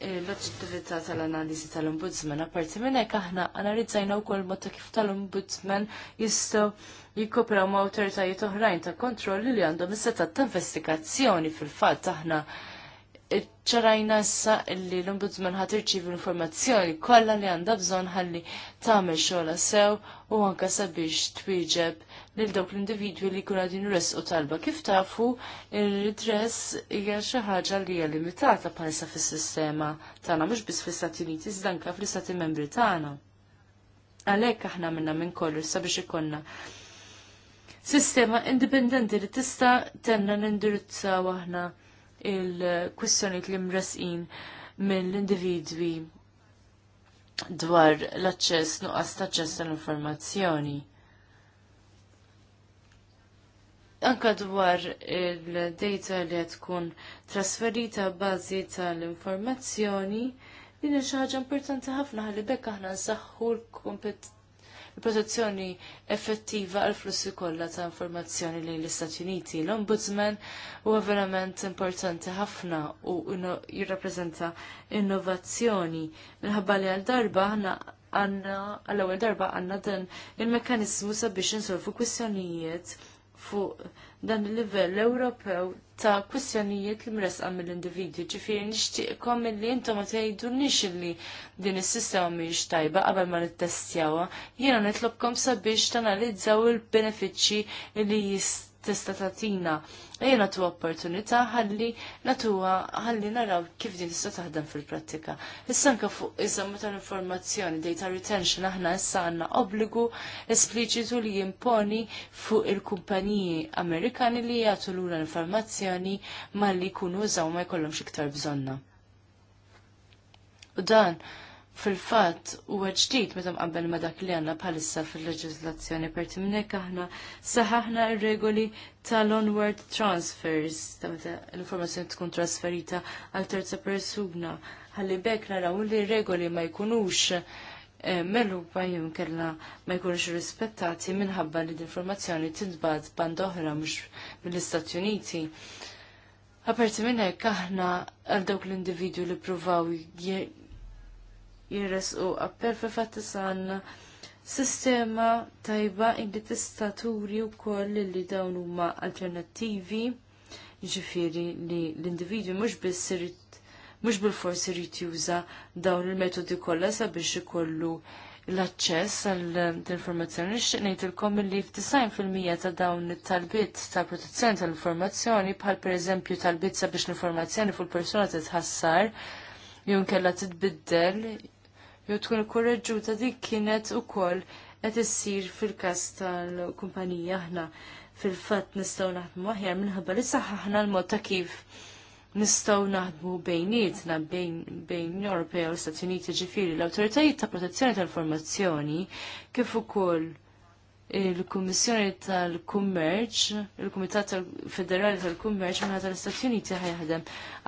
B: l-oġġettività tal-analiżi tal-Ombudsman. Apparti minn hekk aħna analizzajna wkoll mod ta' kif tal-Ombudsman jistgħu jikkopraw ma' awtoritajiet oħrajn ta' kontrolli li għandhom is-setat ta' investigazzjoni fil-fatt aħna ċarajna issa li l-ombudsman ħat irċiv informazzjoni kollha li għandha bżonn ħalli tagħmel xogħla sew u anke sabiex twieġeb lil dawk l-individwi li jkunu res u talba. Kif tafu il-redress hija xi ħaġa li hija limitata bħalissa fis-sistema tagħna mhux biss fl-Istati Uniti iżda fl-Istati Membri tagħna. Għalhekk aħna minna minn kollu sabiex ikollna sistema indipendenti li tista tenna nindirizza waħna il-kwistjoniet li mresqin mill-individwi dwar l-aċċess nuqqas ta' aċċess tal-informazzjoni. Anka dwar il-data li tkun trasferita bazi tal-informazzjoni, din xi ħaġa importanti ħafna ħalli bekk aħna nsaħħu l-kumpet protezzjoni effettiva għal flussi kollha ta' informazzjoni lejn l-Istati Uniti. L-Ombudsman huwa verament importanti ħafna u jirrappreżenta innovazzjoni. Minħabba li għal darba ħna għanna għall-ewwel darba għandna dan il-mekkaniżmu sabiex insolfu kwistjonijiet fuq dan il-livell Ewropew ta' kwistjonijiet li mresqa mill-individwi. Ġifieri nixtieqkom milli intom ma tgħidulniex li din is-sistema mhijiex tajba qabel ma nittestjawha. Jiena nitlobkom sabiex tanalizzaw il-benefiċċji li jista' tista' tagħtina ejja nagħtu opportunità ħalli natuha ħalli naraw kif din tista' taħdem fil-prattika. Issa anke fuq iżammu tal-informazzjoni data retention aħna issa għandna obbligu espliċitu li jimponi fuq il-kumpaniji Amerikani li jagħtu lura l-informazzjoni malli jkunu użaw ma jkollhomx iktar bżonna. U dan fil-fatt huwa ġdid meta mqabbel ma dak li għandna bħalissa fil leġizlazzjoni per timnek aħna saħaħna r-regoli tal-onward transfers, ta' meta l-informazzjoni tkun trasferita għal terza persuna. Ħalli bekk naraw li regoli ma jkunux eh, mellu bajjum kellna ma jkunux rispettati minħabba li l-informazzjoni tintbad band oħra mhux mill-Istati Uniti. Aperti minnek aħna għal dawk l-individwi li provaw jirresqu appell fil fatt għandna sistema tajba illi tista' u wkoll li dawn huma alternattivi jiġifieri li l-individwi mhux bil irid mux bil-fors irid juża dawn il-metodi kollha sabiex ikollu l-aċċess għall-informazzjoni. Nixtieq ngħidilkom li f fil-mija ta' dawn it-talbiet tal protezzjoni tal-informazzjoni bħal pereżempju talbiet sabiex l-informazzjoni fuq persuna titħassar jew nkella titbiddel jew tkun korreġġuta dik kienet ukoll qed issir fil-każ tal-kumpanija aħna fil-fatt nistgħu naħdmu aħjar minħabba li saħħaħna l-mod ta' kif nistgħu naħdmu bejnietna bejn bejn Ewropea u Stati Uniti ġifieri l-awtoritajiet ta' protezzjoni tal-informazzjoni kif ukoll il-Kummissjoni tal-Kummerċ, il-Kumitat Federali tal-Kummerċ minna tal-Istati Uniti ħajħdem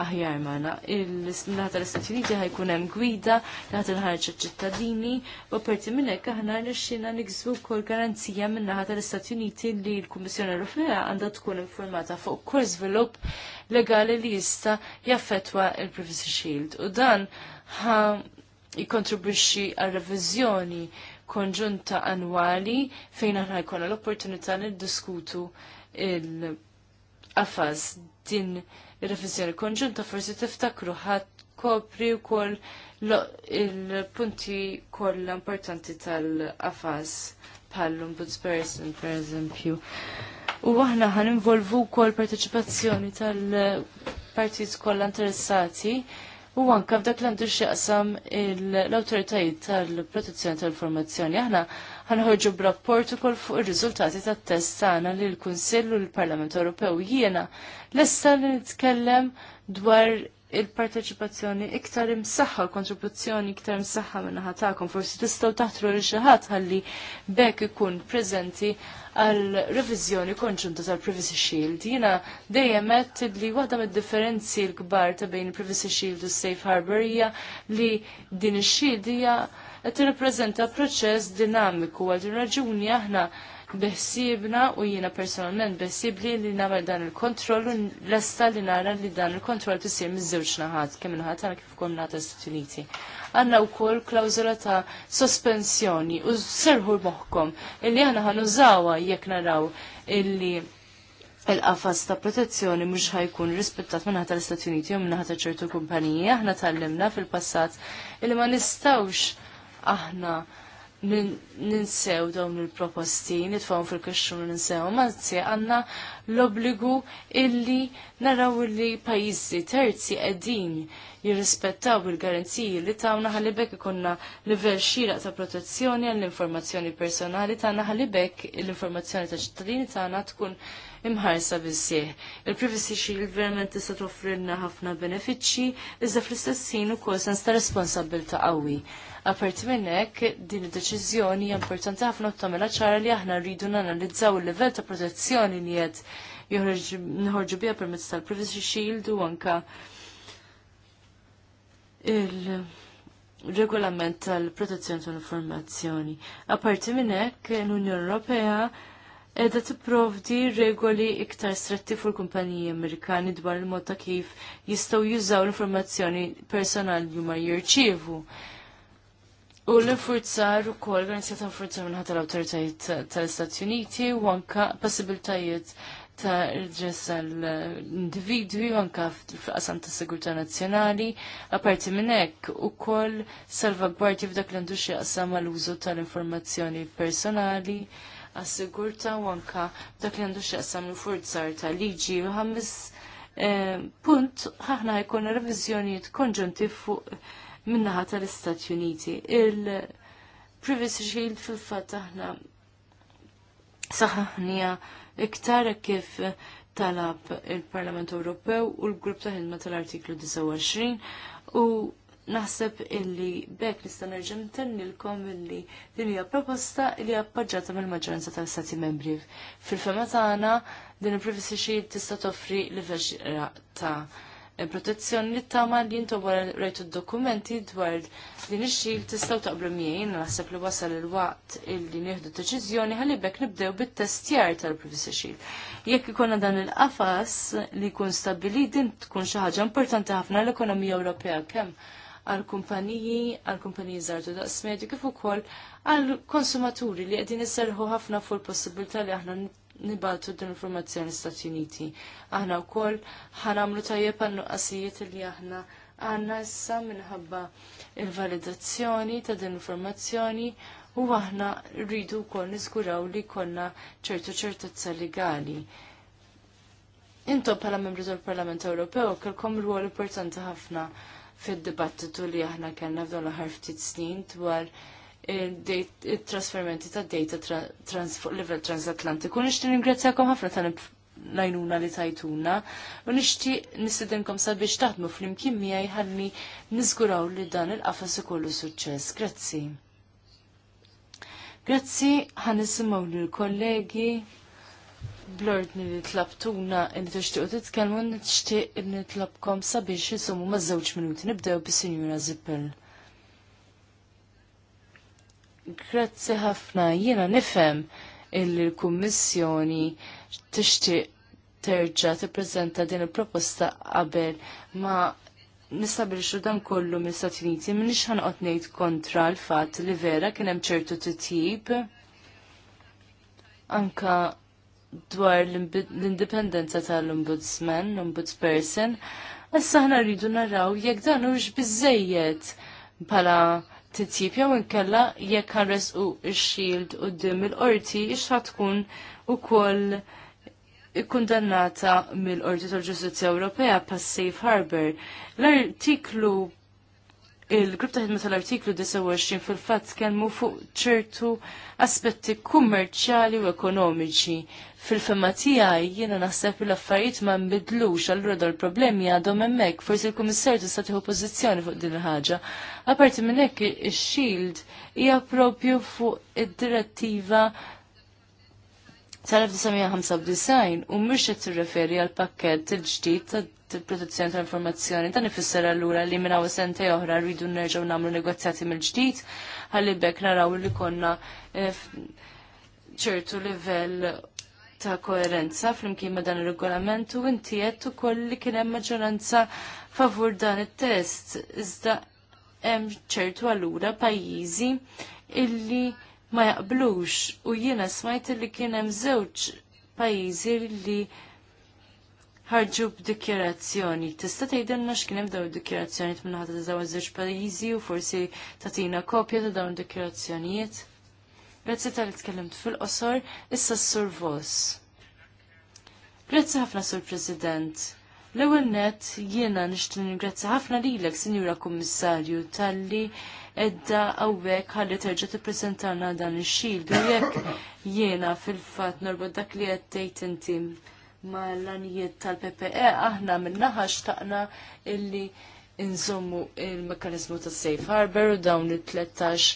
B: aħjar magħna. Il-Minna tal-Istati Uniti ħajkun hemm gwida li ħadd inħarġ ċittadini u parti minn hekk aħna nixxina niksbu wkoll garanzija minnaħa tal-Istati Uniti li l-Kummissjoni Ewropea għandha tkun informata fuq kull svilupp legali li jista' jaffettwa il-Privacy Shield. U dan ħa jikontribwixxi għal reviżjoni konġunta annwali fejn aħna jkollna l-opportunità niddiskutu il-qafas din ir-revizjoni konġunta forsi tiftakru ħadd kopri wkoll il-punti kollha importanti tal-qafas bħall-ombudsperson pereżempju. U aħna ħan involvu kol partecipazzjoni tal-partijiet kollha interessati u anka f'dak li għandu x'jaqsam l-awtoritajiet tal-protezzjoni tal-informazzjoni. Aħna ħanħorġu b'rapport ukoll fuq ir-riżultati tat-test tagħna lil kunsill u l-Parlament Ewropew jiena lesta li nitkellem dwar il-parteċipazzjoni iktar imsaħħa, kontribuzzjoni iktar imsaħħa minna ħatakom. Forsi tistaw taħtru li xaħat ħalli bekk ikun prezenti għal revizjoni konġunta tal-Privacy Shield. Jina dejjem qed li waħda mid-differenzi l-kbar ta' bejn privacy Shield u Safe Harbor hija li din ix xildija qed tirrappreżenta proċess dinamiku għal din raġuni aħna beħsibna u jiena personalment beħsibli li namel dan il kontrollu l lesta li nara li dan il-kontroll tisir miż-żewġ naħat kemm naħat għana kif ukoll naħat Stati Uniti. Għandna wkoll klawżola ta' sospensjoni u serħu moħħkom illi aħna ħanużawha jekk naraw illi il-qafas ta' protezzjoni mhux ħajkun rispettat minna ħata l-Istati Uniti u minna ħata ċertu kumpaniji aħna tallimna fil-passat illi ma nistawx aħna ninsew dawn il-proposti, nitfawm fil kisċun ninsew, mazzi għanna l-obligu illi naraw illi pajizzi terzi għedin jirrispettaw il-garanziji li tawna ħalibek ikonna livell xiraq ta' protezzjoni għall-informazzjoni personali tagħna ħalibek l-informazzjoni ta' ċittadini tagħna tkun imħarsa bissieħ. Il-Privacy Shield verament tista' toffrilna ħafna benefiċċji, iżda fl-istess u kol sens ta' responsabilta' qawwi. Apert minn hekk din id-deċiżjoni hija importanti ħafna tagħmilha ċara li aħna rridu nanalizzaw il-livell ta' protezzjoni li qed joħorġu nħorġu biha permezz tal-Privacy Shield u anka il- regolament tal-protezzjoni tal-informazzjoni. Aparti minn hekk, l-Unjoni Ewropea edha tipprovdi regoli iktar stretti fuq kumpaniji Amerikani dwar il-mod ta' kif jistgħu jużaw l-informazzjoni personali li huma jirċievu. U l-infurzar u kol ta' infurzar ħata l-autoritajiet tal-Istati Uniti u anka possibiltajiet ta' irġes l-individwi u anka f'qasam ta' sigurta nazjonali, aparti minn hekk ukoll salvagwardji f'dak l għandu x'jaqsam għal użu tal-informazzjoni personali għas-sigurta u anka dak li għandu x'jaqsam l-forzar tal-liġi u ħammis eh, punt ħahna jkun revizjoniet konġunti fuq minnaħa tal-Istati Uniti. Il-Privacy Shield fil-fatt aħna saħħnija iktar kif talab il-Parlament Ewropew u l-grupp ta' ħidma tal-artiklu 29 u naħseb illi bekk nista' nerġa' ntennilkom illi din hija proposta li appoġġjata mill-maġġoranza tal-Stati membri. Fil-fema tagħna din il-privacy shield tista' toffri l ta' protezzjoni li tama li jintu wara rajtu d-dokumenti dwar din ix-xil tistgħu taqblu miegħi naħseb li wasal il-waqt illi nieħdu deċiżjoni ħalibek nibdew bit-testjar tal-Privacy Shield. Jekk ikonna dan il-qafas li jkun stabili din tkun xi ħaġa importanti ħafna l-ekonomija Ewropea kemm għal-kumpaniji, għal-kumpaniji zartu daqs kif ukoll għal-konsumaturi li qegħdin isserħu ħafna fuq il-possibilità li aħna Nibaltu din informazzjoni Stati Uniti. Aħna wkoll ħanamlu tajjeb għan nuqqasijiet li aħna għanna issa minħabba il-validazzjoni ta' din informazzjoni u aħna rridu wkoll niżguraw li konna ċertu ċertezza legali. Intom bħala membri tal-Parlament Ewropew kelkom ruol importanti ħafna fid-dibattitu li aħna kellna f'dan l ftit snin dwar il-trasferimenti ta' data fuq level transatlantiku. Nixti ningrazzjakom ħafna ta' najnuna li tajtuna u nixti nistidinkom sabiex taħdmu fl-imkien miegħi ħalli niżguraw li dan il-qafas ikollu suċċess. Grazzi. Grazzi ħanisimgħu lil kollegi blordni li tlabtuna li tixtiqu titkellmu nixtieq nitlabkom sabiex isumu ma' żewġ minuti nibdew bis-Sinjura Zippel. Grazzi ħafna, jiena nifhem il-Kummissjoni tixtieq terġa' tippreżenta din il-proposta qabel ma nistabilixu dan kollu mill-Stati Uniti, m'iniex ħanqod ngħid kontra l-fatt li vera kien hemm ċertu titjib anka dwar l-indipendenza tal-ombudsman, l-ombudsperson, issa ħna rridu naraw jekk dan hux biżejjed bħala titjib jew inkella jekk ħares u x-shield d-dim il-qorti x'ha tkun ukoll kundannata mill-Qorti tal-Ġustizzja Ewropea pas Safe Harbor. L-artiklu il-grupp ta' ħidma tal-artiklu 29 fil-fatt kelmu fuq ċertu aspetti kummerċjali u ekonomiċi. Fil-femma tiegħi jiena naħseb l-affarijiet ma nbidlux allura dal problemi għadhom hemmhekk, forsi l-Kummissarju tista' tieħu pożizzjoni fuq din il-ħaġa. Aparti minn hekk ix-shield hija propju fuq id-direttiva tal-1995 u mhux qed tirreferi għal pakkett il-ġdid tal-protezzjoni tal-informazzjoni dan ifisser allura li minn hawn sente oħra rridu nerġgħu nagħmlu negozjati mill-ġdid ħalli bekk naraw li konna eh, ċertu livell ta' koerenza flimkien ma' dan ir-regolament u inti qed ukoll li kien hemm maġġoranza favur dan it-test. Iżda hemm ċertu allura pajjiżi illi ma jaqblux u jiena smajt illi kien hemm żewġ pajjiżi li ħarġu b'dikjerazzjoni. Tista' tgħidilna x'kien hemm dawn id-dikjerazzjonijiet minn ħadd ta' iż-żewġ pajjiżi u forsi tagħtina kopja ta' dawn id-dikjerazzjonijiet? Grazzi tal tkellimt fil-qosor, issa s-sur Voss. Grazzi ħafna sur President. L-ewwel net jiena nixtri ningrazzja ħafna lilek, Sinjura Kummissarju, talli edda għawek ħalli terġa t-prezentana dan il-xild u jekk jiena fil-fat norbod dak li għattejt inti ma l-anijiet tal-PPE aħna minnaħa xtaqna illi inżommu il-mekanizmu ta' Safe Harbor u dawn il-13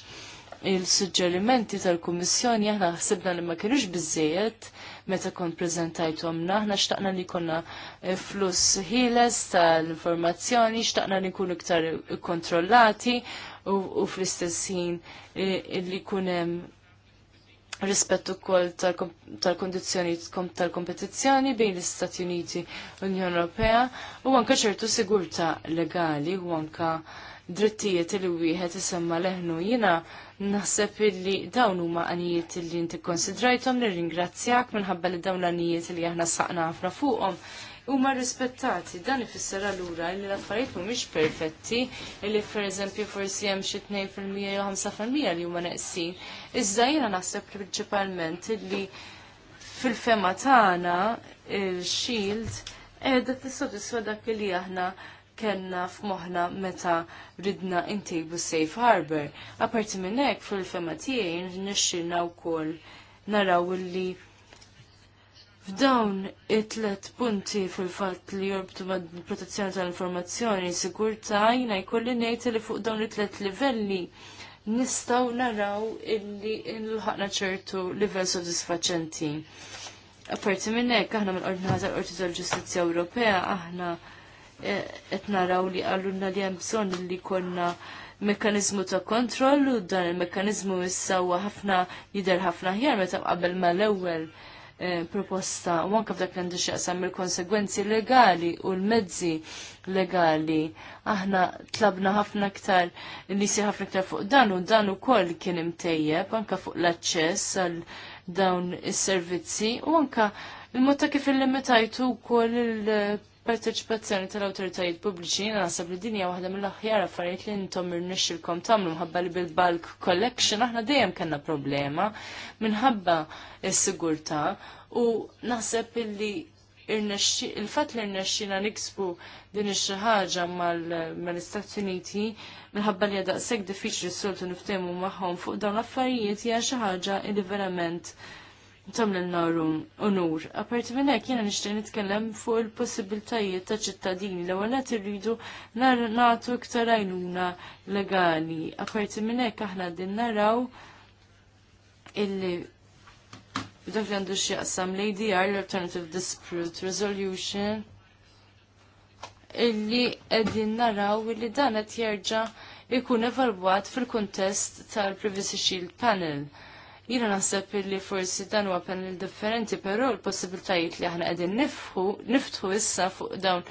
B: il-suġġerimenti tal-Kummissjoni aħna ħsibna li ma kienux bizzejet meta kont prezentajtom naħna xtaqna li konna eh, fluss ħiles tal-informazzjoni, xtaqna li kunu iktar kontrollati u, fl-istess ħin eh, li kunem rispett ukoll tal kondizjoni tal-kompetizzjoni bejn l-Istati Uniti u l-Unjoni Ewropea u anke ċertu sigurtà legali u anke drittijiet li wieħed isemma leħnu jina naħseb illi dawn huma għanijiet li inti konsidrajtom nirringrazzjak minħabba li dawn l-għanijiet li aħna saqna ħafna fuqhom huma rispettati dan ifisser allura li l-affarijiet mhumiex perfetti li pereżempju forsi hemm xi tnejn fil-mija jew 5% li huma neqsin. Iżda jiena naħseb prinċipalment li fil-fema tagħna il-shield qiegħda tissodiswa dak li aħna kellna f'moħħna meta ridna intejbu safe harbor. Aparti minn hekk fil-fema tiegħi nixxilna wkoll naraw li F'dawn it-tlet punti fil-fatt li jorbtu ma' protezzjoni tal-informazzjoni, sigurta jina jkolli ngħid li fuq dawn it-tlet livelli nistaw naraw illi nilħaqna ċertu livell sodisfaċenti. Apparti minn hekk aħna mill-Ordinata l-Qorti tal-Ġustizzja Ewropea aħna qed naraw li għallunna li hemm bżonn li konna mekanizmu ta' kontrollu, u dan il-mekkanizmu issa ħafna jidher ħafna ħjar meta qabel mal-ewwel eh, proposta u anke f'dak għandu x'jaqsam il-konsegwenzi legali u l-mezzi legali. Aħna tlabna ħafna aktar li jsir ħafna aktar fuq dan u dan ukoll kien imtejjeb anke fuq l-aċċess għal dawn is-servizzi u anke il-mod ta' kif il-limitajtu wkoll il parteċipazzjoni tal-awtoritajiet pubbliċi jiena naħseb li dinja waħda mill-aħjar affarijiet li intom irnexxilkom tagħmlu mħabba li bil-bulk collection aħna dejjem kellna problema minħabba s-sigurtà u naħseb illi il-fatt li rnexxina niksbu din xi ħaġa mal-Istati Uniti minħabba li daqshekk diffiċli s-soltu niftehmu magħhom fuq dawn l-affarijiet hija xi ħaġa li verament l-narum unur. Aparti minn hekk jiena nixtieq nitkellem fuq il-possibiltajiet ta' ċittadini li ewwel qed irridu nagħtu iktar għajnuna legali. Aparti minn hekk aħna din naraw illi dak li għandu x'jaqsam l-ADR l-Alternative Dispute Resolution illi qegħdin naraw illi dan qed jerġa' jkun evalwat fil-kuntest tal-Privacy Shield Panel Jina naħseb li forsi dan huwa panel differenti, però l-possibiltajiet li aħna qegħdin nifħu niftħu issa fuq dawn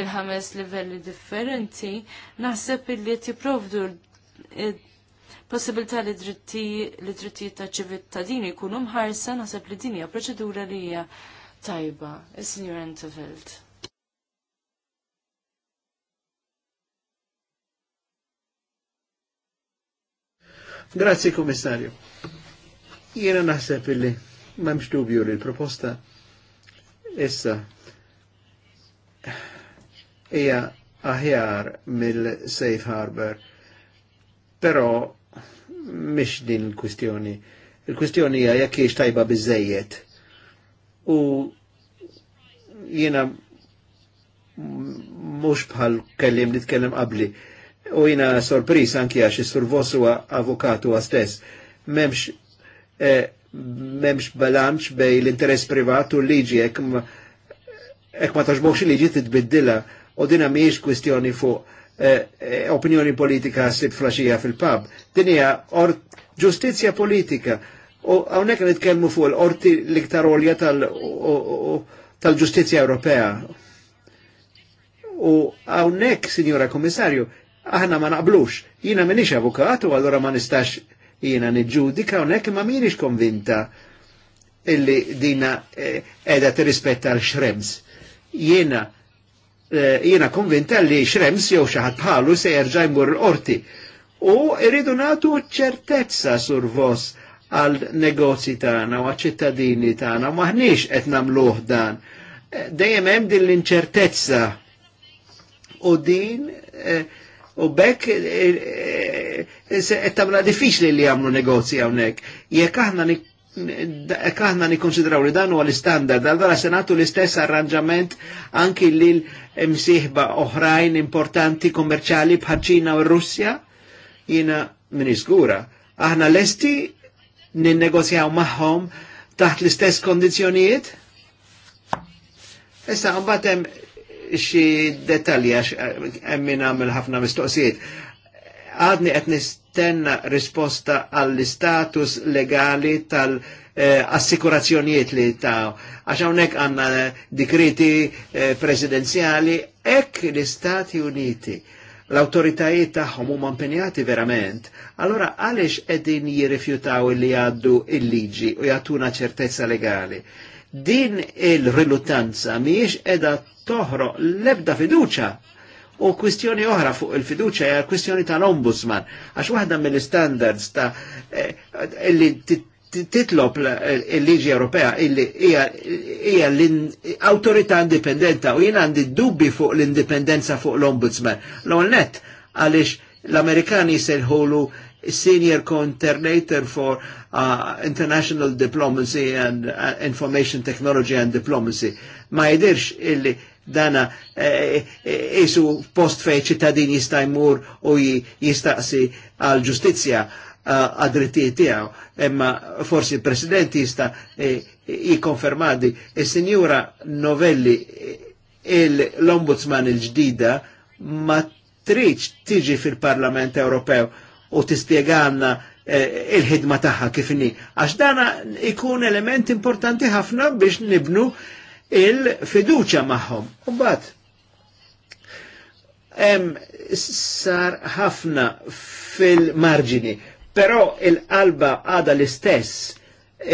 B: il-ħames livelli differenti, naħseb li tipprovdu possibilità li dritti li drittijiet ta' ċivittadini jkunu mħarsa naħseb li din hija proċedura li hija tajba. Is-Sinjur Entefeld.
D: Grazie Commissario. Jiena naħseb illi m'hemmx dubju li l-proposta issa hija aħjar mill-safe harbor, però mish din il-kwistjoni. Il-kwistjoni hija jekk hiex tajba biżejjed. U jiena mhux bħal kellim li tkellem qabli. U jiena sorpris anki għax is-survos huwa avukatu stess. Memx E, memx balanċ bej l-interess privat u l-liġi, ek ma taġbox il-liġi t-tbiddila, u dina miex kwistjoni fuq e, e, opinjoni politika sib flasġija fil-pub. Dinija ġustizja politika u għawnek nitkellmu fuq l-orti l-iktar olja tal-ġustizja Ewropea. U għawnek, Signora Komissarju, aħna ma naqblux. Jina minix avukat u għallura ma nistax jiena niġġudika hawnhekk ma mhijiex konvinta illi dina qiegħda eh, rispetta l-xrems. Jiena eh, jiena konvinta li xrems jew xi ħadd bħalu se jerġa' jmur l-qorti. U irridu nagħtu ċertezza sur vos għal negozji tagħna u għaċ-ċittadini tagħna maħniex qed nagħmluh dan. Eh, dejjem hemm din l-inċertezza u din eh, U bekk eh, eh, tamla diffiċli li għamlu negozji għawnek. Jek aħna kaħna nikonsidraw li dan huwa l-istandard, għallora se nagħtu l-istess arranġament anki lil msieħba oħrajn importanti kommerċali bħal-Ċina u r-Russja? jina minisgura. Aħna l-esti ninnegozjaw maħħom taħt l-istess kondizzjonijiet? Issa, għambatem xi detalji għax eh, emmin għamil ħafna mistoqsijiet. Għadni qed nistenna risposta għall-istatus legali tal- assikurazzjonijiet li ta' għax hawnhekk għandna dikreti eh, presidenziali hekk l-Istati Uniti l-autoritajiet tagħhom huma impenjati verament, allora għaliex qegħdin jirrifjutaw li jgħaddu il-liġi u jagħtuna ċertezza legali. Din il-riluttanza mhijiex qiegħda Toħro, l-ebda fiduċa U kwistjoni oħra fuq il-fiduċa hija kwistjoni tal-ombudsman, għax waħda mill-standards ta' eh, illi titlob il-liġi Ewropea illi hija l-autorità indipendenta u jien għandi dubbi fuq l-indipendenza fuq l-ombudsman. L-ewwel net għaliex l-Amerikani jselħulu senior coordinator for uh, international diplomacy and uh, information technology and diplomacy. Ma jidirx illi dana eh, eh, isu post fej ċittadin jista' jmur u jistaqsi għal ġustizzja eh, għadrittijiet tiegħu, imma forsi il-President jista' jikonfermadi. Is-Sinjura Novelli l-Ombudsman il ġdida ma triċ tiġi fil-Parlament Ewropew u tispjegana il-ħidma tagħha kif inhi. Għax dana ikun element importanti ħafna biex nibnu il-fiduċa magħhom. Umbat, hemm sar ħafna fil-marġini, però il-qalba għada l-istess e,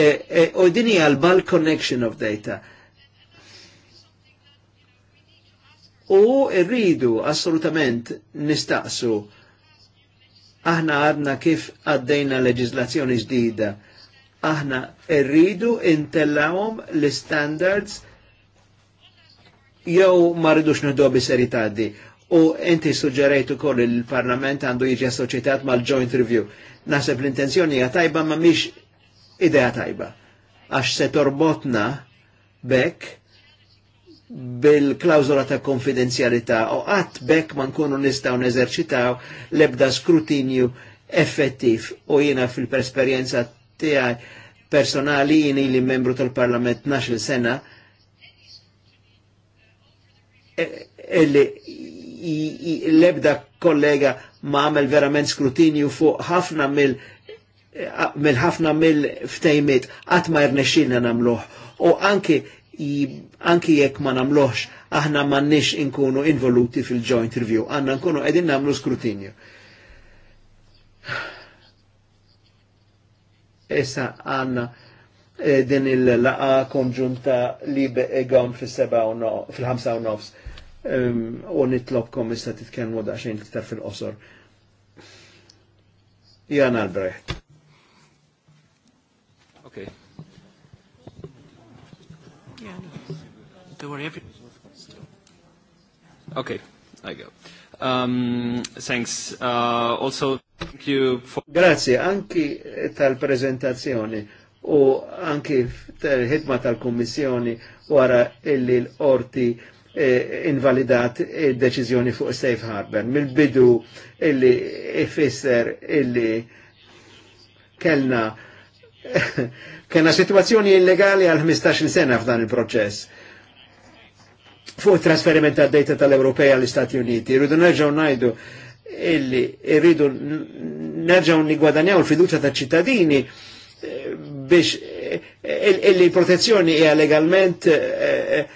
D: e, u dini għalba l-connection of data. U rridu assolutament nistaqsu aħna għadna kif għaddejna leġizlazzjoni ġdida. Aħna rridu intellawom l-standards jew ma rridux nħdu serjetà di. U enti suġġerejt ukoll il-Parlament għandu jiġi assoċjetat mal-joint review. Naħseb l-intenzjoni hija tajba ma mhix idea tajba. Għax se torbotna bekk bil-klawzola ta' konfidenzjalità u qatt bekk ma nkunu nistgħu neżerċitaw l-ebda skrutinju effettiv u jiena fil-persperjenza tiegħi personali jien li membru tal-Parlament 12 sena illi l-ebda kollega ma għamel verament skrutinju fuq ħafna mill mill ħafna mill-ftejmiet qatt ma jirnexxilna nagħmluh. U anke anke jekk ma nagħmluhx aħna m'għandniex inkunu involuti fil-joint review, għandna nkunu qegħdin nagħmlu skrutinju. Issa għandna eh, din il-laqa konġunta li għom fil-7 fil-5 u nofs u nitlobkom issa titkellmu daqsxejn iktar fil-qosor. Jan Albrecht. Okay. Don't worry, every... Okay, I go. Um, thanks. Uh, also, thank you for... Grazie, anki tal-prezentazzjoni u anki tal-ħidma tal-Kommissjoni wara illi l-orti E, invalidat il-deċizjoni e, fuq safe harbor. Mill-bidu illi ifisser illi kellna kellna situazzjoni illegali għal 15 sena f'dan il-proċess fuq trasferiment ta' data tal-Ewropej għall istati Uniti. Rridu nerġaw najdu illi rridu nerġaw nigwadanjaw l-fiduċa ta' ċittadini e, biex illi protezzjoni hija legalment eh,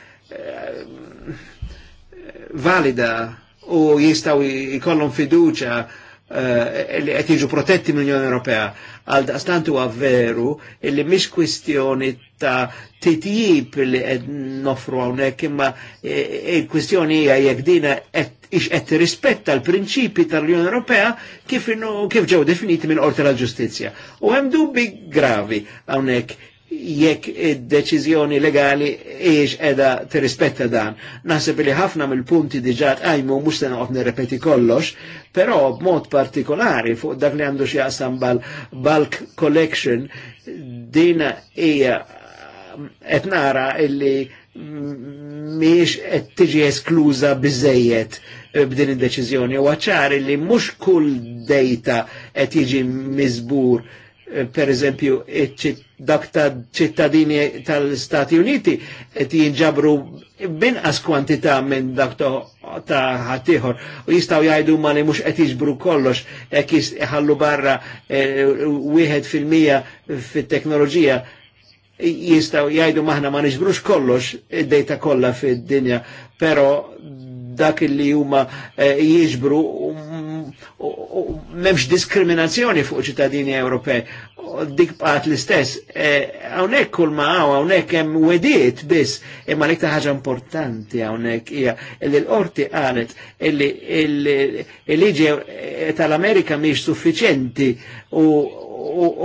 D: valida u jistaw jkollhom fiduċa eh, li qed jiġu protetti mill-Unjoni Ewropea. Għal daqstant huwa veru illi mhix kwistjoni ta' titjib li qed nofru hawnhekk imma il-kwistjoni eh, eh, hija jekk dina ix qed tirrispetta l-prinċipi tal-Unjoni Ewropea kif ġew definiti minn qorti tal-Ġustizzja. U hemm dubbi gravi hawnhekk jekk id-deċiżjoni legali iex edha t-rispetta dan. Naħseb li ħafna mill-punti diġat għajmu mux se noqgħod nirrepeti kollox, però b'mod partikolari fuq dak li għandu x'jaqsam bal-bulk collection din hija etnara nara illi miex qed tiġi eskluża biżejjed b'din id-deċiżjoni u għaċċar illi mhux kull data qed jiġi miżbur per eżempju, dak ta' ċittadini tal-Stati Uniti qed jinġabru binqas kwantità minn dak ta' ħaddieħor u jistgħu jgħidu ma li mhux qed jiġbru kollox hekk iħallu barra e, wieħed fil-mija fit-teknoloġija jistgħu jgħidu maħna ma niġbrux kollox id-dejta kollha fid-dinja, però dak li huma e, jiġbru u memx diskriminazzjoni fuq ċittadini Ewropej. Dik bqat l-istess, hawnhekk e, kull ma għaw, hawnhekk jem wediet bis, imma l-iktar ħaġa importanti hawnhekk ija, illi l orti għalet, illi l liġi tal-Amerika miex suffiċenti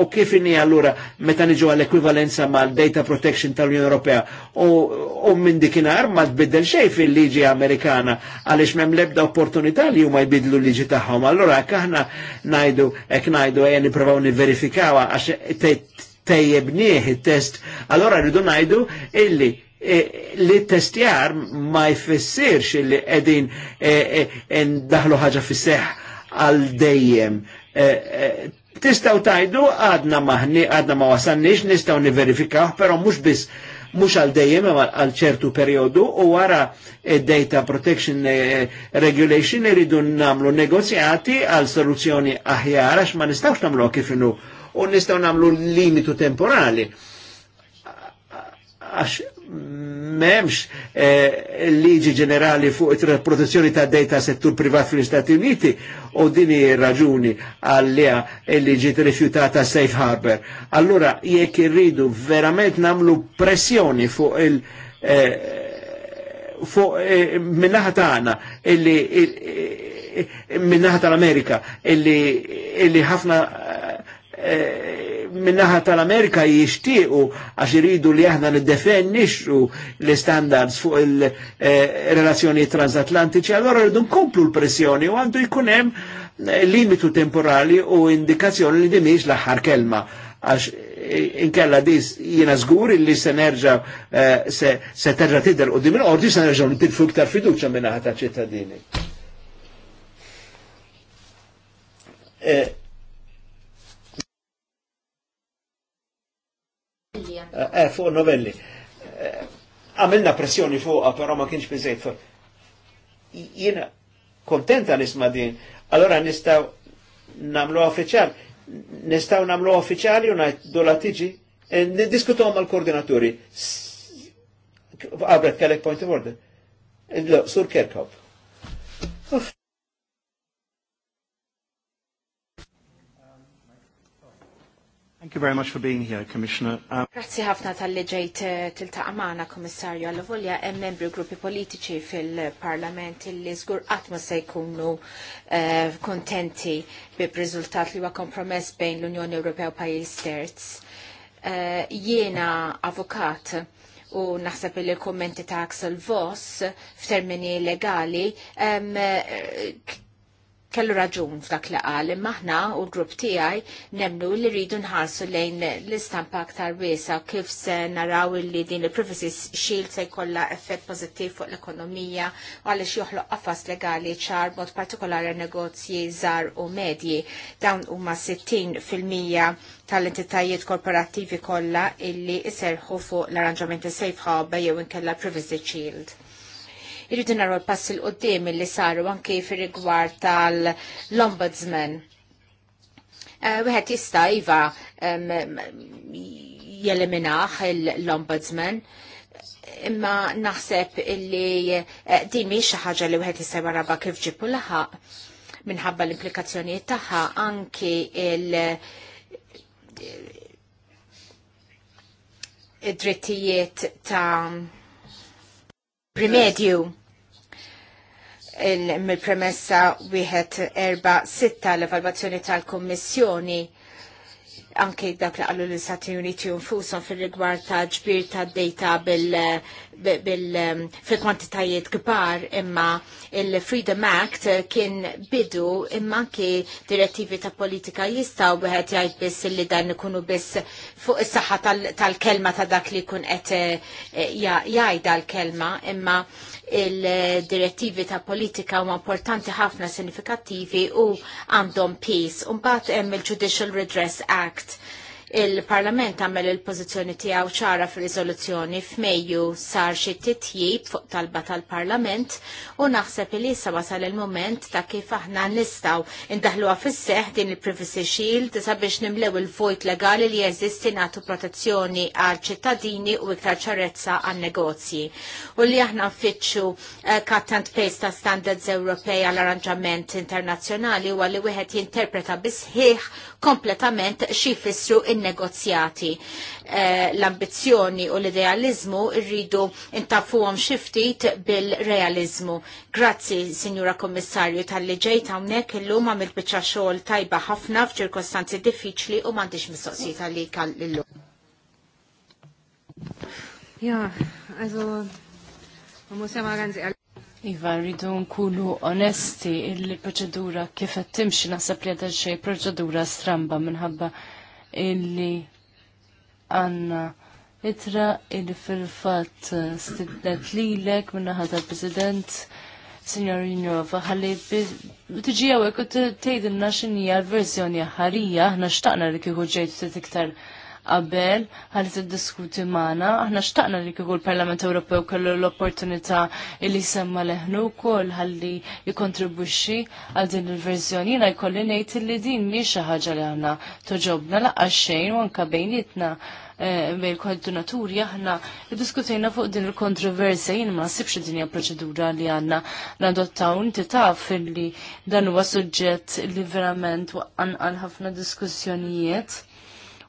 D: u kif inni allura meta niġu għall-ekwivalenza mal-data protection tal-Unjoni Ewropea u minn dikinar ma tbiddel xej fil-liġi Amerikana għaliex m'hemm lebda opportunità li huma jbidlu l-liġi tagħhom. Allura hekk aħna ngħidu hekk ngħidu ejja nippruvaw nivverifikawha għax nieħ it-test, allora rridu ngħidu illi e, li testjar ma jfissirx li qegħdin e, e, ndaħlu ħaġa fis-seħħ għal dejjem Tistaw tajdu għadna maħni, għadna ma wasannix, nistaw niverifikaw, pero mux bis mux għal dejjem għal ċertu periodu u wara eh, data protection eh, regulation iridu namlu negozjati għal soluzzjoni aħjar għax ma nistawx namlu kifinu u nistaw namlu limitu temporali għax memx l eh, liġi ġenerali fuq il-protezzjoni ta' data settur privat fl-Istati Uniti u dini raġuni għallija l liġi rifjutata safe harbor. Allora jekk irridu verament namlu pressjoni fuq il- eh, fuq eh, minnaħat għana illi minnaħat l-Amerika illi ħafna Eh, minnaħa tal-Amerika jishtiqu għax iridu li aħna niddefennixxu l-standards fuq il-relazzjoni eh, transatlantiċi, allora rridu nkomplu l-pressjoni u għandu jkun hemm eh, limitu temporali u indikazzjoni li dimiex l-aħħar kelma għax inkella dis jiena żgur li se nerġa se terġa' tidher qudiem il-qorti se nerġa' nitilfu iktar fiduċja minnaħa ta' ċittadini. Eh, eh, fuq novelli. Eh, għamilna pressjoni fuqa, pero ma kienx bizzejt fuq. Jena kontenta nisma din, allora nistaw namlu uffiċjal, nistaw namlu uffiċjali u najdu la tiġi, eh, diskutu għom għal-koordinaturi. Għabret kellek point of order. Sur Kerkop.
A: Thank you very much for being here, Commissioner. Um...
C: Grazzi ħafna tal leġejt ġejt eh, tiltaqa' magħna, Kummissarju, għal volja hemm membri gruppi politiċi fil-Parlament li żgur qatt ma se jkunu eh, kontenti bi riżultat li huwa kompromess bejn l-Unjoni Ewropea u pajjiż terz. Eh, jiena avukat u naħseb li l-kommenti ta' Axel Voss f'termini legali kellu raġun f'dak li qal imma aħna u l-grupp tiegħi nemnu li rridu nħarsu lejn l-istampa aktar wiesa kif se naraw li din il-privacy shield se jkollha effett pożittiv fuq l-ekonomija u għaliex joħloq qafas legali ċar mod partikolari negozji żgħar u medji. Dawn huma 60 fil-mija tal-entitajiet korporattivi kollha illi iserħu fuq l-arranġamenti safe harbor jew inkella privacy shield. Irridu naraw pass il qoddim li saru anke fir-rigward tal-Ombudsman. Eh, wieħed jista' iva jeliminaħ l-Ombudsman imma naħseb illi eh, din mhix xi ħaġa li wieħed jista' waraba kif ġipu laħaq minħabba l-implikazzjonijiet tagħha anki il drittijiet ta' rimedju mill-premessa wieħed erba' sitta l-evalvazzjoni tal-Kummissjoni anke dak li għallu l-Istati Uniti unfusom fil-rigward ta' ġbir ta' data um, fil-kwantitajiet kbar imma il-Freedom Act kien bidu imma anke direttivi ta' politika jistaw biħet jgħid biss li dan ikunu biss fuq is-saħħa tal-kelma ta' dak li kun qed eh, jgħid l kelma imma il-direttivi ta' politika huma importanti ħafna sinifikattivi u għandhom peace. Umbat hemm il-Judicial Redress Act Il-Parlament għamel il-pozizjoni tiegħu ċara fir-riżoluzzjoni f'Mejju sar xi titjib fuq talba tal-Parlament u naħseb li issa wasal il-moment ta' kif aħna nistgħu indaħluha fis-seħ din il-Privacy Shield sabiex nimlew il-vojt legali li jeżisti nagħtu protezzjoni għal ċittadini u iktar ċarezza għan negozji. U li aħna nfittxu eh, cut and paste ta' standards Ewropej għal arranġament internazzjonali u għalli wieħed jinterpreta bisħiħ kompletament xifissru il negozjati eh, L-ambizzjoni u l-idealizmu rridu intafuhom xiftit bil-realizmu. Grazzi, Signora Kommissarju, tal-li ġejt hawnhekk illum għamilt biċċa xogħol tajba ħafna f'ċirkostanzi diffiċli u m'għandix mistoqsijiet għalik illum.
B: Ja, also man muss ja mal ganz ehrlich Iva, rridu nkunu onesti il-proċedura kif qed timxi naħseb li għadha xejn proċedura stramba minħabba illi għandna itra illi fil-fatt stidlet lilek minnaħa tal-President Signor Jinova, ħalli tiġi għawek u t-tejdinna xinija l-verżjoni ħarija, ħna xtaqna li kieku ġejtu t-tiktar qabel ħalli tiddiskuti magħna. Aħna xtaqna li kieku l-Parlament Ewropew kellu l-opportunità li semma leħnu wkoll ħalli jikontribuċi għal din il-verżjoni. Jiena jkolli ngħid li din mhix xi ħaġa li aħna toġobna laqgħa xejn u anke bejnietna eh, bejn il-koordinaturi aħna diskutejna fuq din il-kontroversja jien ma nasibx din hija proċedura li għandna nadottaw inti taf li dan huwa suġġett li verament waqqan għal ħafna diskussjonijiet.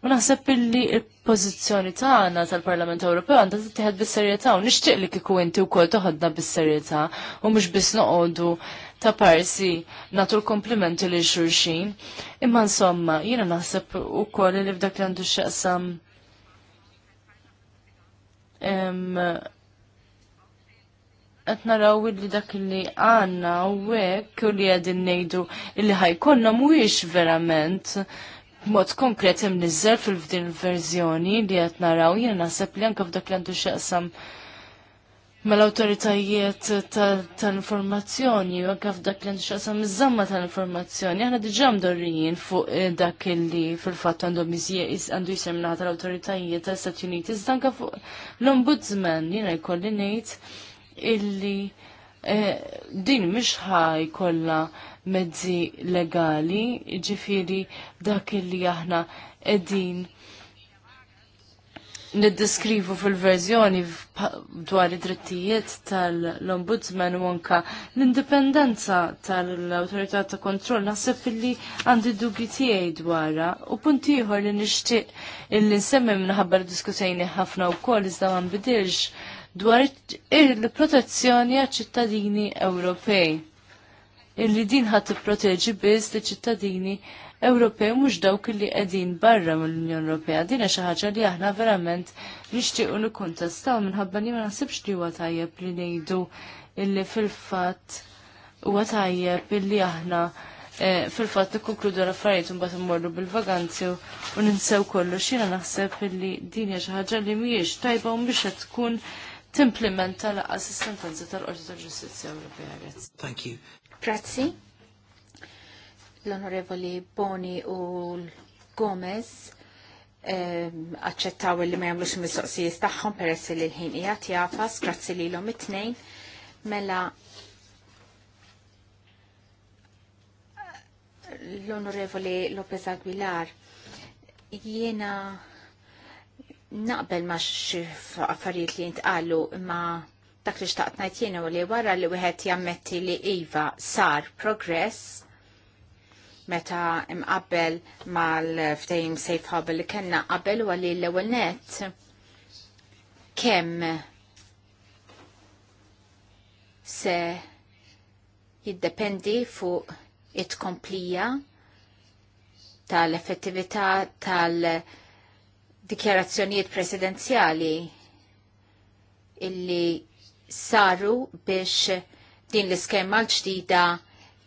B: U naħseb illi il-pożizzjoni tagħna tal-Parlament Ewropew għandha tittieħed bis-serjetà u nixtieq li kieku inti wkoll toħodna bis-serjetà u mhux biss noqogħdu ta' parsi natu l-komplimenti li xurxin. Imma insomma, jiena naħseb ukoll li f'dak li għandu xaqsam qed naraw li dak li għandna u hekk u li qegħdin ngħidu li ħajkonna mhuwiex verament mod konkret hemm nizzel fil-fdin il-verżjoni li qed naraw jien naħseb li anke f'dak li għandu x'jaqsam mal-autoritajiet tal-informazzjoni, u anke f'dak li nxaqsam iż-żamma tal-informazzjoni, għana diġam dorrijin fuq eh, dak li fil-fat għandhom għandu jisemna tal-autoritajiet tal-Stati Uniti, iżdanka fuq l-ombudsman, jina jkolli ngħid illi eh, din ħaj kolla mezzi legali, ġifiri dak li aħna edin niddiskrivu fil-verżjoni dwar id-drittijiet tal-Ombudsman u anka l-indipendenza tal-Autorità ta' Kontroll naħseb illi għandi dubi tiegħi dwarha u punt ieħor li nixtieq illi nsemmi minħabba li diskutejni ħafna wkoll iżda ma nbidilx dwar il-protezzjoni għal ċittadini Ewropej illi din ħat t-proteġi biss li ċittadini Ewropej mhux dawk li qegħdin barra mill-Unjoni Ewropea. Din xi ħaġa li aħna verament nixtiequ nikkuntestaw minħabba li ma naħsibx li huwa tajjeb li ngħidu illi fil-fatt huwa tajjeb illi aħna eh, fil-fatt nikkonkludu l-affarijiet mbagħad immorru bil vaganzju u ninsew kollox. Jiena naħseb illi din hija xi ħaġa li mhijiex tajba u mhix qed tkun timplementa laqas is tal-Qorti tal-Ġustizzja Ewropea. Thank you. Grazzi. L-Onorevoli Boni u
C: Gomez ehm, aċċettaw li ma jagħmlux mistoqsijiet tagħhom peress li l-ħin hija jafas, grazzi lilhom it-tnejn. Mela l-Onorevoli Lopez Aguilar, jiena naqbel ma affarijiet li jintqallu imma Dak li xtaqt ngħid li wara li wieħed jammetti li iva sar progress meta imqabbel mal ftejn safe ħabel li kellna qabel u li l-ewwel net kemm se jiddependi fuq it-komplija tal-effettività tal-dikjarazzjonijiet presidenzjali illi saru biex din l-iskema l-ġdida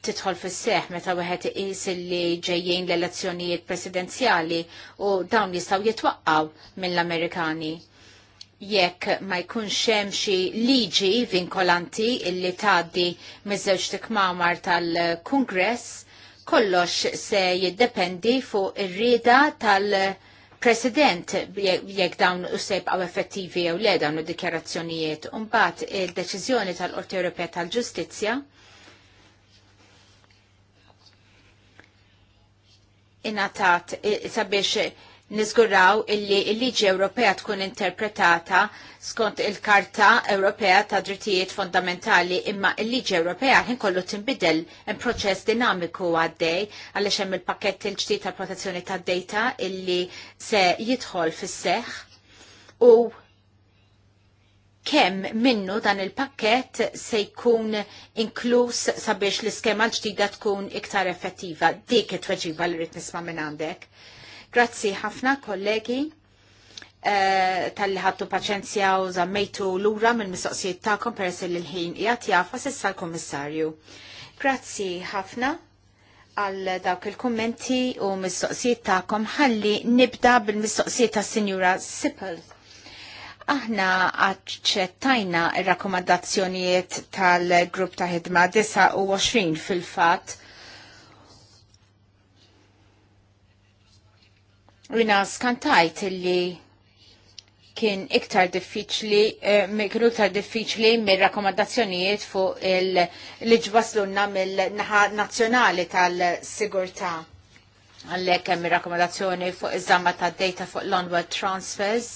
C: titħol fis seħ meta wieħed iqis li ġejjin l-elezzjonijiet presidenzjali u dawn jistgħu jitwaqqgħu mill-Amerikani. Jekk ma jkunx hemm xi liġi vinkolanti illi tgħaddi miż-żewġ tikmamar tal-Kungress, kollox se jiddependi fuq ir-rieda tal-Kongress president jekk dawn u għaw effettivi jew le dawn u dikjarazzjonijiet mbagħad il-deċiżjoni tal-Qorti Ewropea tal-Ġustizzja inatat eh, sabiex Nizguraw illi l-liġi Ewropea tkun interpretata skont il-Karta Ewropea ta' Drittijiet Fundamentali imma l-liġi Ewropea ħin kollu tinbidel hemm proċess dinamiku għaddej għaliex hemm il pakket il-ġdid tal protezzjoni tad-data illi se jidħol fis seħ u kemm minnu dan il-pakket se jkun inkluż sabiex l-iskema l ġdida tkun iktar effettiva. Dik it-tweġiba li rrid nisma' minn għandek. Grazzi ħafna kollegi eh, tal-li ħattu paċenzja u zammejtu l-ura mill-mistoqsijiet ta'kom peress li l-ħin jgħat jafa sissa l komissarju Grazzi ħafna għal dawk il-kommenti u mistoqsijiet ta'kom ħalli nibda bil-mistoqsijiet ta' Sinjura Sippel. Aħna aċċettajna ir-rakkomandazzjonijiet tal-grupp ta' ħidma 29 fil-fat Rina skantajt li kien iktar diffiċli, eh, kien iktar diffiċli mir rakkomandazzjonijiet fuq il-ġbaslunna mill-naħa nazzjonali tal-sigurtà. Għallek hemm rakkomandazzjoni fuq iż-żamma ta' data fuq l-onward transfers.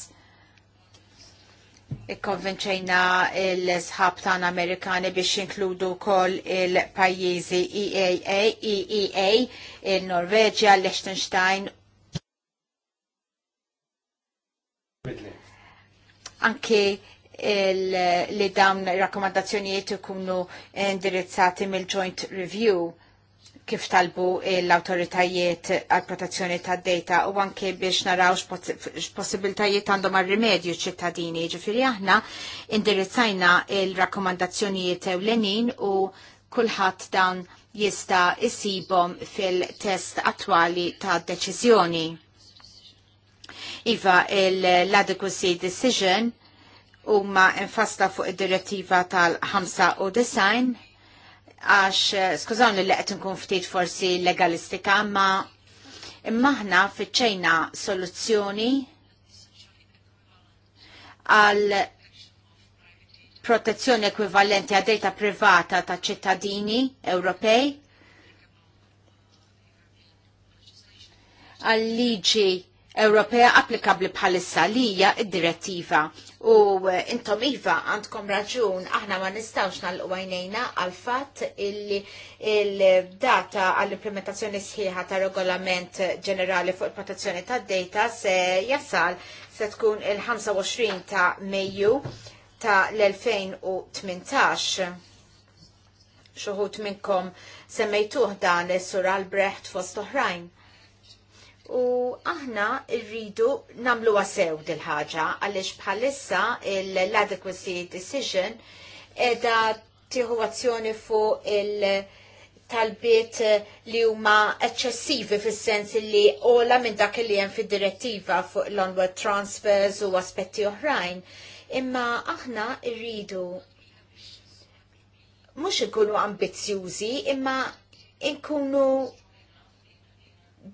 C: Ikkonvinċejna l-sħab tan Amerikani biex jinkludu kol il-pajjiżi EAA, EEA, e il-Norveġja, Liechtenstein Bidli. Anke li dawn rakkomandazzjonijiet ikunu indirizzati mill-joint review kif talbu l-autoritajiet għal protezzjoni ta' data u anke biex naraw x possibiltajiet għandhom għal rimedju ċittadini. Ġifiri aħna indirizzajna il-rakkomandazzjonijiet ewlenin u kullħat dan jista' isibhom fil-test attwali ta' deċiżjoni. Iva l-adequacy decision huma infasta fuq id-direttiva tal-95 għax eh, skużawni li qed nkun ftit forsi legalistika ma imma aħna fiċċejna soluzzjoni għal protezzjoni ekvivalenti għad data privata ta' ċittadini Ewropej għal liġi Ewropea applikabli bħalissa li hija id-direttiva. U eh, intom iva għandkom raġun, aħna ma nistawx nagħlqu għajnejna għal fatt illi il-data għall-implementazzjoni sħiħa ta' regolament ġenerali fuq il-protezzjoni ta' data se jasal se tkun il-25 ta' Mejju ta' l-2018. Xuħut minnkom semmejtuħ dan is-sur Albrecht fost oħrajn U aħna rridu namlu għasew dil-ħagġa, għalix bħalissa l-adequacy decision edha tiħu azzjoni fuq il- talbiet li huma eċċessivi fis-sens li ola minn dak li hemm fid-direttiva fuq l-onward transfers u aspetti oħrajn. Imma aħna rridu mhux ikunu ambizzjużi imma nkunu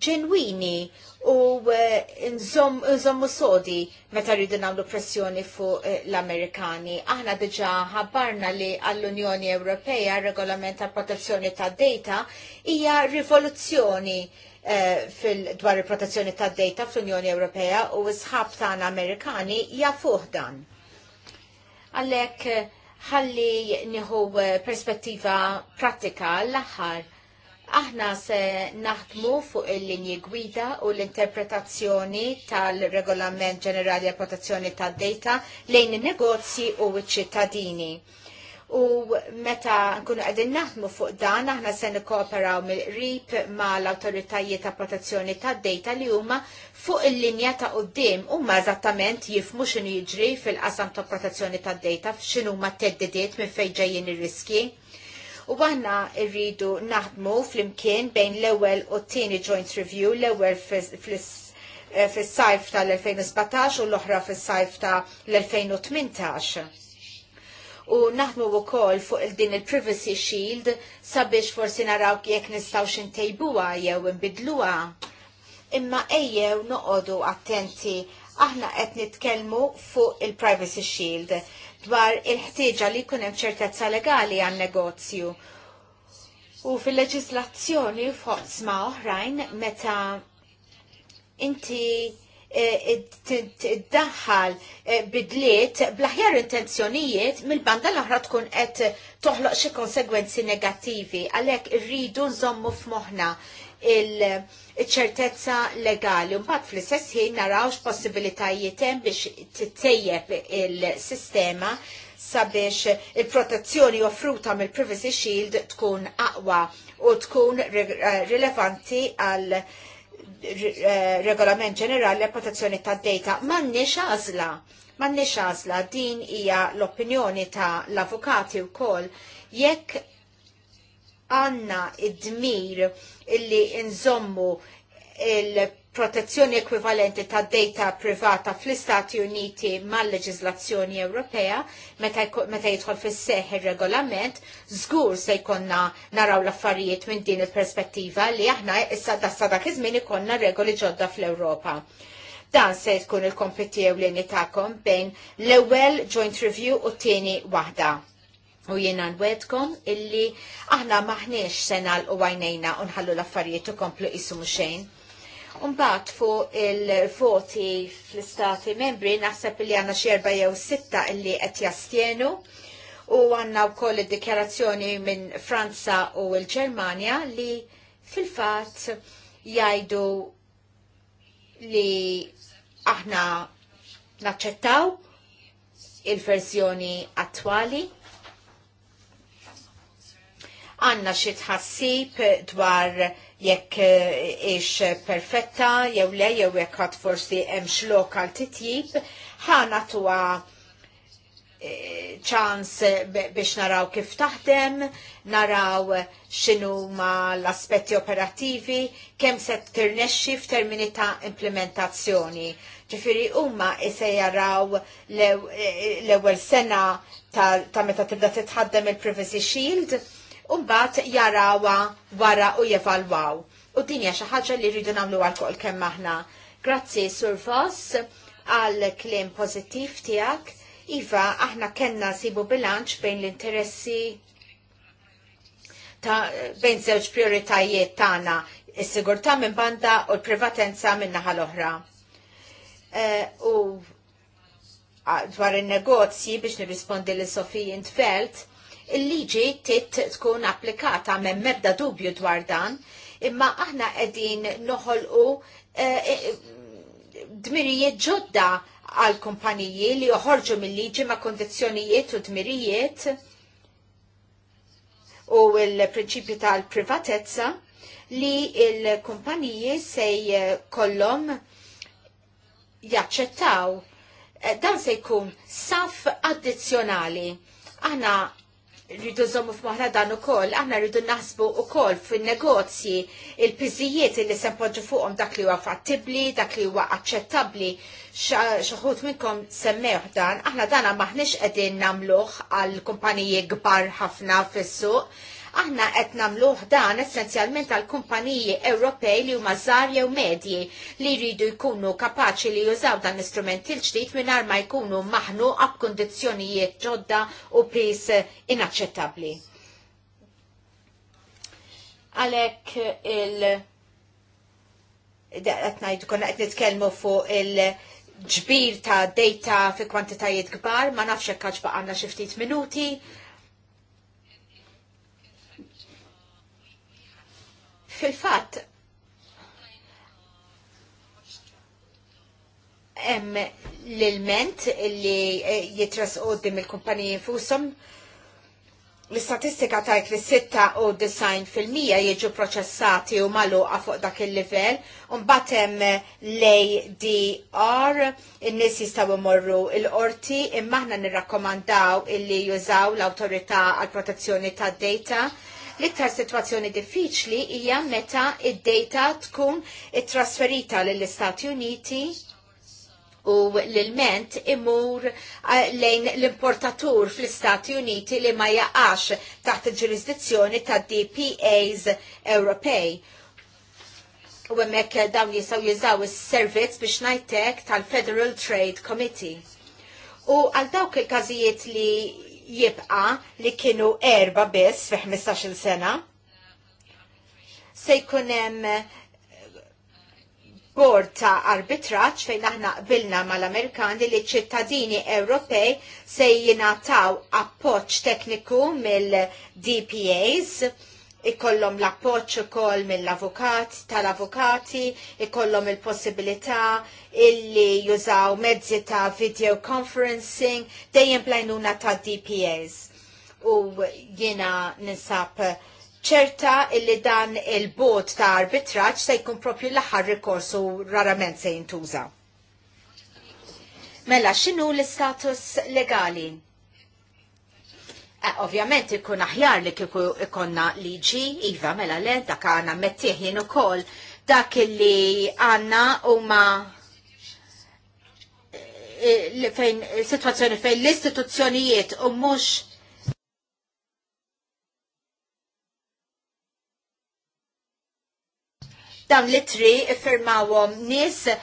C: ġenwini u eh, nżommu sodi meta rridu nagħmlu pressjoni fuq eh, l-Amerikani. Aħna diġà ħabbarna li għall-Unjoni Ewropea regolament ta' protezzjoni ta' data hija rivoluzzjoni eh, fil-dwar il-protezzjoni ta' data fl-Unjoni Ewropea u sħab tagħna Amerikani jafuh dan. Għalhekk ħalli nieħu perspettiva pratika l-aħħar Aħna se naħdmu fuq il-linji gwida u l-interpretazzjoni tal-Regolament Ġenerali għal Protezzjoni tad-Data lejn in-negozji u ċ-ċittadini. U meta nkunu qegħdin naħdmu fuq dan aħna se nikkooperaw mill-qrib mal-awtoritajiet ta' protezzjoni tad-data li huma fuq il-linja ta' qudiem huma eżattament jifmu x'inhu jiġri fil-qasam ta' protezzjoni tad-data x'inhuma t-teddidiet minn fejn ġejjin ir-riski U għanna irridu naħdmu fl-imkien bejn l-ewel u t-tieni joint review, l-ewel fil-sajf eh, tal-2017 u l-oħra fil-sajf tal-2018. U naħdmu u kol fuq il-din il-Privacy Shield sabiex forsi naraw jek nistaw xintejbuwa jew imbidluwa. Imma ejjew noqodu attenti aħna qed nitkellmu fuq il-Privacy Shield dwar il-ħtieġa li jkun hemm ċertezza legali għan negozju. U fil-leġislazzjoni f'oqsma oħrajn meta inti eh, tiddaħħal eh, bidliet blaħjar intenzjonijiet mill-banda l-oħra tkun qed toħloq xi konsegwenzi negattivi għalhekk irridu nżommu f'moħħna il- ċertezza legali. Mbagħad fl-istess ħin narawx possibilitajiet hemm biex tittejjeb il-sistema sabiex il-protezzjoni offruta mill-Privacy Shield tkun aqwa u tkun eh, rilevanti għal eh, regolament ġenerali għal protezzjoni tad data. M'għandniex għażla, m'għandniex għażla din hija l-opinjoni ta' l-avukati wkoll jekk għanna id-dmir illi nżommu il-protezzjoni ekwivalenti ta' data privata fl-Istati Uniti mal-leġizlazzjoni Ewropea meta jidħol fis seħ ir-regolament, żgur se jkollna naraw l-affarijiet minn din il-perspettiva li aħna issa dassa dak iż-żmien ikollna regoli ġodda fl-Ewropa. Dan se tkun il kompetijew ewlieni nitakom bejn l-ewwel joint review u t-tieni waħda U jiena nwedkom illi aħna maħniex senal u għajnejna unħallu l-affarijiet u komplu jisumu xejn. Umbat fuq il-voti fl-istati membri naħseb li għanna xerba jew sitta illi qed jastjenu u għanna u koll dikjarazzjoni minn Franza u l-Ġermania li fil-fat jajdu li aħna naċċettaw il-verżjoni attwali għanna xi tħassib dwar jekk eh, ix perfetta jew le jew jekk għad forsi hemmx lokal titjib, ħana tuha eh, ċans biex naraw kif taħdem, naraw xinu ma l-aspetti operativi, kem se tirnexxi f'termini ta' implementazzjoni. Ġifiri umma se jaraw eh, l-ewwel sena ta', ta meta tibda titħaddem il-Privacy Shield, Umbat jarawa jarawha wara u jevalwaw. U dinja xaħġa xi ħaġa li rridu nagħmlu għalkoll kemm aħna. Grazzi Sur Voss għal kliem pożittiv tiegħek. Iva, aħna kellna sibu bilanċ bejn l-interessi ta' bejn żewġ prioritajiet tagħna, is-sigurtà minn banda u l-privatenza minn naħa l-oħra. Uh, u dwar il-negozji biex nirrispondi li Sofie Intfeld, il-liġi tit tkun applikata me mebda dubju dwar dan, imma aħna qegħdin noħolqu eh, eh, dmirijiet ġodda għal kumpaniji li joħorġu mill-liġi ma' kondizjonijiet u dmirijiet u l-prinċipju tal-privatezza li il-kumpaniji se kollom jaċċettaw. Eh, dan se jkun saf addizzjonali. Aħna rridu nżommu f'maħna dan ukoll, aħna rridu naħsbu koll fin-negozji il-piżijiet li sempoġu fuqom fuqhom dak li huwa fattibbli, dak li huwa aċċettabbli. Xaħut minnkom semmeħ dan, aħna dana maħniex qegħdin nagħmluh għal kumpaniji kbar ħafna fis-suq, Aħna qed nagħmluh dan essenzjalment għal kumpaniji Ewropej li huma żgħar jew medji li jridu jkunu kapaċi li jużaw dan l-istrument il-ġdid mingħajr ma jkunu maħnuqa kundizzjonijiet ġodda u pris inaċċettabbli. Għalhekk il- għetnajd konna għet fuq il-ġbir ta' data fi kwantitajiet kbar, ma nafx hekk għax għandna xi ftit minuti, fil-fatt hemm l-ilment li eh, jitras qoddim il-kumpaniji fushom l-istatistika tajt li 6 u mija jiġu proċessati u malu fuq dak il level un batem eh, l-ADR, n-nis jistaw morru il-orti, imma ħna nirrakkomandaw illi jużaw l autorita għal protezzjoni ta' data L-iktar situazzjoni diffiċli hija meta id-data tkun trasferita lill-Istati Uniti u l-ment imur lejn l-importatur fl-Istati Uniti li ma jaqax taħt il-ġurisdizzjoni ta' DPAs Ewropej. U għemmek dawn jisaw jizaw il-servizz biex najtek tal-Federal Trade Committee. U għal dawk il-kazijiet li jibqa li kienu erba biss fi 15 sena. Se jkun hemm eh, bord ta' arbitraċ fejn aħna qbilna mal-Amerikani li ċittadini Ewropej se jingħataw appoġġ tekniku mill-DPAs ikollhom l-appoġġ ukoll mill-avukat tal-avukati, ikollhom il-possibilità illi jużaw mezzi ta' video conferencing dejjem blajnuna ta' DPAs. U jiena ninsab ċerta illi dan il-bot ta' arbitraġġ se jkun propju l-aħħar rikors u rarament se jintuża. Mela, x'inhu l-istatus legali Eh, ovvjament ikun aħjar li kieku ikonna liġi, iva mela le, dak għana mettiħin u kol, dak li għanna u ma eh, fejn, situazzjoni fejn l-istituzzjonijiet u mux Dan l tri firmawom nies eh,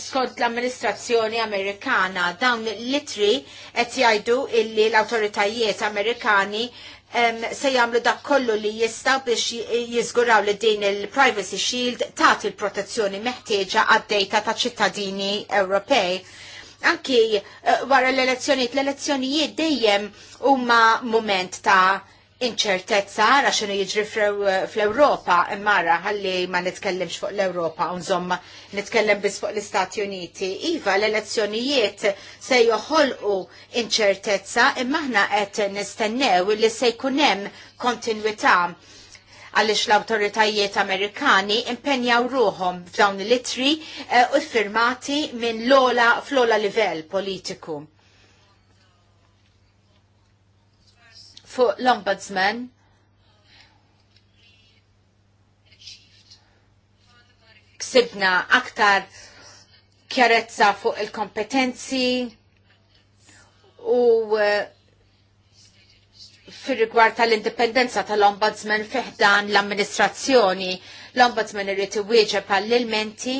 C: skont l-amministrazzjoni Amerikana. Dawn l-itri qed jgħidu illi l-awtoritajiet Amerikani um, se jagħmlu dak kollu li jistaw biex jiżguraw li din il-Privacy Shield tagħti l protezzjoni meħtieġa għad-dejta ta' ċittadini Ewropej. Anki uh, wara l-elezzjonijiet, l-elezzjonijiet dejjem huma moment ta' inċertezza għara xinu jiġri fl-Europa immarra ħalli ma nitkellimx fuq l-Europa unżom nitkellem bis fuq l-Istati Uniti. Iva l-elezzjonijiet se joħolqu inċertezza imma ħna qed nistennew li se jkunem kontinuità għalix l-autoritajiet Amerikani impenjaw ruħom f'dawn l-itri eh, u uh, firmati minn l-ola fl-ola livell politiku fuq l-Ombudsman ksibna aktar kjarezza fuq il-kompetenzi u eh, fir rigward tal-indipendenza tal-ombudsman fiħdan l-amministrazzjoni. L-ombudsman irrid iwieġeb għall-ilmenti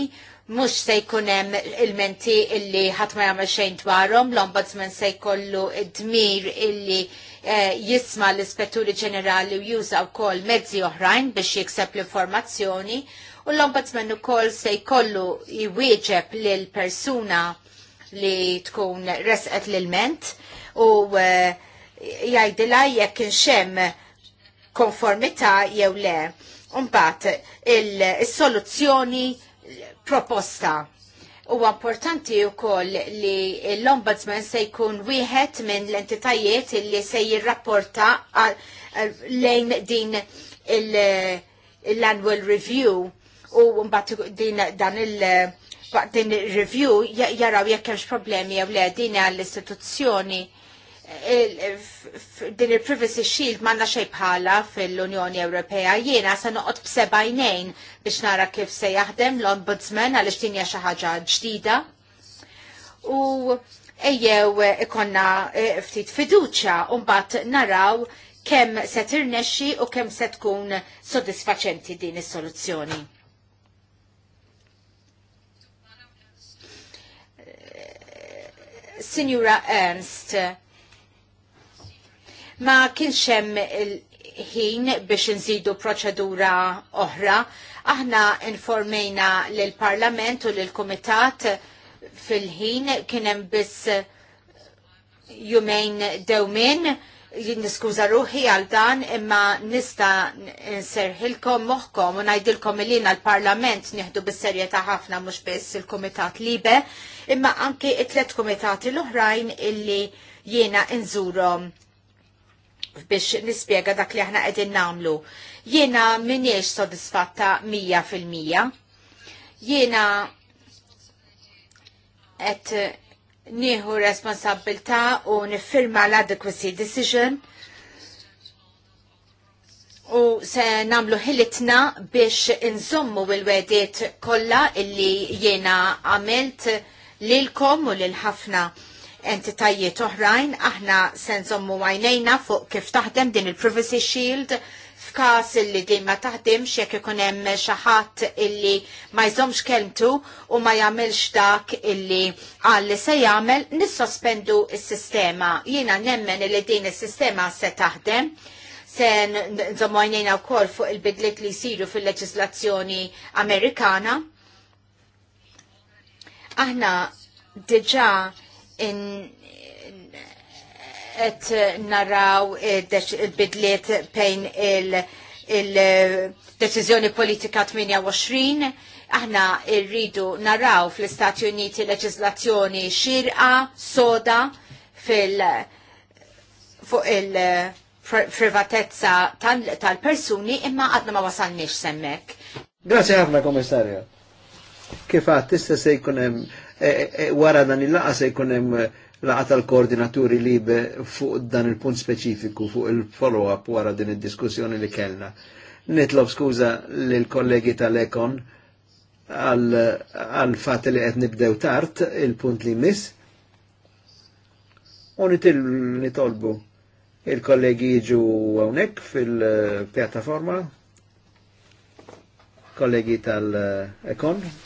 C: mux se jkunem il-menti illi ħatma jgħamil xejn dwarhom, l-ombudsman se jkollu dmir illi eh, jisma l-ispetturi ġenerali u juża wkoll mezzi oħrajn biex jikseb l-informazzjoni u l-ombudsman ukoll se jkollu jwieġeb lil persuna li tkun resqet l-ment u eh, jgħidilha jekk inxemm konformità jew le. Umbat, il-soluzzjoni proposta. U importanti u koll li l-Ombudsman se jkun wieħed minn l-entitajiet li se jirrapporta lejn din l-annual review u mbagħad din dan il- din review jaraw jekk hemmx problemi jew le din għall-istituzzjoni din il-Privacy Shield manna xej bħala fil-Unjoni Ewropea jiena se noqgħod b'sebajnejn biex nara kif se jaħdem l-Ombudsman għaliex din xi ħaġa ġdida. U ejjew ikonna e, ftit fiduċja u mbagħad naraw kemm se tirnexxi u kemm se tkun sodisfaċenti din is-soluzzjoni. Signora Ernst, ma kienx hemm ħin biex nżidu proċedura oħra. Aħna informejna l-Parlament u l-Komitat fil-ħin kienem biss jumejn dewmin niskuża ruħi għal dan imma nista nserħilkom moħkom u najdilkom li l-Parlament nieħdu bis-serjetà ħafna mhux biss il-Kumitat Libe imma anki it-tlet kumitati l-oħrajn illi jiena inżurhom biex nispjega dak li aħna qegħdin nagħmlu. Jiena m'iniex sodisfatta mija fil-mija. Jiena qed nieħu responsabilità u niffirma l-adequacy decision u se namlu ħilitna biex inżommu il-wedet kollha illi jiena għamilt lilkom u lil ħafna entitajiet oħrajn, aħna senżommu għajnejna fuq kif taħdem din il-Privacy Shield f'kas illi din ma taħdimx jekk ikun hemm xi ħadd illi ma jżomx kelmtu u ma jagħmilx dak illi qal li se jagħmel nissospendu s-sistema. Jiena nemmen illi din is-sistema se taħdem se nżommu għajnejna wkoll fuq il-bidliet li jsiru fil-leġislazzjoni Amerikana. Aħna diġà et naraw eh, bidliet pejn il-deċizjoni il politika 28, aħna irridu naraw fl-Istati Uniti leġizlazzjoni xirqa, soda fil fuq il-privatezza tal-persuni imma għadna ma wasalniex semmek.
D: Grazie ħafna komissarja. Kif għad tista se jkunem hemm Eh, eh, wara dan il-laqa se jkun hemm eh, laqa tal-koordinaturi libe fuq dan il-punt speċifiku fuq il-follow-up wara din id-diskussjoni li kellna. Nitlob skuża lill-kollegi tal-Ekon għal fat li qed nibdew tard il-punt li miss. U nitolbu il-kollegi jiġu hawnhekk fil-pjattaforma kollegi tal-Ekon.